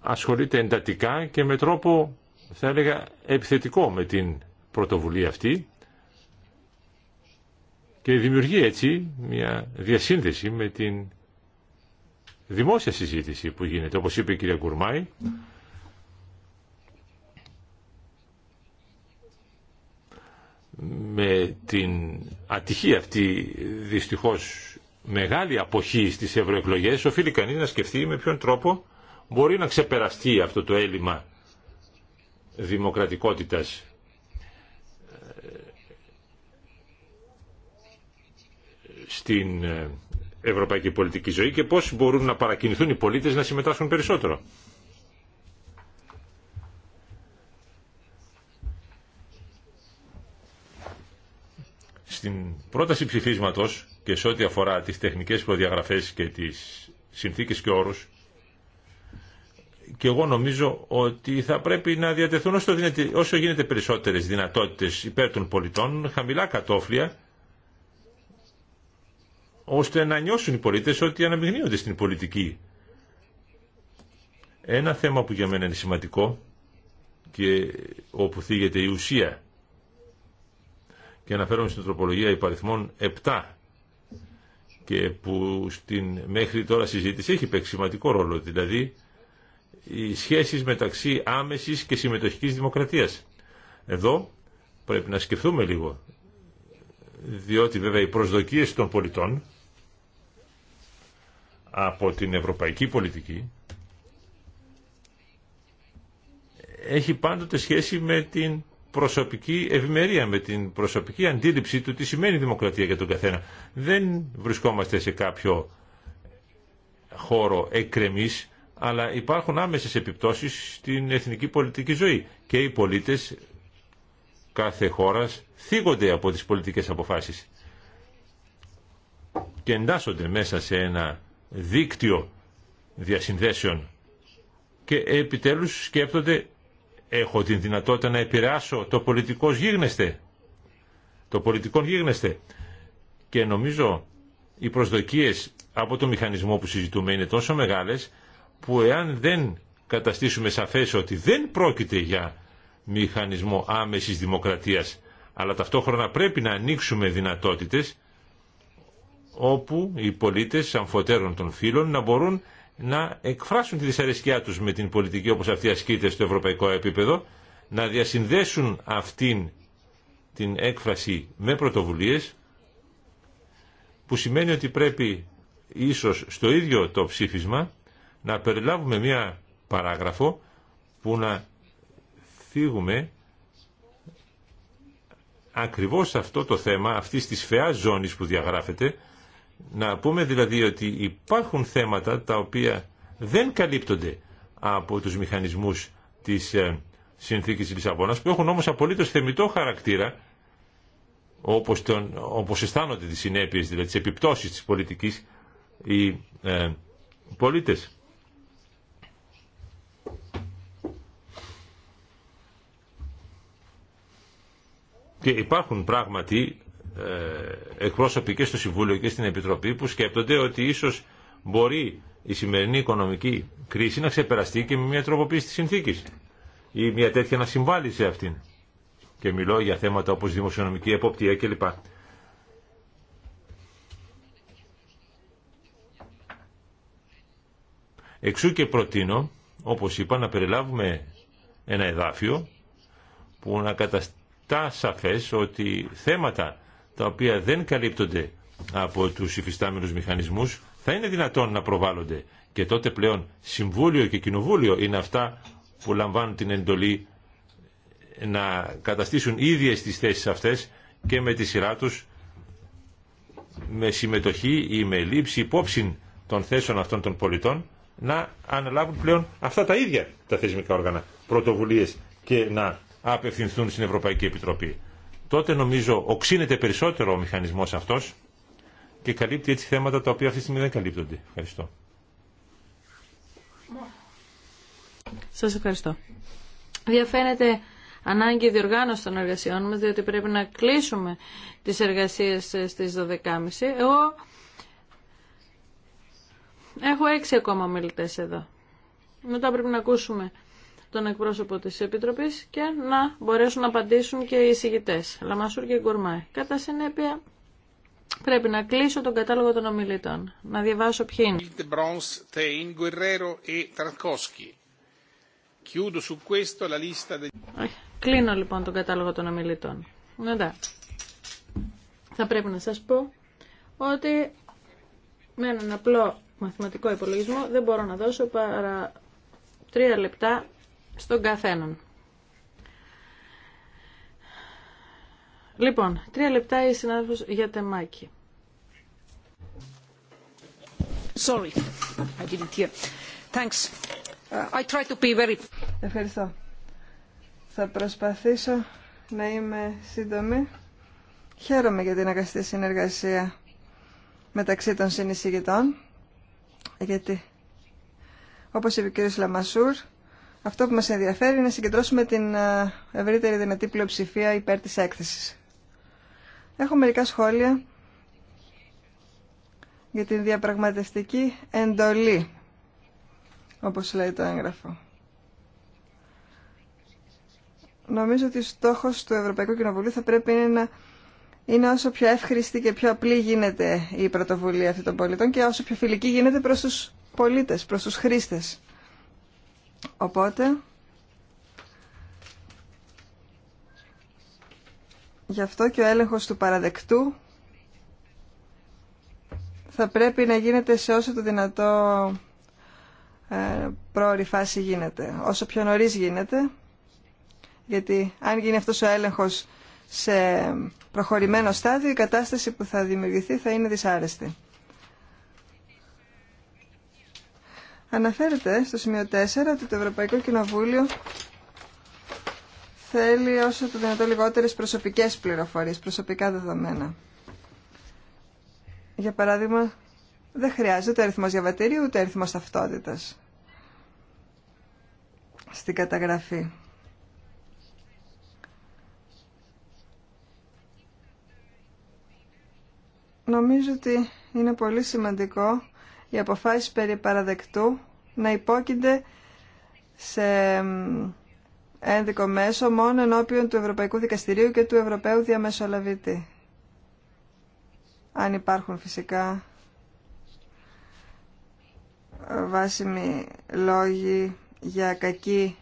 ασχολείται εντατικά και με τρόπο θα έλεγα επιθετικό με την πρωτοβουλία αυτή και δημιουργεί έτσι μια διασύνδεση με την δημόσια συζήτηση που γίνεται. Όπως είπε η κυρία Κουρμάη, με την ατυχή αυτή δυστυχώς μεγάλη αποχή στις ευρωεκλογές οφείλει κανείς να σκεφτεί με ποιον τρόπο μπορεί να ξεπεραστεί αυτό το έλλειμμα δημοκρατικότητας στην ε, ευρωπαϊκή πολιτική ζωή και πώς μπορούν να παρακινηθούν οι πολίτες να συμμετάσχουν περισσότερο. Στην πρόταση ψηφίσματο και σε ό,τι αφορά τι τεχνικές προδιαγραφέ και τι συνθήκε και όρου. και εγώ νομίζω ότι θα πρέπει να διατεθούν όσο, γίνεται, όσο γίνεται περισσότερες δυνατότητες υπέρ των πολιτών, χαμηλά κατόφλια, ώστε να νιώσουν οι πολίτες ότι αναμειγνύονται στην πολιτική. Ένα θέμα που για μένα είναι σημαντικό και όπου θίγεται η ουσία και αναφέρομαι στην τροπολογία υπαριθμών 7 και που στην μέχρι τώρα συζήτηση έχει παίξει σημαντικό ρόλο, δηλαδή οι σχέσεις μεταξύ άμεσης και συμμετοχικής δημοκρατίας. Εδώ πρέπει να σκεφτούμε λίγο, διότι βέβαια οι προσδοκίες των πολιτών από την ευρωπαϊκή πολιτική έχει πάντοτε σχέση με την προσωπική ευημερία, με την προσωπική αντίληψη του τι σημαίνει δημοκρατία για τον καθένα. Δεν βρισκόμαστε σε κάποιο χώρο εκκρεμής, αλλά υπάρχουν άμεσες επιπτώσεις στην εθνική πολιτική ζωή και οι πολίτες κάθε χώρας θίγονται από τις πολιτικές αποφάσεις και εντάσσονται μέσα σε ένα δίκτυο διασυνδέσεων και επιτέλους σκέπτονται έχω την δυνατότητα να επηρεάσω το πολιτικό γίγνεσθε. Το πολιτικό γίγνεσθε. Και νομίζω οι προσδοκίες από το μηχανισμό που συζητούμε είναι τόσο μεγάλες που εάν δεν καταστήσουμε σαφές ότι δεν πρόκειται για μηχανισμό άμεσης δημοκρατίας αλλά ταυτόχρονα πρέπει να ανοίξουμε δυνατότητες όπου οι πολίτες αμφωτέρων των φύλων να μπορούν να εκφράσουν τη δυσαρεσκιά τους με την πολιτική όπως αυτή ασκείται στο ευρωπαϊκό επίπεδο, να διασυνδέσουν αυτήν την έκφραση με πρωτοβουλίες, που σημαίνει ότι πρέπει ίσως στο ίδιο το ψήφισμα να περιλάβουμε μία παράγραφο που να φύγουμε ακριβώς αυτό το θέμα αυτής της φαιάς ζώνης που διαγράφεται να πούμε δηλαδή ότι υπάρχουν θέματα τα οποία δεν καλύπτονται από τους μηχανισμούς της ε, συνθήκης Λισαβόνας που έχουν όμως απολύτως θεμητό χαρακτήρα όπως, τον, όπως αισθάνονται τις συνέπειες, δηλαδή τις επιπτώσεις της πολιτικής οι ε, πολίτες. Και υπάρχουν πράγματι ε, εκπρόσωποι και στο Συμβούλιο και στην Επιτροπή που σκέπτονται ότι ίσως μπορεί η σημερινή οικονομική κρίση να ξεπεραστεί και με μια τροποποίηση τη συνθήκης ή μια τέτοια να συμβάλλει σε αυτήν. Και μιλώ για θέματα όπως δημοσιονομική εποπτεία κλπ. Εξού και προτείνω, όπως είπα, να περιλάβουμε ένα εδάφιο που να καταστά σαφές ότι θέματα τα οποία δεν καλύπτονται από τους υφιστάμενους μηχανισμούς θα είναι δυνατόν να προβάλλονται και τότε πλέον Συμβούλιο και Κοινοβούλιο είναι αυτά που λαμβάνουν την εντολή να καταστήσουν ίδιες τις θέσεις αυτές και με τη σειρά τους με συμμετοχή ή με λήψη υπόψη των θέσεων αυτών των πολιτών να αναλάβουν πλέον αυτά τα ίδια τα θεσμικά όργανα πρωτοβουλίες και να απευθυνθούν στην Ευρωπαϊκή Επιτροπή τότε νομίζω οξύνεται περισσότερο ο μηχανισμός αυτός και καλύπτει έτσι θέματα τα οποία αυτή τη στιγμή δεν καλύπτονται. Ευχαριστώ. Σας ευχαριστώ. Διαφαίνεται ανάγκη διοργάνωση των εργασιών μας, διότι πρέπει να κλείσουμε τις εργασίες στις 12.30. Εγώ έχω έξι ακόμα μιλητές εδώ. Μετά πρέπει να ακούσουμε τον εκπρόσωπο της Επιτροπής και να μπορέσουν να απαντήσουν και οι εισηγητές, Λαμασούρ και Γκουρμάη. Κατά συνέπεια, πρέπει να κλείσω τον κατάλογο των ομιλητών, να διαβάσω ποιοι είναι. Κλείνω λοιπόν τον κατάλογο των ομιλητών. Εντάξει. Θα πρέπει να σας πω ότι με έναν απλό μαθηματικό υπολογισμό δεν μπορώ να δώσω παρά τρία λεπτά στον καθέναν. Λοιπόν, τρία λεπτά η συνάδελφος για τεμάκι. Sorry, I didn't hear. Thanks. Uh, I try to be very... Ευχαριστώ. Θα προσπαθήσω να είμαι σύντομη. Χαίρομαι για την αγαστή συνεργασία μεταξύ των συνεισηγητών, γιατί όπως είπε ο κ. Λαμασούρ, αυτό που μας ενδιαφέρει είναι να συγκεντρώσουμε την ε, ευρύτερη δυνατή πλειοψηφία υπέρ της έκθεσης. Έχω μερικά σχόλια για την διαπραγματευτική εντολή, όπως λέει το έγγραφο. Νομίζω ότι ο στόχος του Ευρωπαϊκού Κοινοβουλίου θα πρέπει είναι να είναι όσο πιο εύχρηστη και πιο απλή γίνεται η πρωτοβουλία αυτή των πολιτών και όσο πιο φιλική γίνεται προς τους πολίτες, προς τους χρήστες. Οπότε, γι' αυτό και ο έλεγχος του παραδεκτού θα πρέπει να γίνεται σε όσο το δυνατό ε, πρόωρη φάση γίνεται. Όσο πιο νωρίς γίνεται, γιατί αν γίνει αυτός ο έλεγχος σε προχωρημένο στάδιο, η κατάσταση που θα δημιουργηθεί θα είναι δυσάρεστη. Αναφέρεται στο σημείο 4 ότι το Ευρωπαϊκό Κοινοβούλιο θέλει όσο το δυνατόν λιγότερες προσωπικές πληροφορίες, προσωπικά δεδομένα. Για παράδειγμα, δεν χρειάζεται ούτε αριθμός διαβατήριου, ούτε αριθμός ταυτότητας στην καταγραφή. Νομίζω ότι είναι πολύ σημαντικό οι αποφάσεις περί παραδεκτού να υπόκεινται σε ένδικο μέσο μόνο ενώπιον του Ευρωπαϊκού Δικαστηρίου και του Ευρωπαίου Διαμεσολαβήτη. Αν υπάρχουν φυσικά ε, βάσιμοι λόγοι για κακή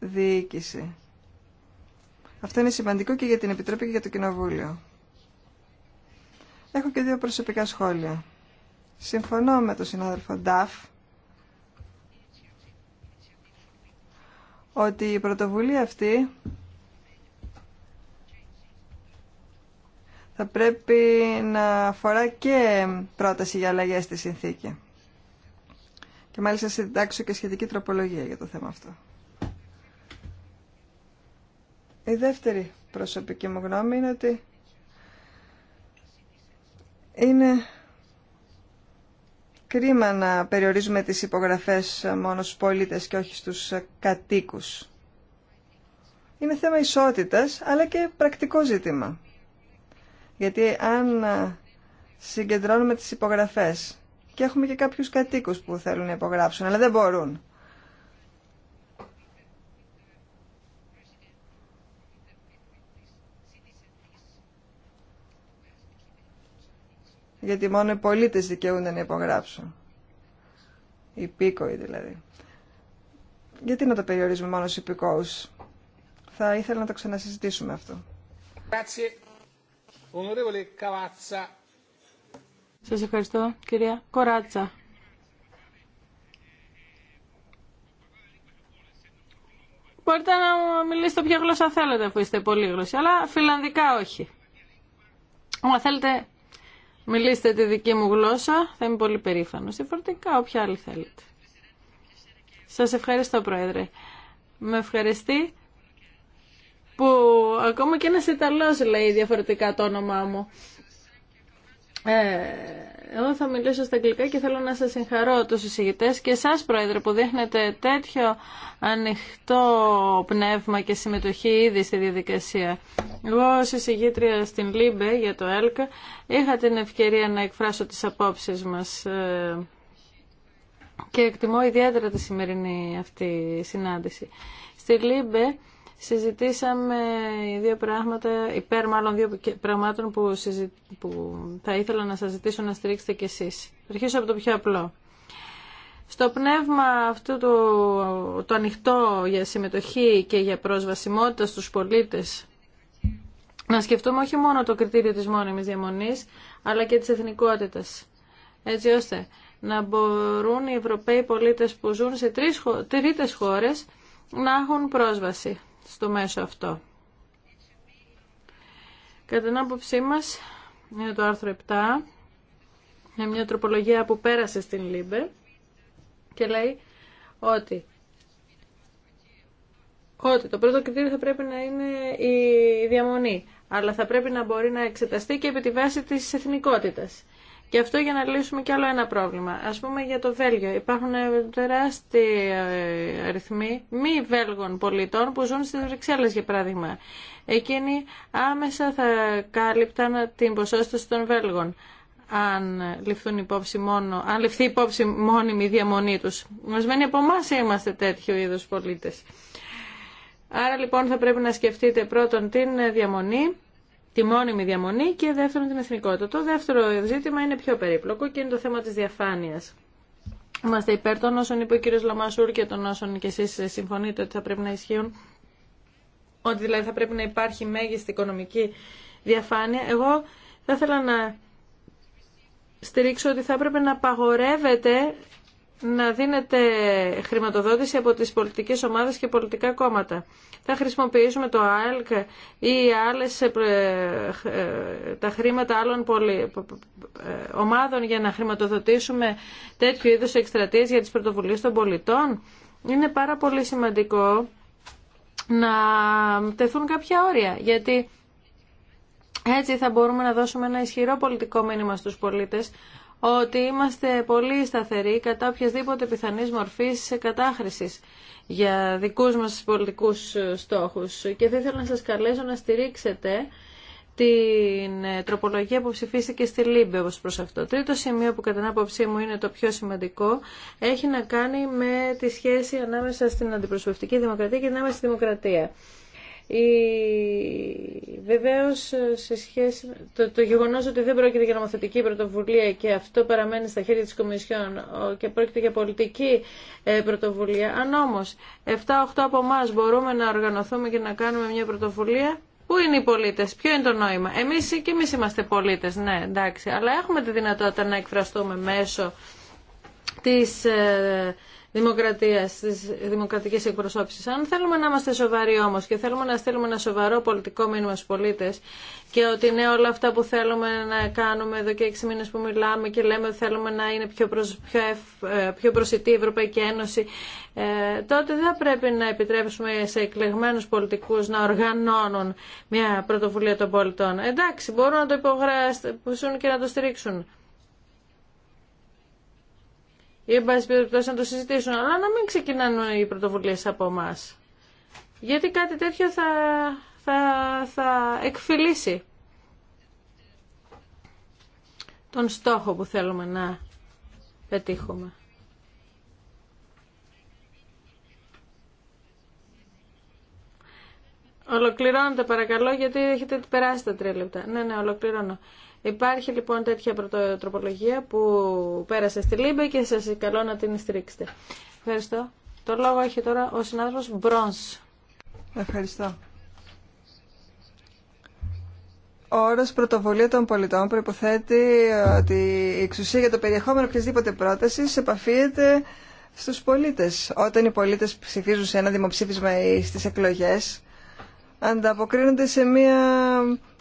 διοίκηση. Αυτό είναι σημαντικό και για την Επιτροπή και για το Κοινοβούλιο. Έχω και δύο προσωπικά σχόλια. Συμφωνώ με τον συνάδελφο Νταφ ότι η πρωτοβουλία αυτή θα πρέπει να αφορά και πρόταση για αλλαγές στη συνθήκη. Και μάλιστα συντάξω και σχετική τροπολογία για το θέμα αυτό. Η δεύτερη προσωπική μου γνώμη είναι ότι είναι Κρίμα να περιορίζουμε τις υπογραφές μόνο στους πολίτες και όχι στους κατοίκους. Είναι θέμα ισότητας, αλλά και πρακτικό ζήτημα. Γιατί αν συγκεντρώνουμε τις υπογραφές και έχουμε και κάποιους κατοίκους που θέλουν να υπογράψουν, αλλά δεν μπορούν. γιατί μόνο οι πολίτες δικαιούνται να υπογράψουν. Οι υπήκοοι δηλαδή. Γιατί να το περιορίζουμε μόνο στους υπηκόους. Θα ήθελα να το ξανασυζητήσουμε αυτό. Σας ευχαριστώ, κυρία Κοράτσα. Μπορείτε να μιλήσετε ποια γλώσσα θέλετε, αφού είστε πολύ γλώσσα. αλλά φιλανδικά όχι. Όμως θέλετε Μιλήστε τη δική μου γλώσσα, θα είμαι πολύ περήφανος. Διαφορετικά, όποια άλλη θέλετε. Σας ευχαριστώ, Πρόεδρε. Με ευχαριστεί που ακόμα και ένας Ιταλός λέει διαφορετικά το όνομά μου. Ε, εγώ θα μιλήσω στα αγγλικά και θέλω να σας συγχαρώ τους εισηγητές και εσάς Πρόεδρε που δείχνετε τέτοιο ανοιχτό πνεύμα και συμμετοχή ήδη στη διαδικασία. Εγώ ως εισηγήτρια στην ΛΥΜΠΕ για το ΕΛΚΑ είχα την ευκαιρία να εκφράσω τις απόψεις μας ε, και εκτιμώ ιδιαίτερα τη σημερινή αυτή συνάντηση. Στη ΛΥΜΠΕ συζητήσαμε δύο πράγματα, υπέρ μάλλον δύο πραγμάτων που, που θα ήθελα να σας ζητήσω να στηρίξετε κι εσείς. Αρχίσω από το πιο απλό. Στο πνεύμα αυτού του το ανοιχτό για συμμετοχή και για προσβασιμότητα στους πολίτες, να σκεφτούμε όχι μόνο το κριτήριο της μόνιμης διαμονής, αλλά και της εθνικότητας. Έτσι ώστε να μπορούν οι Ευρωπαίοι πολίτες που ζουν σε τρίτες χώρες να έχουν πρόσβαση στο μέσο αυτό. Κατά την άποψή μας είναι το άρθρο 7, είναι μια τροπολογία που πέρασε στην Λίμπε και λέει ότι ότι το πρώτο κριτήριο θα πρέπει να είναι η διαμονή, αλλά θα πρέπει να μπορεί να εξεταστεί και επί τη βάση της εθνικότητας. Και αυτό για να λύσουμε κι άλλο ένα πρόβλημα. Α πούμε για το Βέλγιο. Υπάρχουν τεράστιοι ε, αριθμοί μη Βέλγων πολιτών που ζουν στι Βρυξέλλε, για παράδειγμα. Εκείνοι άμεσα θα κάλυπταν την ποσόστοση των Βέλγων αν, ληφθούν υπόψη μόνο, αν ληφθεί υπόψη μόνιμη διαμονή τους. μένει από εμά είμαστε τέτοιου είδους πολίτε. Άρα λοιπόν θα πρέπει να σκεφτείτε πρώτον την διαμονή τη μόνιμη διαμονή και δεύτερον την εθνικότητα. Το δεύτερο ζήτημα είναι πιο περίπλοκο και είναι το θέμα της διαφάνειας. Είμαστε υπέρ των όσων είπε ο κύριος Λαμασούρ και των όσων και εσείς συμφωνείτε ότι θα πρέπει να ισχύουν, ότι δηλαδή θα πρέπει να υπάρχει μέγιστη οικονομική διαφάνεια. Εγώ θα ήθελα να στηρίξω ότι θα έπρεπε να απαγορεύεται να δίνεται χρηματοδότηση από τις πολιτικές ομάδες και πολιτικά κόμματα. Θα χρησιμοποιήσουμε το ΑΕΛΚ ή άλλες, ε, ε, ε, τα χρήματα άλλων ομάδων για να χρηματοδοτήσουμε τέτοιου είδους εκστρατείες για τις πρωτοβουλίες των πολιτών. Είναι πάρα πολύ σημαντικό να τεθούν κάποια όρια, γιατί έτσι θα μπορούμε να δώσουμε ένα ισχυρό πολιτικό μήνυμα στους πολίτες ότι είμαστε πολύ σταθεροί κατά οποιασδήποτε πιθανή μορφή κατάχρησης για δικούς μας πολιτικούς στόχους. Και θα ήθελα να σας καλέσω να στηρίξετε την ε, τροπολογία που ψηφίστηκε στη Λίμπε ω προς αυτό. Τρίτο σημείο που κατά την άποψή μου είναι το πιο σημαντικό έχει να κάνει με τη σχέση ανάμεσα στην αντιπροσωπευτική δημοκρατία και ανάμεσα στη δημοκρατία. Η... Βεβαίως, σε σχέση... το, το γεγονός ότι δεν πρόκειται για νομοθετική πρωτοβουλία και αυτό παραμένει στα χέρια της Κομισιόν και πρόκειται για πολιτική ε, πρωτοβουλία. Αν όμως 7-8 από εμά μπορούμε να οργανωθούμε και να κάνουμε μια πρωτοβουλία, Πού είναι οι πολίτε, ποιο είναι το νόημα. Εμεί και εμεί είμαστε πολίτε, ναι, εντάξει, αλλά έχουμε τη δυνατότητα να εκφραστούμε μέσω τη ε, Δημοκρατία, τη δημοκρατική εκπροσώπηση. Αν θέλουμε να είμαστε σοβαροί όμω και θέλουμε να στείλουμε ένα σοβαρό πολιτικό μήνυμα στου πολίτε και ότι ναι όλα αυτά που θέλουμε να κάνουμε εδώ και έξι μήνες που μιλάμε και λέμε ότι θέλουμε να είναι πιο, προς, πιο, ε, πιο προσιτή η Ευρωπαϊκή Ένωση ε, τότε δεν πρέπει να επιτρέψουμε σε εκλεγμένου πολιτικού να οργανώνουν μια πρωτοβουλία των πολιτών. Εντάξει, μπορούν να το υπογράψουν και να το στηρίξουν ή εν πάση περιπτώσει να το συζητήσουν, αλλά να μην ξεκινάνε οι πρωτοβουλίε από εμά. Γιατί κάτι τέτοιο θα, θα, θα εκφυλίσει τον στόχο που θέλουμε να πετύχουμε. Ολοκληρώνετε παρακαλώ γιατί έχετε περάσει τα τρία λεπτά. Ναι, ναι, ολοκληρώνω. Υπάρχει λοιπόν τέτοια τροπολογία που πέρασε στη Λίμπε και σας καλώ να την στηρίξετε. Ευχαριστώ. Το λόγο έχει τώρα ο συνάδελφος Μπρόνς. Ευχαριστώ. Ο όρο πρωτοβουλία των πολιτών προποθέτει ε, ότι η εξουσία για το περιεχόμενο οποιασδήποτε πρόταση επαφίεται στου πολίτε. Όταν οι πολίτε ψηφίζουν σε ένα δημοψήφισμα ή στι εκλογέ, ανταποκρίνονται σε μία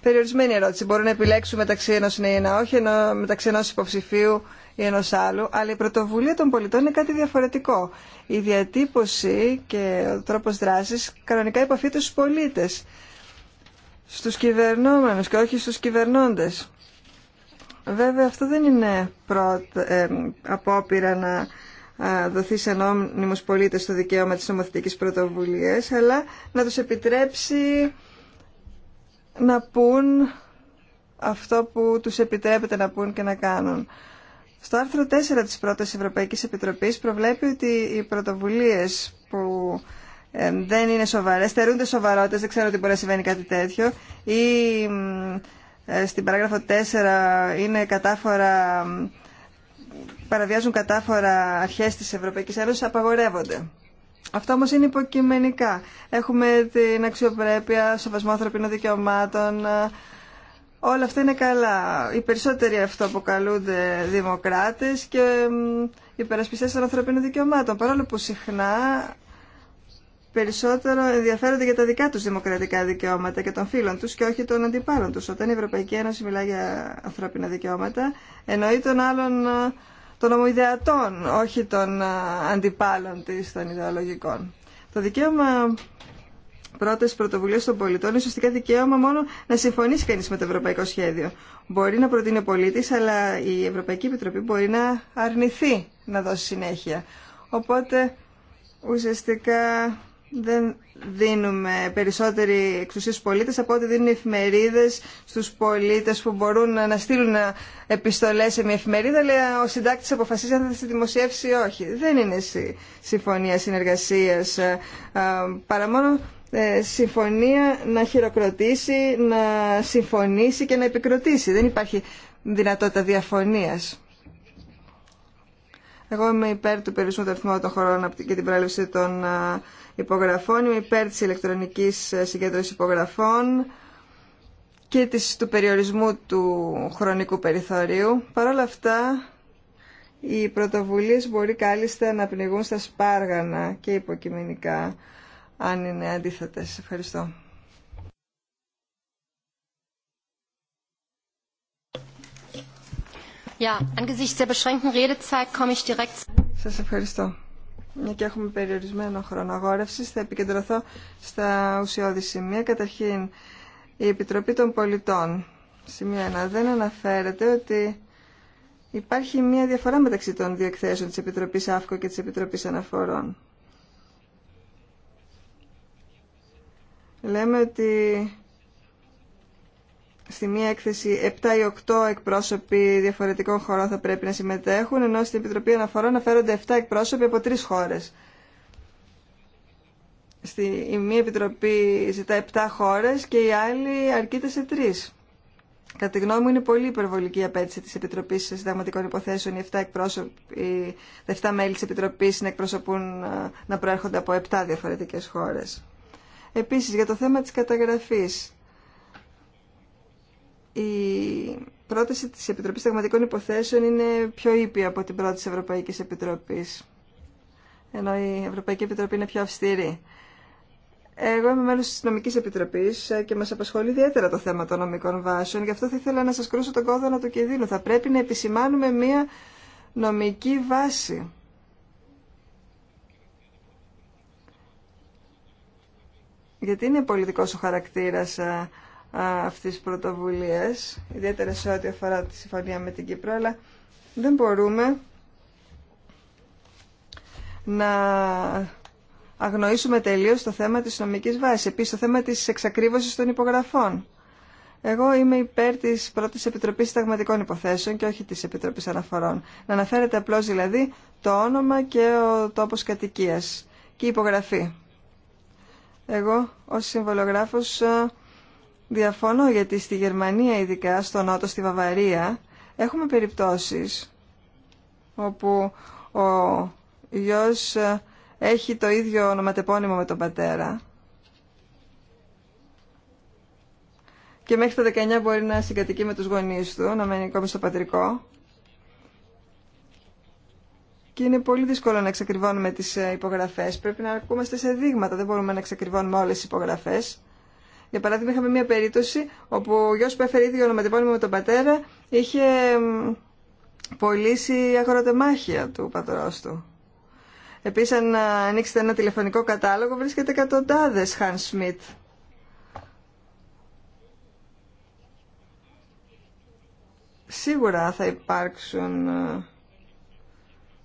περιορισμένη ερώτηση. Μπορούν να επιλέξουν μεταξύ ενό ναι ή ένα όχι, ενώ μεταξύ ενός υποψηφίου ή ενός άλλου, αλλά η πρωτοβουλία των πολιτών είναι ενό διαφορετικό. Η ενό αλλου αλλα η πρωτοβουλια των πολιτων ειναι κατι διαφορετικο η διατυπωση και ο τρόπος δράσης κανονικά επαφείται στου πολίτες, στους κυβερνόμενου και όχι στους κυβερνώντε. Βέβαια αυτό δεν είναι ε, απόπειρα να δοθεί σε ανώνυμους πολίτες το δικαίωμα της νομοθετικής πρωτοβουλίας, αλλά να τους επιτρέψει να πούν αυτό που τους επιτρέπεται να πούν και να κάνουν. Στο άρθρο 4 της πρώτης Ευρωπαϊκής Επιτροπής προβλέπει ότι οι πρωτοβουλίες που δεν είναι σοβαρές, θερούνται σοβαρότητες, δεν ξέρω ότι μπορεί να συμβαίνει κάτι τέτοιο, ή ε, στην παράγραφο 4 είναι κατάφορα παραβιάζουν κατάφορα αρχές της Ευρωπαϊκής Ένωσης απαγορεύονται. Αυτό όμω είναι υποκειμενικά. Έχουμε την αξιοπρέπεια, σοβασμό ανθρωπίνων δικαιωμάτων. Όλα αυτά είναι καλά. Οι περισσότεροι αποκαλούνται δημοκράτες και υπερασπιστές των ανθρωπίνων δικαιωμάτων. Παρόλο που συχνά περισσότερο ενδιαφέρονται για τα δικά τους δημοκρατικά δικαιώματα και των φίλων τους και όχι των αντιπάλων τους. Όταν η Ευρωπαϊκή Ένωση μιλάει για ανθρώπινα δικαιώματα, εννοεί τον άλλον των ομοειδεατών, όχι των αντιπάλων της, των ιδεολογικών. Το δικαίωμα πρώτες πρωτοβουλίες των πολιτών είναι ουσιαστικά δικαίωμα μόνο να συμφωνήσει κανείς με το ευρωπαϊκό σχέδιο. Μπορεί να προτείνει ο πολίτης, αλλά η Ευρωπαϊκή Επιτροπή μπορεί να αρνηθεί να δώσει συνέχεια. Οπότε ουσιαστικά δεν δίνουμε περισσότερη εξουσία στους πολίτες από ό,τι δίνουν οι εφημερίδες στους πολίτες που μπορούν να στείλουν επιστολές σε μια εφημερίδα αλλά ο συντάκτης αποφασίζει αν θα τη δημοσιεύσει ή όχι. Δεν είναι συμφωνία συνεργασίας ε, παρά μόνο ε, συμφωνία να χειροκροτήσει, να συμφωνήσει και να επικροτήσει. Δεν υπάρχει δυνατότητα διαφωνίας. Εγώ είμαι υπέρ του περιορισμού του αριθμού των χωρών και την πρόληψη των υπογραφών. Είμαι υπέρ της ηλεκτρονικής συγκέντρωσης υπογραφών και της, του περιορισμού του χρονικού περιθωρίου. Παρ' όλα αυτά, οι πρωτοβουλίες μπορεί κάλλιστα να πνιγούν στα σπάργανα και υποκειμενικά, αν είναι αντίθετες. Ευχαριστώ. Σας ευχαριστώ. Μια και έχουμε περιορισμένο χρόνο αγόρευση, θα επικεντρωθώ στα ουσιώδη σημεία. Καταρχήν, η Επιτροπή των Πολιτών. Σημείο 1. Δεν αναφέρεται ότι υπάρχει μια διαφορά μεταξύ των δύο εκθέσεων της Επιτροπής ΑΦΚΟ και τη Επιτροπή Αναφορών. Λέμε ότι στη μία έκθεση 7 ή 8 εκπρόσωποι διαφορετικών χωρών θα πρέπει να συμμετέχουν, ενώ στην Επιτροπή Αναφορών αναφέρονται 7 εκπρόσωποι από τρει χωρε Στη, η μία επιτροπή ζητά 7 χωρε και η άλλη αρκείται σε 3. Κατά τη γνώμη μου είναι πολύ υπερβολική η απέτηση τη Επιτροπή Συνταγματικών Υποθέσεων. Οι 7, εκπρόσωποι, 7 μέλη τη επιτροπή να εκπροσωπούν να προέρχονται από 7 διαφορετικέ χώρε. Επίση, για το θέμα τη καταγραφή η πρόταση της Επιτροπής Σταγματικών Υποθέσεων είναι πιο ήπια από την πρώτη της Ευρωπαϊκής Επιτροπής, ενώ η Ευρωπαϊκή Επιτροπή είναι πιο αυστηρή. Εγώ είμαι μέλος της Νομικής Επιτροπής και μας απασχολεί ιδιαίτερα το θέμα των νομικών βάσεων, γι' αυτό θα ήθελα να σας κρούσω τον κόδωνα του κινδύνου. Θα πρέπει να επισημάνουμε μία νομική βάση. Γιατί είναι πολιτικός ο χαρακτήρας ε, αυτής της πρωτοβουλίας, ιδιαίτερα σε ό,τι αφορά τη συμφωνία με την Κύπρο, αλλά δεν μπορούμε να αγνοήσουμε τελείως το θέμα της νομικής βάσης. Επίσης, το θέμα της εξακρίβωσης των υπογραφών. Εγώ είμαι υπέρ τη πρώτη Επιτροπή Συνταγματικών Υποθέσεων και όχι τη Επιτροπή Αναφορών. Να αναφέρεται απλώ δηλαδή το όνομα και ο τόπο κατοικία και η υπογραφή. Εγώ ω συμβολογράφο Διαφωνώ γιατί στη Γερμανία ειδικά, στο Νότο, στη Βαβαρία, έχουμε περιπτώσεις όπου ο γιος έχει το ίδιο ονοματεπώνυμο με τον πατέρα και μέχρι τα 19 μπορεί να συγκατοικεί με τους γονείς του, να μένει ακόμη στο πατρικό και είναι πολύ δύσκολο να εξακριβώνουμε τις υπογραφές. Πρέπει να ακούμε σε δείγματα, δεν μπορούμε να εξακριβώνουμε όλες τις υπογραφές. Για παράδειγμα, είχαμε μια περίπτωση όπου ο γιος που έφερε ίδιο ονοματεπώνυμο με τον πατέρα είχε πωλήσει αγροτεμάχια του πατρό του. Επίση αν ανοίξετε ένα τηλεφωνικό κατάλογο, βρίσκεται εκατοντάδε Χαν Σμιτ. Σίγουρα θα υπάρξουν ε,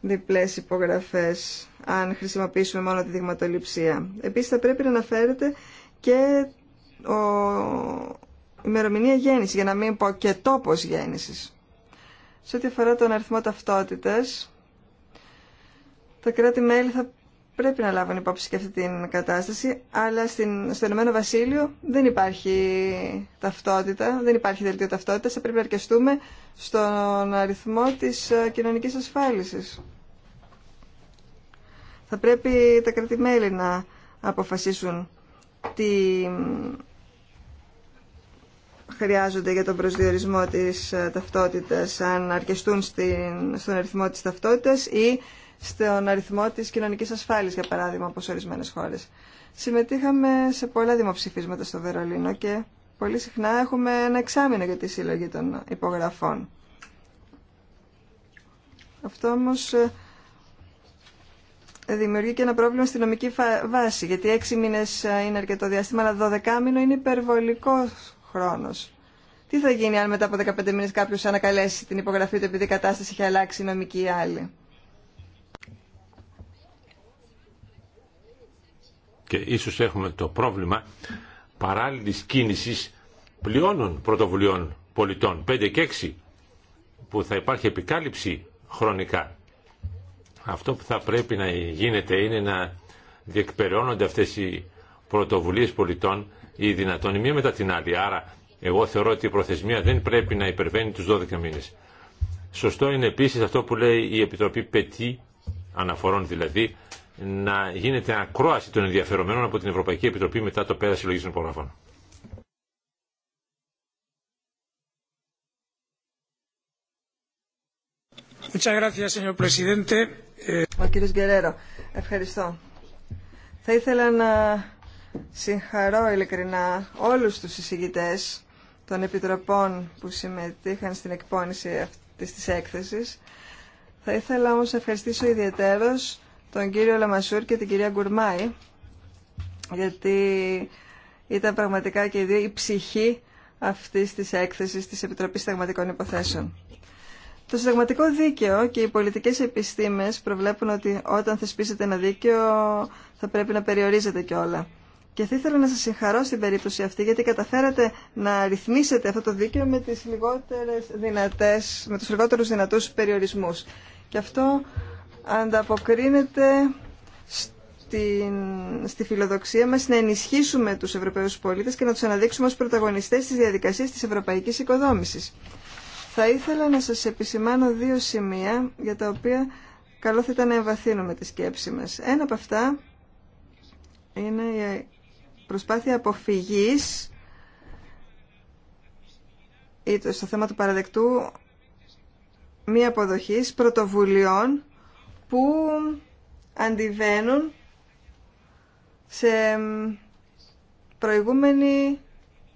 διπλές υπογραφές αν χρησιμοποιήσουμε μόνο τη δειγματοληψία. Επίσης θα πρέπει να αναφέρεται και ημερομηνία γέννηση, για να μην πω και τόπος γέννησης. Σε ό,τι αφορά τον αριθμό ταυτότητας, τα κράτη-μέλη θα πρέπει να λάβουν υπόψη και αυτή την κατάσταση, αλλά στην, στο Ηνωμένο Βασίλειο δεν υπάρχει ταυτότητα, δεν υπάρχει δελτίο ταυτότητα, θα πρέπει να αρκεστούμε στον αριθμό της ε, κοινωνικής ασφάλισης. Θα πρέπει τα κράτη-μέλη να αποφασίσουν τι χρειάζονται για τον προσδιορισμό της ε, ταυτότητας αν αρκεστούν στην, στον αριθμό της ταυτότητας ή στον αριθμό της κοινωνικής ασφάλειας για παράδειγμα, από ορισμένε. χώρες. Συμμετείχαμε σε πολλά δημοψηφίσματα στο Βερολίνο και πολύ συχνά έχουμε ένα εξάμεινο για τη σύλλογη των υπογραφών. Αυτό όμως ε, δημιουργεί και ένα πρόβλημα στη νομική βάση, γιατί έξι μήνες ε, είναι αρκετό διάστημα, αλλά δωδεκάμινο είναι υπερβολικό χρόνος. Τι θα γίνει αν μετά από 15 μήνε κάποιο ανακαλέσει την υπογραφή του επειδή η κατάσταση έχει αλλάξει η νομική ή άλλη. Και ίσως έχουμε το πρόβλημα παράλληλης κίνησης πλειώνων πρωτοβουλειών πολιτών, 5 και 6, που θα υπάρχει επικάλυψη χρονικά. Αυτό που θα πρέπει να γίνεται είναι να διεκπεραιώνονται αυτές οι πρωτοβουλίες πολιτών ή δυνατόν η μία μετά την άλλη. Άρα εγώ θεωρώ ότι η προθεσμία δεν πρέπει να υπερβαίνει του 12 μήνες. Σωστό είναι επίση αυτό που λέει η Επιτροπή Πετή, αναφορών δηλαδή, να γίνεται ακρόαση των ενδιαφερομένων από την Ευρωπαϊκή Επιτροπή μετά το πέρα συλλογή των υπογραφών. ευχαριστώ. Θα ήθελα να συγχαρώ ειλικρινά όλους τους εισηγητές των επιτροπών που συμμετείχαν στην εκπόνηση αυτής της έκθεσης. Θα ήθελα όμως να ευχαριστήσω ιδιαίτερος τον κύριο Λαμασούρ και την κυρία Γκουρμάη, γιατί ήταν πραγματικά και οι δύο η ψυχή αυτής της έκθεσης της Επιτροπής Σταγματικών Υποθέσεων. Το συνταγματικό δίκαιο και οι πολιτικές επιστήμες προβλέπουν ότι όταν θεσπίσετε ένα δίκαιο θα πρέπει να περιορίζετε κιόλα. Και θα ήθελα να σας συγχαρώ στην περίπτωση αυτή, γιατί καταφέρατε να ρυθμίσετε αυτό το δίκαιο με, τις λιγότερες δυνατές, με τους λιγότερους δυνατούς περιορισμούς. Και αυτό ανταποκρίνεται στην, στη φιλοδοξία μας να ενισχύσουμε τους Ευρωπαίους πολίτες και να τους αναδείξουμε ως πρωταγωνιστές της διαδικασίας της ευρωπαϊκής οικοδόμησης. Θα ήθελα να σας επισημάνω δύο σημεία για τα οποία καλό θα ήταν να εμβαθύνουμε τη σκέψη μας. Ένα από αυτά είναι η προσπάθεια αποφυγής ή στο θέμα του παραδεκτού μη αποδοχής πρωτοβουλειών που αντιβαίνουν σε προηγούμενη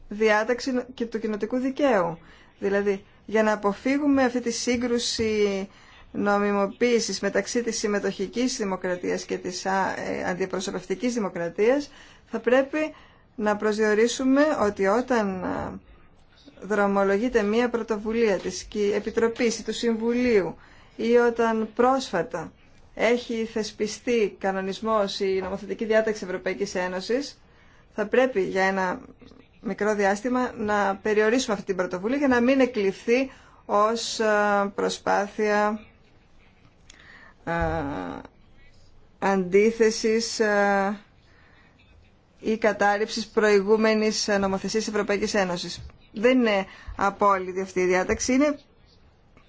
διάταξη και του κοινοτικού δικαίου. Δηλαδή, για να αποφύγουμε αυτή τη σύγκρουση νομιμοποίησης μεταξύ της συμμετοχικής δημοκρατίας και της ε, αντιπροσωπευτικής δημοκρατίας θα πρέπει να προσδιορίσουμε ότι όταν δρομολογείται μία πρωτοβουλία της Επιτροπής ή του Συμβουλίου ή όταν πρόσφατα έχει θεσπιστεί κανονισμός ή νομοθετική διάταξη Ευρωπαϊκής Ένωσης, θα πρέπει για ένα μικρό διάστημα να περιορίσουμε αυτή την πρωτοβουλία για να μην εκλειφθεί ως προσπάθεια αντίθεσης ή κατάρριψης προηγούμενης νομοθεσίας Ευρωπαϊκής Ένωσης. Δεν είναι απόλυτη αυτή η διάταξη, είναι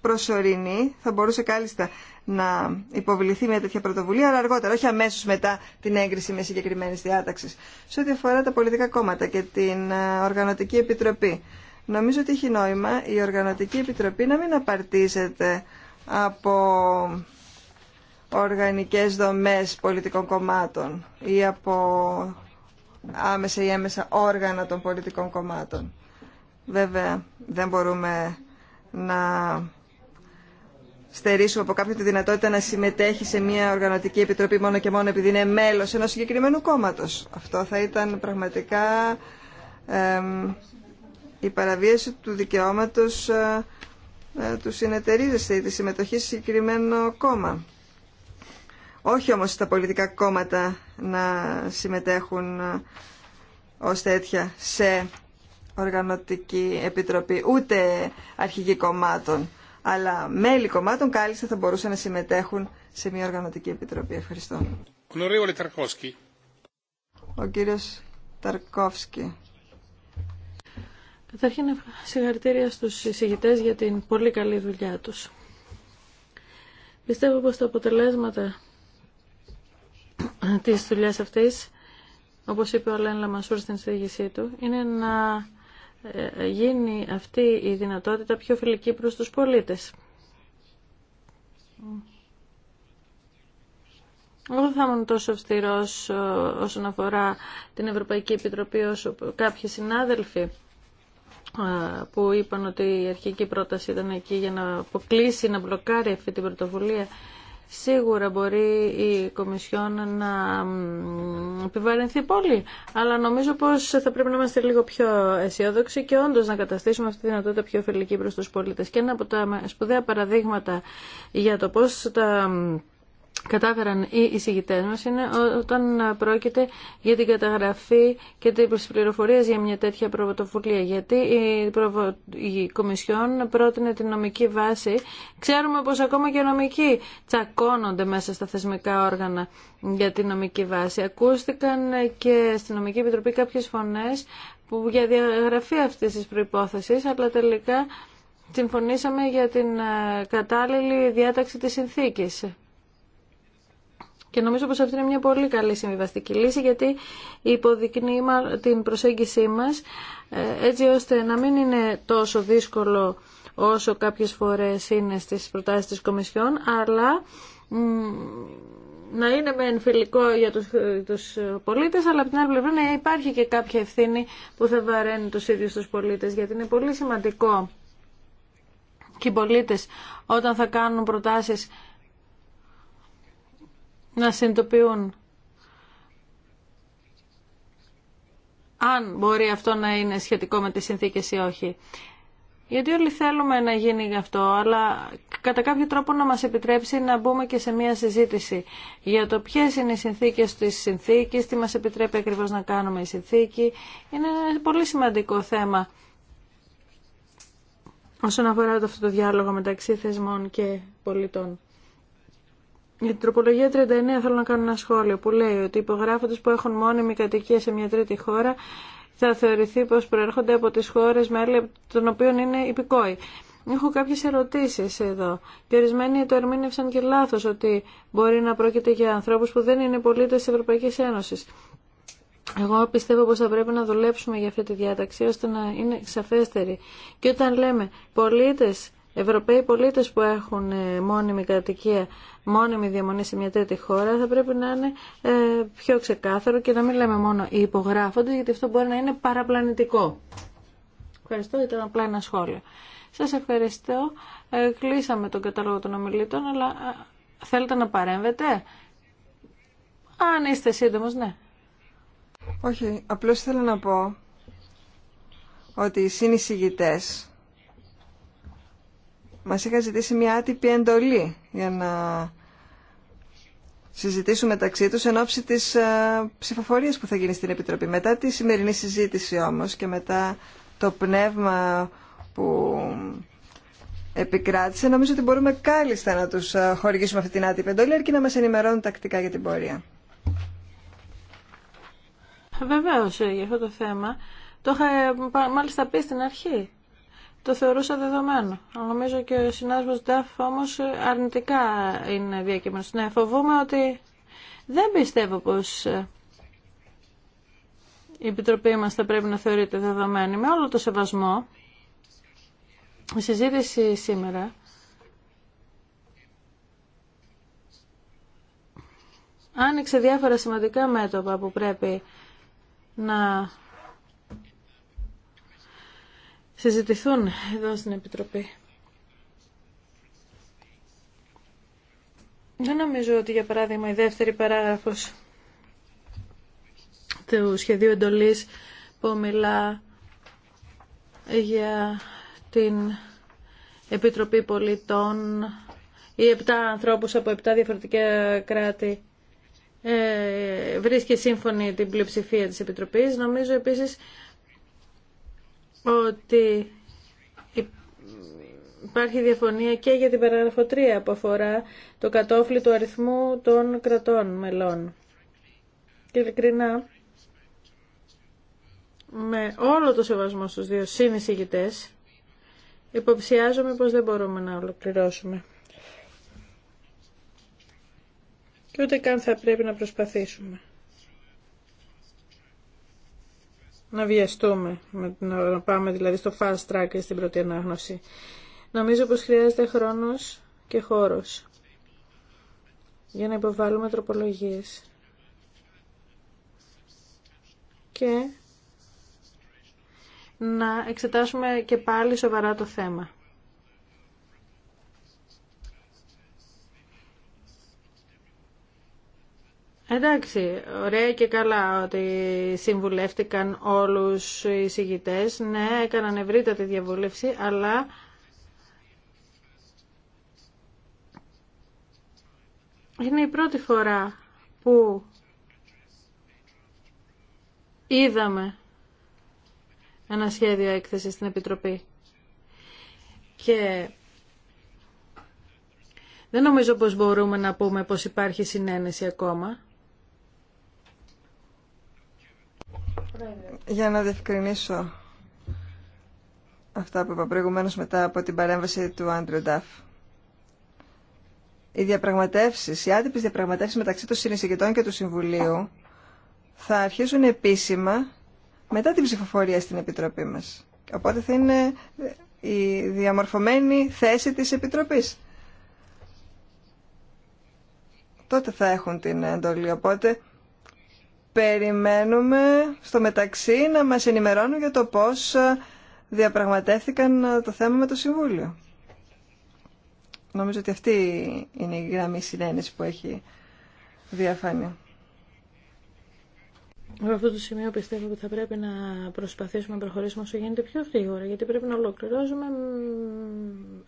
προσωρινή. Θα μπορούσε κάλλιστα να υποβληθεί μια τέτοια πρωτοβουλία, αλλά αργότερα, όχι αμέσως μετά την έγκριση με συγκεκριμένη διάταξη. Σε ό,τι αφορά τα πολιτικά κόμματα και την Οργανωτική Επιτροπή, νομίζω ότι έχει νόημα η Οργανωτική Επιτροπή να μην απαρτίζεται από οργανικές δομές πολιτικών κομμάτων ή από άμεσα ή έμεσα όργανα των πολιτικών κομμάτων. Βέβαια, δεν μπορούμε να στερήσουμε από κάποιον τη δυνατότητα να συμμετέχει σε μια οργανωτική επιτροπή μόνο και μόνο επειδή είναι μέλος ενός συγκεκριμένου κόμματος. Αυτό θα ήταν πραγματικά η παραβίαση του δικαιώματος ε, ε, του συνεταιρίζεσαι ή τη συμμετοχή σε συγκεκριμένο κόμμα όχι όμως τα πολιτικά κόμματα να συμμετέχουν ε, ως τέτοια σε οργανωτική επιτροπή, ούτε αρχηγοί κομμάτων, αλλά μέλη κομμάτων κάλλιστα θα μπορούσαν να συμμετέχουν σε μια οργανωτική επιτροπή. Ευχαριστώ. Ο κύριος Ταρκόφσκι. Καταρχήν συγχαρητήρια στους εισηγητές για την πολύ καλή δουλειά τους. Πιστεύω πως τα αποτελέσματα της δουλειά αυτής, όπως είπε ο Λέν Λαμασούρ στην εισήγησή του, είναι να ε, γίνει αυτή η δυνατότητα πιο φιλική προς τους πολίτες. Εγώ δεν θα ήμουν τόσο αυστηρό ε, όσον αφορά την Ευρωπαϊκή Επιτροπή όσο κάποιοι συνάδελφοι ε, που είπαν ότι η αρχική πρόταση ήταν εκεί για να αποκλείσει, να μπλοκάρει αυτή την πρωτοβουλία Σίγουρα μπορεί η Κομισιόν να επιβαρυνθεί πολύ, αλλά νομίζω πως θα πρέπει να είμαστε λίγο πιο αισιόδοξοι και όντως να καταστήσουμε αυτή τη δυνατότητα πιο ωφελική προς τους πολίτες. Και ένα από τα σπουδαία παραδείγματα για το πώς τα κατάφεραν οι εισηγητές μας είναι όταν πρόκειται για την καταγραφή και την πληροφορίες για μια τέτοια πρωτοβουλία. Γιατί η, προβο... η Κομισιόν πρότεινε την νομική βάση. Ξέρουμε πως ακόμα και οι νομικοί τσακώνονται μέσα στα θεσμικά όργανα για την νομική βάση. Ακούστηκαν και στην Νομική Επιτροπή κάποιες φωνές που για διαγραφή αυτή τη προπόθεση, αλλά τελικά συμφωνήσαμε για την ε, κατάλληλη διάταξη της συνθήκης. Και νομίζω πως αυτή είναι μια πολύ καλή συμβιβαστική λύση γιατί υποδεικνύει την προσέγγιση μας ε, έτσι ώστε να μην είναι τόσο δύσκολο όσο κάποιες φορές είναι στις προτάσεις της Κομισιόν, αλλά να είναι με φιλικό για τους, τους πολίτες, αλλά από την άλλη πλευρά να υπάρχει και κάποια ευθύνη που θα βαραίνει τους ίδιους τους πολίτες, γιατί είναι πολύ σημαντικό και οι πολίτες όταν θα κάνουν προτάσεις να συνειδητοποιούν αν μπορεί αυτό να είναι σχετικό με τις συνθήκες ή όχι. Γιατί όλοι θέλουμε να γίνει αυτό, αλλά κατά κάποιο τρόπο να μας επιτρέψει να μπούμε και σε μια συζήτηση για το ποιες είναι οι συνθήκες της συνθήκης, τι μας επιτρέπει ακριβώς να κάνουμε η συνθήκη. Είναι ένα πολύ σημαντικό θέμα όσον αφορά αυτό το διάλογο μεταξύ θεσμών και πολιτών. Για την τροπολογία 39 θέλω να κάνω ένα σχόλιο που λέει ότι οι υπογράφοντες που έχουν μόνιμη κατοικία σε μια τρίτη χώρα θα θεωρηθεί πω προέρχονται από τις χώρες μέλη των οποίων είναι υπηκόοι. Έχω κάποιε ερωτήσει εδώ και ορισμένοι το ερμήνευσαν και λάθο ότι μπορεί να πρόκειται για ανθρώπου που δεν είναι πολίτε τη Ευρωπαϊκή Ένωση. Εγώ πιστεύω πως θα πρέπει να δουλέψουμε για αυτή τη διάταξη ώστε να είναι σαφέστερη. Και όταν λέμε πολίτες Ευρωπαίοι πολίτες που έχουν ε, μόνιμη κατοικία, μόνιμη διαμονή σε μια τέτοια χώρα θα πρέπει να είναι ε, πιο ξεκάθαρο και να μην λέμε μόνο οι υπογράφοντε, γιατί αυτό μπορεί να είναι παραπλανητικό. Ευχαριστώ, ήταν απλά ένα σχόλιο. Σας ευχαριστώ. Ε, κλείσαμε τον κατάλογο των ομιλητών, αλλά θέλετε να παρέμβετε. Αν είστε σύντομος, ναι. Όχι, απλώς θέλω να πω ότι οι συνεισηγητές μας είχα ζητήσει μια άτυπη εντολή για να συζητήσουμε μεταξύ τους εν ώψη της ε, ψηφοφορίας που θα γίνει στην Επιτροπή. Μετά τη σημερινή συζήτηση όμως και μετά το πνεύμα που επικράτησε, νομίζω ότι μπορούμε κάλλιστα να τους ε, χορηγήσουμε αυτή την άτυπη εντολή, αρκεί να μας ενημερώνουν τακτικά για την πορεία. Βεβαίως, ε, για αυτό το θέμα. Το είχα μάλιστα πει στην αρχή το θεωρούσα δεδομένο. Νομίζω και ο συνάδελφος Νταφ όμως αρνητικά είναι διακείμενος. Ναι, φοβούμαι ότι δεν πιστεύω πως η Επιτροπή μας θα πρέπει να θεωρείται δεδομένη. Με όλο το σεβασμό, η συζήτηση σήμερα άνοιξε διάφορα σημαντικά μέτωπα που πρέπει να συζητηθούν εδώ στην Επιτροπή. Δεν νομίζω ότι, για παράδειγμα, η δεύτερη παράγραφος του σχεδίου εντολής που μιλά για την Επιτροπή Πολιτών ή επτά ανθρώπους από επτά διαφορετικά κράτη ε, βρίσκει σύμφωνη την πλειοψηφία της Επιτροπής. Νομίζω επίσης ότι υπάρχει διαφωνία και για την παράγραφο 3 που αφορά το κατόφλι του αριθμού των κρατών μελών. Και ειλικρινά, με όλο το σεβασμό στους δύο συνεισηγητές, υποψιάζομαι πως δεν μπορούμε να ολοκληρώσουμε. Και ούτε καν θα πρέπει να προσπαθήσουμε. να βιαστούμε, να πάμε δηλαδή στο fast track στην πρώτη ανάγνωση. Νομίζω πως χρειάζεται χρόνος και χώρος για να υποβάλουμε τροπολογίες. Και να εξετάσουμε και πάλι σοβαρά το θέμα. Εντάξει, ωραία και καλά ότι συμβουλεύτηκαν όλους οι συγητές. Ναι, έκαναν ευρύτατη διαβούλευση, αλλά... Είναι η πρώτη φορά που είδαμε ένα σχέδιο έκθεση στην Επιτροπή. Και δεν νομίζω πως μπορούμε να πούμε πως υπάρχει συνένεση ακόμα. Για να διευκρινίσω αυτά που είπα προηγουμένως μετά από την παρέμβαση του Άντριου Ντάφ. Οι διαπραγματεύσεις, οι άτυπες διαπραγματεύσεις μεταξύ των συνεισηγητών και του Συμβουλίου θα αρχίσουν επίσημα μετά την ψηφοφορία στην Επιτροπή μας. Οπότε θα είναι η διαμορφωμένη θέση της Επιτροπής. Τότε θα έχουν την εντολή, οπότε περιμένουμε στο μεταξύ να μας ενημερώνουν για το πώς διαπραγματεύτηκαν το θέμα με το Συμβούλιο. Νομίζω ότι αυτή είναι η γραμμή συνένεση που έχει διαφάνει. Από αυτό το σημείο πιστεύω ότι θα πρέπει να προσπαθήσουμε να προχωρήσουμε όσο γίνεται πιο γρήγορα, γιατί πρέπει να ολοκληρώσουμε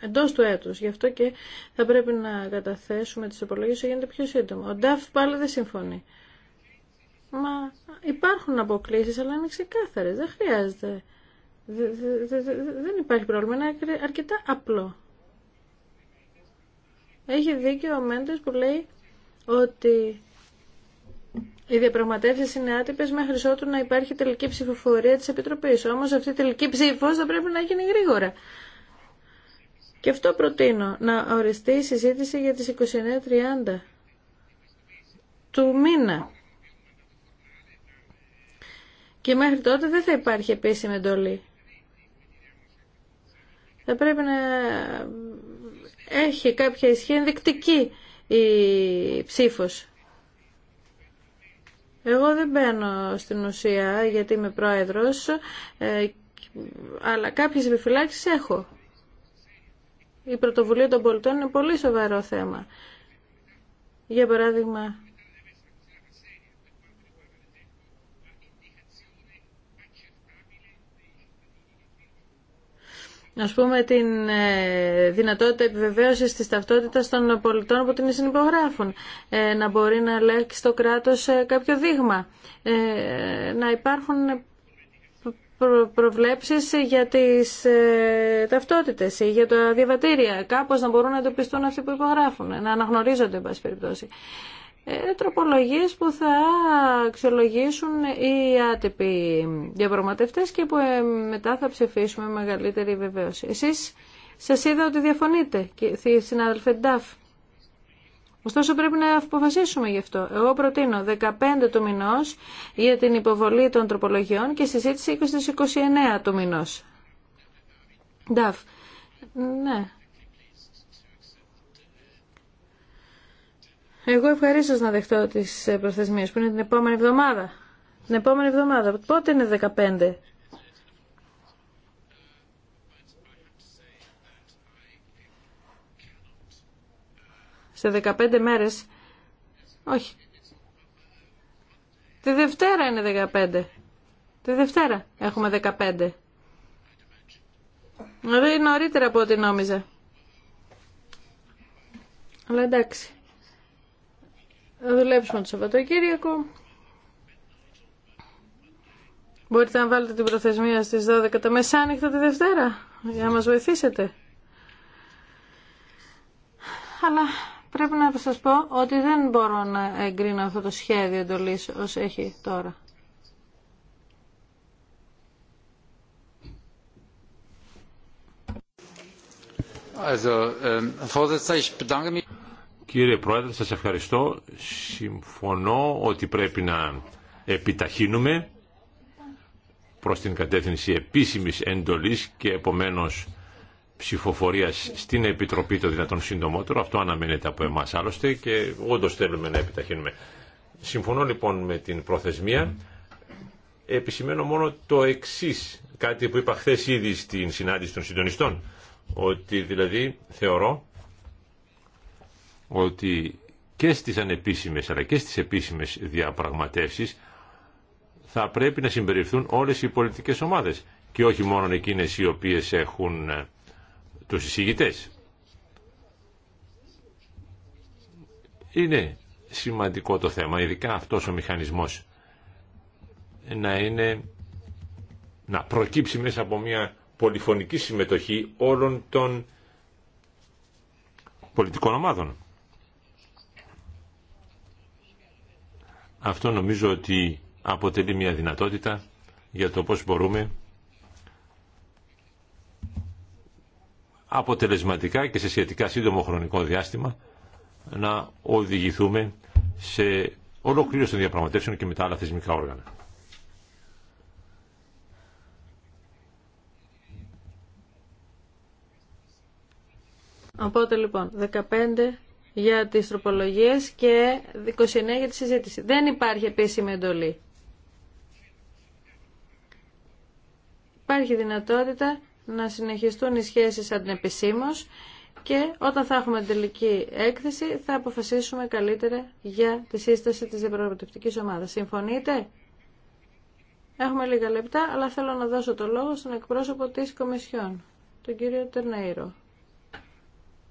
εντό του έτου. Γι' αυτό και θα πρέπει να καταθέσουμε τι απολογίε όσο γίνεται πιο σύντομα. Ο Νταφ πάλι δεν συμφωνεί. Μα υπάρχουν αποκλήσεις, αλλά είναι ξεκάθαρες. Δεν χρειάζεται. Δεν υπάρχει πρόβλημα. Είναι αρκετά απλό. Έχει δίκιο ο Μέντες που λέει ότι οι διαπραγματεύσει είναι άτυπε μέχρι ότου να υπάρχει τελική ψηφοφορία τη Επιτροπή. Όμω αυτή η τελική ψήφο θα πρέπει να γίνει γρήγορα. Και αυτό προτείνω, να οριστεί η συζήτηση για τις 29.30 του μήνα. Και μέχρι τότε δεν θα υπάρχει επίσημη εντολή. Θα πρέπει να έχει κάποια ισχύ ενδεικτική η ψήφος. Εγώ δεν μπαίνω στην ουσία γιατί είμαι πρόεδρος, ε, αλλά κάποιες επιφυλάξεις έχω. Η πρωτοβουλία των πολιτών είναι πολύ σοβαρό θέμα. Για παράδειγμα, Να πούμε, την ε, δυνατότητα επιβεβαίωσης της ταυτότητας των πολιτών που την συνυπογράφουν, ε, να μπορεί να και στο κράτος ε, κάποιο δείγμα, να υπάρχουν προβλέψεις για τις ταυτότητες ή για τα διαβατήρια, κάπως να μπορούν να εντοπιστούν αυτοί που υπογράφουν, να αναγνωρίζονται, εν πάση περιπτώσει. Ε, τροπολογίες που θα αξιολογήσουν οι άτυποι διαπραγματευτές και που ε, μετά θα ψηφίσουμε μεγαλύτερη βεβαίωση. Εσείς σας είδα ότι διαφωνείτε, συνάδελφε Ντάφ. Ωστόσο πρέπει να αποφασίσουμε γι' αυτό. Εγώ προτείνω 15 του μηνό για την υποβολή των τροπολογιών και συζήτηση 20-29 του μηνό. Νταφ. Ναι. Εγώ ευχαρίστω να δεχτώ τι ε, προθεσμίε που είναι την επόμενη εβδομάδα. Την επόμενη εβδομάδα. Πότε είναι 15. Σε 15 μέρες. Όχι. Τη Δευτέρα είναι 15. Τη Δευτέρα έχουμε 15. Δηλαδή νωρίτερα από ό,τι νόμιζα. Αλλά εντάξει. Θα δουλέψουμε το Σαββατοκύριακο. Μπορείτε να βάλετε την προθεσμία στις 12 τα μεσάνυχτα τη Δευτέρα για να μας βοηθήσετε. Αλλά πρέπει να σας πω ότι δεν μπορώ να εγκρίνω αυτό το σχέδιο εντολής ως έχει τώρα. Also, ähm, ich bedanke mich. Κύριε Πρόεδρε, σας ευχαριστώ. Συμφωνώ ότι πρέπει να επιταχύνουμε προς την κατεύθυνση επίσημης εντολής και επομένως ψηφοφορίας στην Επιτροπή το δυνατόν σύντομότερο. Αυτό αναμένεται από εμάς άλλωστε και όντω θέλουμε να επιταχύνουμε. Συμφωνώ λοιπόν με την προθεσμία. Επισημαίνω μόνο το εξή, κάτι που είπα χθε ήδη στην συνάντηση των συντονιστών, ότι δηλαδή θεωρώ ότι και στις ανεπίσημες αλλά και στις επίσημες διαπραγματεύσεις θα πρέπει να συμπεριφθούν όλες οι πολιτικές ομάδες και όχι μόνο εκείνες οι οποίες έχουν ε, τους εισηγητές. Είναι σημαντικό το θέμα, ειδικά αυτός ο μηχανισμός να είναι να προκύψει μέσα από μια πολυφωνική συμμετοχή όλων των πολιτικών ομάδων. Αυτό νομίζω ότι αποτελεί μια δυνατότητα για το πώς μπορούμε αποτελεσματικά και σε σχετικά σύντομο χρονικό διάστημα να οδηγηθούμε σε ολοκλήρωση των διαπραγματεύσεων και με τα άλλα θεσμικά όργανα. Οπότε 15 λοιπόν, για τις τροπολογίες και 29 για τη συζήτηση. Δεν υπάρχει επίσημη εντολή. Υπάρχει δυνατότητα να συνεχιστούν οι σχέσεις αντεπισήμως και όταν θα έχουμε τελική έκθεση θα αποφασίσουμε καλύτερα για τη σύσταση της διαπραγματευτικής ομάδας. Συμφωνείτε? Έχουμε λίγα λεπτά, αλλά θέλω να δώσω το λόγο στον εκπρόσωπο της Κομισιόν, τον κύριο Τερνέιρο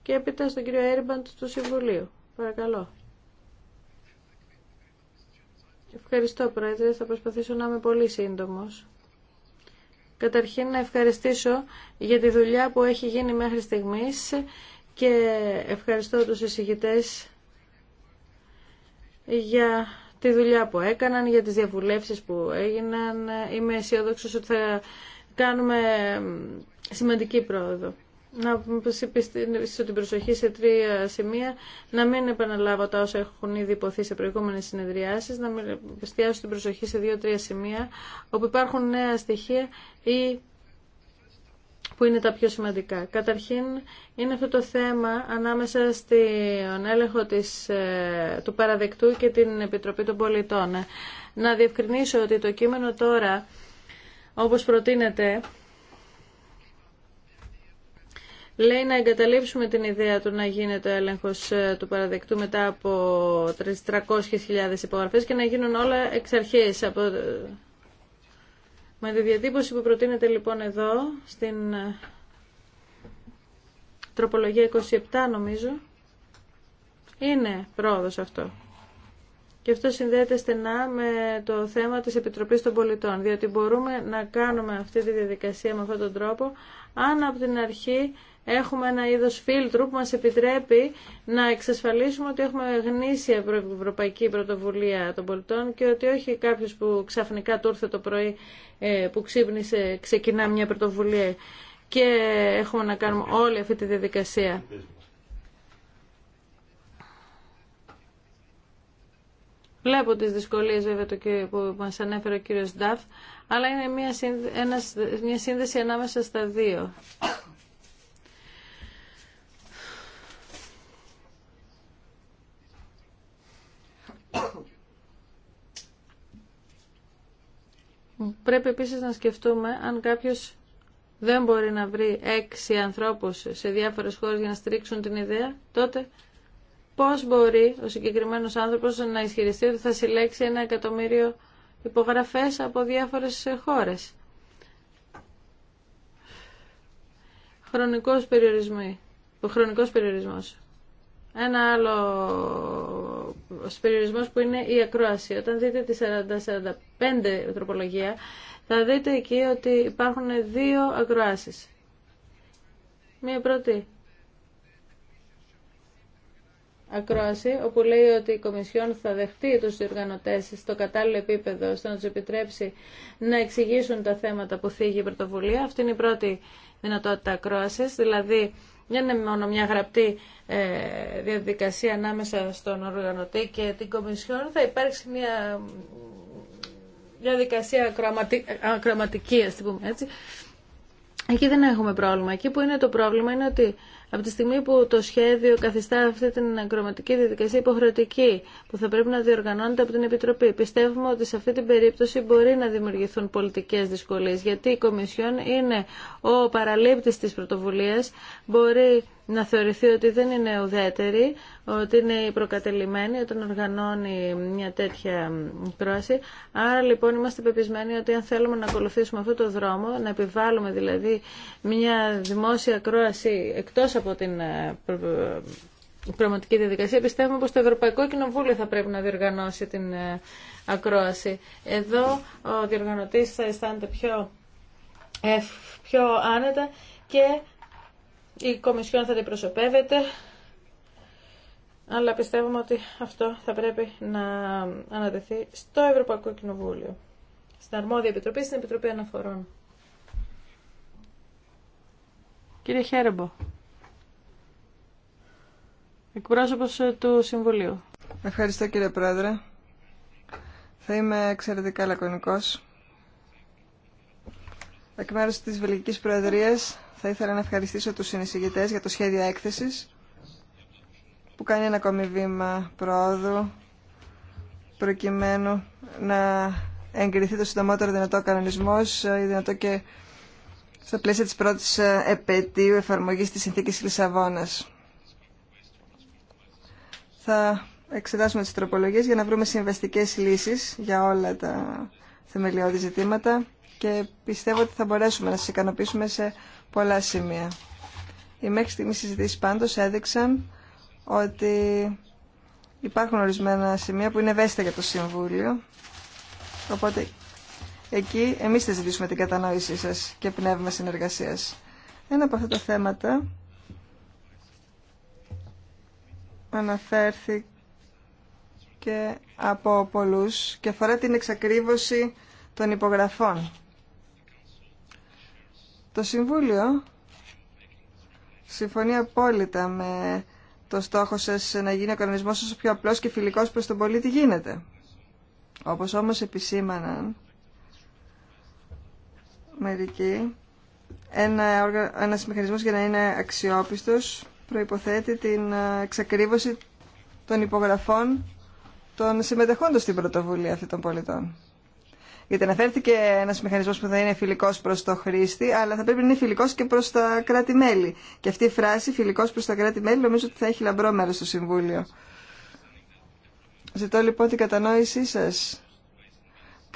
και έπειτα στον κύριο Έρμπαντ του Συμβουλίου. Παρακαλώ. Ευχαριστώ, Πρόεδρε. Θα προσπαθήσω να είμαι πολύ σύντομος. Καταρχήν να ευχαριστήσω για τη δουλειά που έχει γίνει μέχρι στιγμής και ευχαριστώ τους εισηγητές για τη δουλειά που έκαναν, για τις διαβουλεύσεις που έγιναν. Είμαι αισιόδοξο ότι θα κάνουμε σημαντική πρόοδο να πιστήσω την προσοχή σε τρία σημεία, να μην επαναλάβω τα όσα έχουν ήδη υποθεί σε προηγούμενες συνεδριάσεις, να μην την προσοχή σε δύο-τρία σημεία, όπου υπάρχουν νέα στοιχεία ή που είναι τα πιο σημαντικά. Καταρχήν είναι αυτό το θέμα ανάμεσα στον έλεγχο της, ε, του παραδεκτού και την Επιτροπή των Πολιτών. Να διευκρινίσω ότι το κείμενο τώρα, όπως προτείνεται, λέει να εγκαταλείψουμε την ιδέα του να γίνεται ο έλεγχος ε, του παραδεκτού μετά από 300.000 υπογραφές και να γίνουν όλα εξ αρχής. Από... Ε, με τη διατύπωση που προτείνεται λοιπόν εδώ, στην ε, τροπολογία 27 νομίζω, είναι πρόοδος αυτό. Και αυτό συνδέεται στενά με το θέμα της Επιτροπής των Πολιτών, διότι μπορούμε να κάνουμε αυτή τη διαδικασία με αυτόν τον τρόπο, αν από την αρχή έχουμε ένα είδος φίλτρου που μας επιτρέπει να εξασφαλίσουμε ότι έχουμε γνήσια ευρωπαϊκή πρωτοβουλία των πολιτών και ότι όχι κάποιος που ξαφνικά του ήρθε το πρωί ε, που ξύπνησε ξεκινά μια πρωτοβουλία και έχουμε να κάνουμε όλη αυτή τη διαδικασία. Βλέπω τις δυσκολίες βέβαια το που μας ανέφερε ο κύριος Νταφ, αλλά είναι μια, μια σύνδεση ανάμεσα στα δύο. Πρέπει επίσης να σκεφτούμε αν κάποιος δεν μπορεί να βρει έξι ανθρώπους σε διάφορες χώρες για να στηρίξουν την ιδέα, τότε πώς μπορεί ο συγκεκριμένος άνθρωπος να ισχυριστεί ότι θα συλλέξει ένα εκατομμύριο υπογραφές από διάφορες χώρες. Χρονικός περιορισμός. χρονικός περιορισμός. Ένα άλλο ο περιορισμός που είναι η ακρόαση. Όταν δείτε τη 40-45 τροπολογία, θα δείτε εκεί ότι υπάρχουν δύο ακροάσεις. Μία πρώτη ακρόαση, όπου λέει ότι η Κομισιόν θα δεχτεί τους διοργανωτές στο κατάλληλο επίπεδο, ώστε να τους επιτρέψει να εξηγήσουν τα θέματα που θίγει η πρωτοβουλία. Αυτή είναι η πρώτη δυνατότητα ακρόασης, δηλαδή μια είναι μόνο μια γραπτή ε, διαδικασία ανάμεσα στον οργανωτή και την Κομισιόν. Θα υπάρξει μια διαδικασία ακροματική, ας πούμε έτσι. Εκεί δεν έχουμε πρόβλημα. Εκεί που είναι το πρόβλημα είναι ότι από τη στιγμή που το σχέδιο καθιστά αυτή την ακροματική διαδικασία υποχρεωτική που θα πρέπει να διοργανώνεται από την Επιτροπή, πιστεύουμε ότι σε αυτή την περίπτωση μπορεί να δημιουργηθούν πολιτικές δυσκολίες, γιατί η Κομισιόν είναι ο παραλήπτης της πρωτοβουλίας, μπορεί να θεωρηθεί ότι δεν είναι ουδέτερη, ότι είναι η προκατελημένη όταν οργανώνει μια τέτοια κρόαση. Άρα λοιπόν είμαστε πεπισμένοι ότι αν θέλουμε να ακολουθήσουμε αυτό το δρόμο, να επιβάλλουμε δηλαδή μια δημόσια κρόαση εκτός από την ε, ε, πραγματική διαδικασία, πιστεύουμε πως το Ευρωπαϊκό Κοινοβούλιο θα πρέπει να διοργανώσει την ε, ακρόαση. Εδώ ο διοργανωτής θα αισθάνεται πιο, πιο άνετα και η Κομισιόν θα την προσωπεύεται, αλλά πιστεύουμε ότι αυτό θα πρέπει να ανατεθεί στο Ευρωπαϊκό Κοινοβούλιο, στην αρμόδια επιτροπή, στην Επιτροπή Αναφορών. Κύριε Χέρεμπο, εκπρόσωπος ε, του Συμβουλίου. Ευχαριστώ κύριε Πρόεδρε. Θα είμαι εξαιρετικά λακωνικός. Εκ μέρους της Βελγικής Προεδρίας θα ήθελα να ευχαριστήσω τους συνεισηγητές για το σχέδιο έκθεσης που κάνει ένα ακόμη βήμα πρόοδου προκειμένου να εγκριθεί το συντομότερο δυνατό κανονισμός ή ε, δυνατό και στα πλαίσια της πρώτης ε, επαιτίου εφαρμογής της συνθήκης Λισαβόνας. Θα εξετάσουμε τις τροπολογίες για να βρούμε συμβαστικές λύσεις για όλα τα θεμελιώδη ζητήματα και πιστεύω ότι θα μπορέσουμε να σας ικανοποιήσουμε σε πολλά σημεία. Οι μέχρι στιγμή συζητήσει πάντω έδειξαν ότι υπάρχουν ορισμένα σημεία που είναι ευαίσθητα για το Συμβούλιο. Οπότε εκεί εμείς θα ζητήσουμε την κατανόησή σα και πνεύμα συνεργασία. Ένα από αυτά τα θέματα αναφέρθηκε από πολλούς και αφορά την εξακρίβωση των υπογραφών. Το Συμβούλιο συμφωνεί απόλυτα με το στόχο σας να γίνει ο κανονισμός όσο πιο απλός και φιλικός προς τον πολίτη γίνεται. Όπως όμως επισήμαναν μερικοί, ένα, ένας μηχανισμός για να είναι αξιόπιστος προϋποθέτει την ε, εξακρίβωση των υπογραφών των συμμετεχόντων στην πρωτοβουλία αυτών των πολιτών. Γιατί αναφέρθηκε ένα μηχανισμό που θα είναι φιλικό προ το χρήστη, αλλά θα πρέπει να είναι φιλικό και προ τα κράτη-μέλη. Και αυτή η φράση, φιλικό προ τα κράτη-μέλη, νομίζω ότι θα έχει λαμπρό μέρο στο Συμβούλιο. Ζητώ λοιπόν την κατανόησή σα.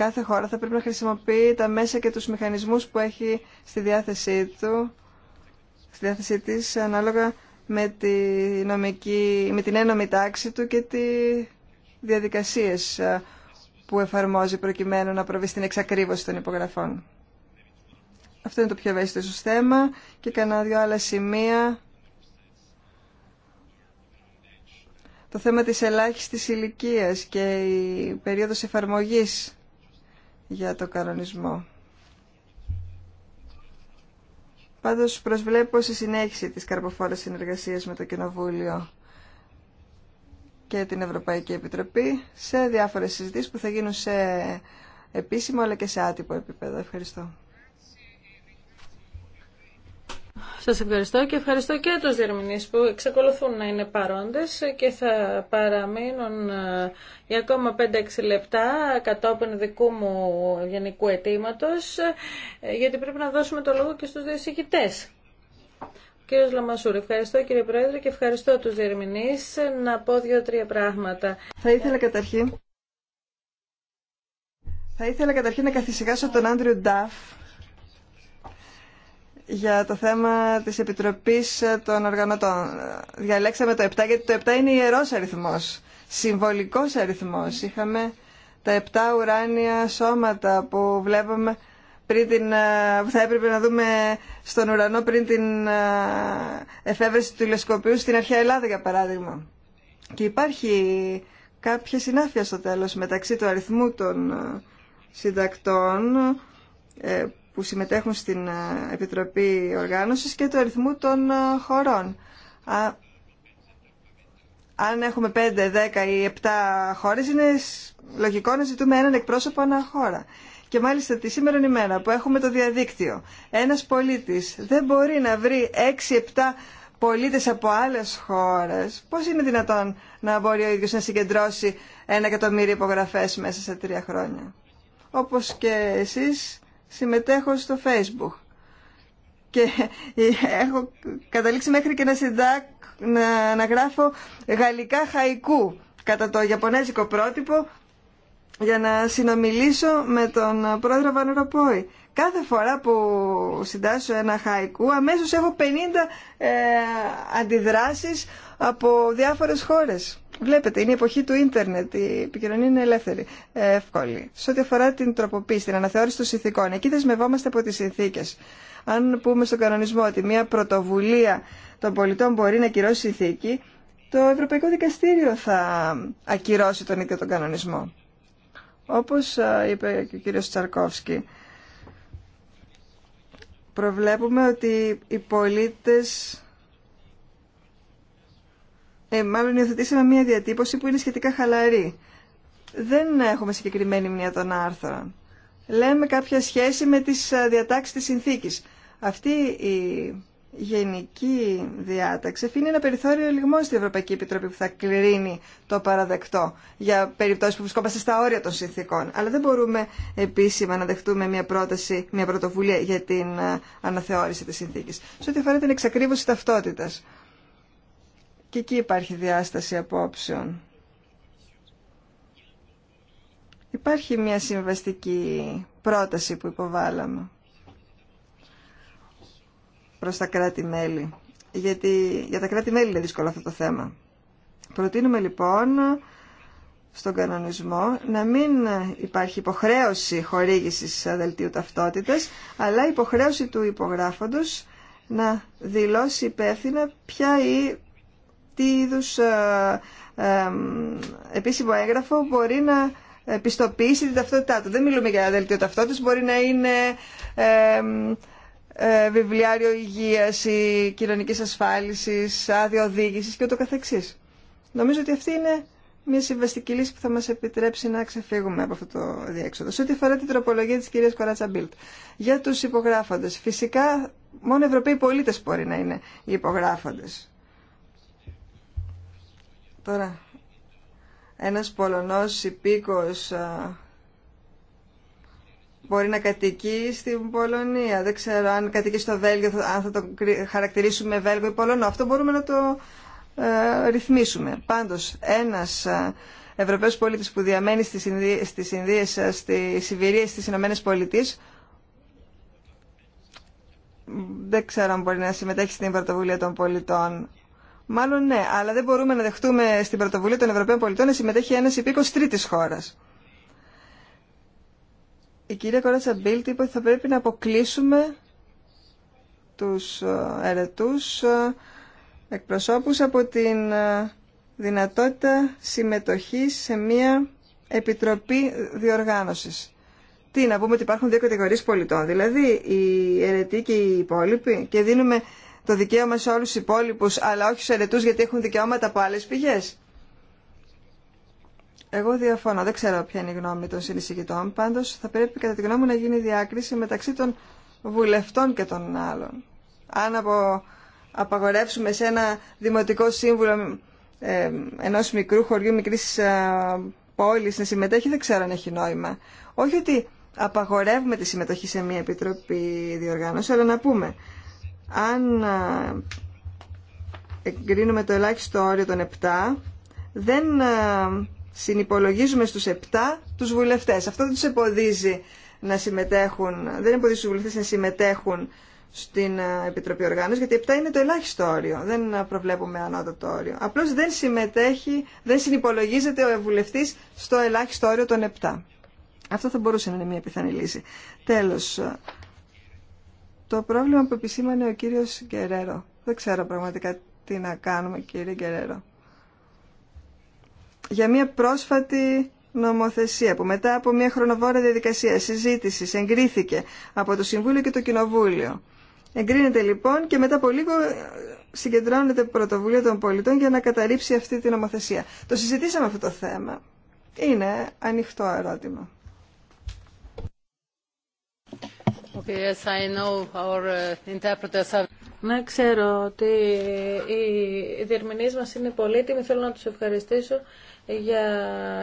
Κάθε χώρα θα πρέπει να χρησιμοποιεί τα μέσα και τους μηχανισμούς που έχει στη διάθεσή του, στη διάθεσή της, ανάλογα με, τη με την ένομη τάξη του και τη διαδικασίες που εφαρμόζει προκειμένου να προβεί στην εξακρίβωση των υπογραφών. Αυτό είναι το πιο ευαίσθητο θέμα και κανένα δύο άλλα σημεία. Το θέμα της ελάχιστης ηλικία και η περίοδος εφαρμογής για το κανονισμό. Πάντως προσβλέπω στη συνέχιση της καρποφόρας συνεργασίας με το Κοινοβούλιο και την Ευρωπαϊκή Επιτροπή σε διάφορες συζητήσεις που θα γίνουν σε επίσημο αλλά και σε άτυπο επίπεδο. Ευχαριστώ. Σας ευχαριστώ και ευχαριστώ και τους διερμηνείς που εξακολουθούν να είναι παρόντες και θα παραμείνουν ε, για ακόμα 5-6 λεπτά κατόπιν δικού μου γενικού αιτήματος ε, γιατί πρέπει να δώσουμε το λόγο και στους δύο κύριος Λαμασούρη, Ευχαριστώ κύριε Πρόεδρε και ευχαριστώ τους διερμηνείς να πω δύο-τρία πράγματα. Θα ήθελα καταρχήν... Θα ήθελα καταρχήν να καθησυχάσω τον Άντριου Νταφ για το θέμα της Επιτροπής των Οργανωτών. Διαλέξαμε το 7 γιατί το 7 είναι ιερός αριθμός, συμβολικός αριθμός. Είχαμε τα 7 ουράνια σώματα που βλέπουμε πριν ε, θα έπρεπε να δούμε στον ουρανό πριν την ε, εφεύρεση του τηλεσκοπίου στην αρχαία Ελλάδα για παράδειγμα. Και υπάρχει κάποια συνάφεια στο τέλος μεταξύ του αριθμού των ε, συντακτών που συμμετέχουν στην Επιτροπή Οργάνωσης και του αριθμού των χωρών. αν έχουμε 5, 10 ή 7 χώρες, είναι λογικό να ζητούμε έναν εκπρόσωπο ανά χώρα. Και μάλιστα τη σήμερα ημέρα που έχουμε το διαδίκτυο, ένας πολίτης δεν μπορεί να βρει 6-7 πολίτες από άλλες χώρες. Πώς είναι δυνατόν να μπορεί ο ίδιος να συγκεντρώσει ένα εκατομμύριο υπογραφές μέσα σε τρία χρόνια. Όπως και εσείς συμμετέχω στο facebook και έχω καταλήξει μέχρι και να, συντάκ, να, να γράφω γαλλικά χαϊκού κατά το γιαπωνέζικο πρότυπο για να συνομιλήσω με τον πρόεδρο Βανεροπόη. Κάθε φορά που συντάσσω ένα χαϊκού, αμέσως έχω 50 ε, αντιδράσεις από διάφορες χώρες. Βλέπετε, είναι η εποχή του ίντερνετ, η επικοινωνία είναι ελεύθερη, ε, εύκολη. Σε ό,τι αφορά την τροποποίηση, την αναθεώρηση των συνθήκων, εκεί δεσμευόμαστε από τις συνθήκες. Αν πούμε στον κανονισμό ότι μια πρωτοβουλία των πολιτών μπορεί να ακυρώσει συνθήκη, το Ευρωπαϊκό Δικαστήριο θα ακυρώσει τον ίδιο τον κανονισμό. Όπως είπε και ο κύριος Τσαρκόφσκι, προβλέπουμε ότι οι πολίτες... Ε, μάλλον υιοθετήσαμε μια διατύπωση που είναι σχετικά χαλαρή. Δεν έχουμε συγκεκριμένη μνήμα των άρθρων. Λέμε κάποια σχέση με τις διατάξεις της συνθήκης. Αυτή η γενική διάταξη αφήνει ένα περιθώριο λιγμό στην Ευρωπαϊκή Επιτροπή που θα κληρύνει το παραδεκτό για περιπτώσεις που βρισκόμαστε στα όρια των συνθήκων. Αλλά δεν μπορούμε επίσημα να δεχτούμε μια πρόταση, μια πρωτοβουλία για την ε, αναθεώρηση της συνθήκης. Σε ό,τι αφορά την εξακρίβωση ταυτότητας. Και εκεί υπάρχει διάσταση απόψεων. Υπάρχει μια συμβαστική πρόταση που υποβάλαμε προς τα κράτη-μέλη. Γιατί για τα κράτη-μέλη είναι δύσκολο αυτό το θέμα. Προτείνουμε λοιπόν στον κανονισμό να μην υπάρχει υποχρέωση χορήγησης αδελτίου ταυτότητας, αλλά υποχρέωση του υπογράφοντος να δηλώσει υπεύθυνα ποια ή τι είδους ε, ε, επίσημο έγγραφο μπορεί να πιστοποιήσει την ταυτότητά του. Δεν μιλούμε για αδελτίο ταυτότητας, μπορεί να είναι ε, ε, βιβλιάριο υγείας ή κοινωνικής ασφάλισης, άδεια οδήγησης και ούτω καθεξής. Νομίζω ότι αυτή είναι μια συμβαστική λύση που θα μας επιτρέψει να ξεφύγουμε από αυτό το διέξοδο. Σε ό,τι αφορά την τροπολογία της κυρίας Κοράτσα Μπίλτ. Για τους υπογράφοντες. Φυσικά μόνο Ευρωπαίοι πολίτες μπορεί να είναι οι υπογράφοντες. Τώρα, ένας Πολωνός υπήκος μπορεί να κατοικεί στην Πολωνία. Δεν ξέρω αν κατοικεί στο Βέλγιο, αν θα το χαρακτηρίσουμε Βέλγιο ή Πολωνό. Αυτό μπορούμε να το ε, ρυθμίσουμε. Πάντως, ένας ε, Ευρωπαίος πολίτης που διαμένει στις Ινδίες, στις Ινδίες, ε, στη Σιβηρία, στις Ηνωμένες Πολιτείες, δεν ξέρω αν μπορεί να συμμετέχει στην πρωτοβουλία των πολιτών. Μάλλον ναι, αλλά δεν μπορούμε να δεχτούμε στην πρωτοβουλία των Ευρωπαίων πολιτών να συμμετέχει ένας υπήκος τρίτης χώρας η κυρία Κοράτσα Μπίλτ είπε ότι θα πρέπει να αποκλείσουμε τους ε, αιρετούς ε, εκπροσώπους από τη ε, δυνατότητα συμμετοχής σε μια επιτροπή διοργάνωσης. Τι, να πούμε ότι υπάρχουν δύο κατηγορίες πολιτών, δηλαδή οι αιρετοί και οι υπόλοιποι και δίνουμε το δικαίωμα σε όλους τους υπόλοιπους αλλά όχι στους αιρετούς γιατί έχουν δικαιώματα από άλλες πηγές. Εγώ διαφωνώ. Δεν ξέρω ποια είναι η γνώμη των συνεισηγητών. Πάντως θα πρέπει κατά τη γνώμη μου να γίνει διάκριση μεταξύ των βουλευτών και των άλλων. Αν απαγορεύσουμε σε ένα δημοτικό σύμβουλο ε, ενός μικρού χωριού, μικρής ε, πόλης να συμμετέχει, δεν ξέρω αν έχει νόημα. Όχι ότι απαγορεύουμε τη συμμετοχή σε μια επιτροπή διοργάνωση, αλλά να πούμε, αν ε, εγκρίνουμε το ελάχιστο όριο των 7, δεν ε, συνυπολογίζουμε στους 7 τους βουλευτές. Αυτό δεν τους εμποδίζει να συμμετέχουν, δεν εμποδίζει τους βουλευτές να συμμετέχουν στην ε, Επιτροπή Οργάνωση, γιατί 7 είναι το ελάχιστο όριο. Δεν ε, προβλέπουμε ανώτατο όριο. Απλώς δεν συμμετέχει, δεν συνυπολογίζεται ο βουλευτής στο ελάχιστο όριο των 7. Αυτό θα μπορούσε να είναι μια πιθανή λύση. Τέλος, ε, το πρόβλημα που επισήμανε ο κύριος Γκερέρο. Δεν ξέρω πραγματικά τι να κάνουμε κύριε Γκερέρο για μια πρόσφατη νομοθεσία που μετά από μια χρονοβόρα διαδικασία συζήτηση, εγκρίθηκε από το Συμβούλιο και το Κοινοβούλιο. Εγκρίνεται λοιπόν και μετά από λίγο συγκεντρώνεται πρωτοβουλία των πολιτών για να καταρρύψει αυτή τη νομοθεσία. Το συζητήσαμε αυτό το θέμα. Είναι ανοιχτό ερώτημα. Okay, I know our uh, να ξέρω ότι οι διερμηνεί μα είναι πολύτιμοι. Θέλω να του ευχαριστήσω για...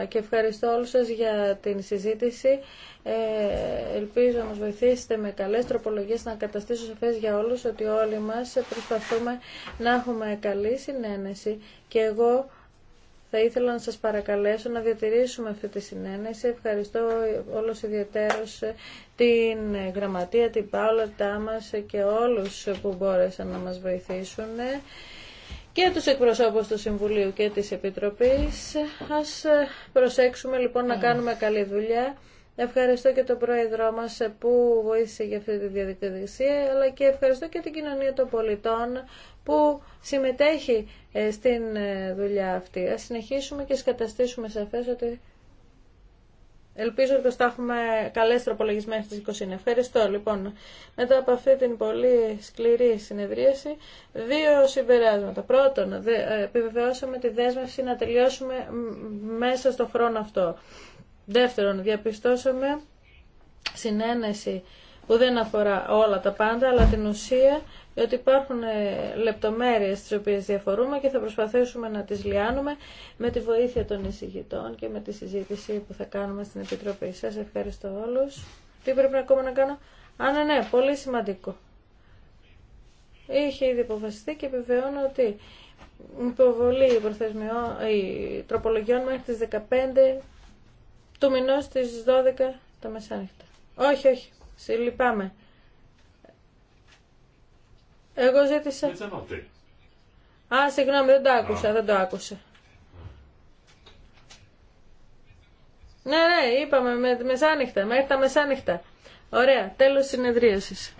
και ευχαριστώ όλους σας για την συζήτηση. Ε, ελπίζω να μα βοηθήσετε με καλέ τροπολογίε να καταστήσω φές για όλου ότι όλοι μας προσπαθούμε να έχουμε καλή συνένεση και εγώ θα ήθελα να σας παρακαλέσω να διατηρήσουμε αυτή τη συνένεση. Ευχαριστώ όλους ιδιαίτερος ε, την Γραμματεία, την Πάολα, Τάμας ε, και όλους που μπόρεσαν να μας βοηθήσουν ε, και τους εκπροσώπους του Συμβουλίου και της Επιτροπής. Ας προσέξουμε λοιπόν να κάνουμε καλή δουλειά. Ευχαριστώ και τον πρόεδρό μα που βοήθησε για αυτή τη διαδικασία, αλλά και ευχαριστώ και την κοινωνία των πολιτών που συμμετέχει ε, στην ε, δουλειά αυτή. Ας συνεχίσουμε και σκαταστήσουμε σαφέ ότι ελπίζω ότι θα έχουμε καλέ τροπολογισμέ μέχρι 20. Ευχαριστώ. Λοιπόν, μετά από αυτή την πολύ σκληρή συνεδρίαση, δύο συμπεράσματα. Πρώτον, ε, επιβεβαιώσαμε τη δέσμευση να τελειώσουμε μέσα στον χρόνο αυτό. Δεύτερον, διαπιστώσαμε συνένεση που δεν αφορά όλα τα πάντα, αλλά την ουσία ότι υπάρχουν ε, λεπτομέρειες τις οποίες διαφορούμε και θα προσπαθήσουμε να τις λιάνουμε με τη βοήθεια των εισηγητών και με τη συζήτηση που θα κάνουμε στην Επιτροπή. Σας ευχαριστώ όλους. Τι πρέπει ακόμα να κάνω. Α, ναι, ναι, πολύ σημαντικό. Είχε ήδη αποφασιστεί και επιβεβαιώνω ότι υποβολή τροπολογιών μέχρι τις 15 του μηνό στι 12 το μεσάνυχτα. Όχι, όχι, συλληπάμαι. Εγώ ζήτησα... Α, συγγνώμη, δεν το άκουσα, δεν το άκουσα. Ναι, ναι, είπαμε με, μεσάνυχτα, μέχρι τα μεσάνυχτα. Ωραία, τέλος συνεδρίασης.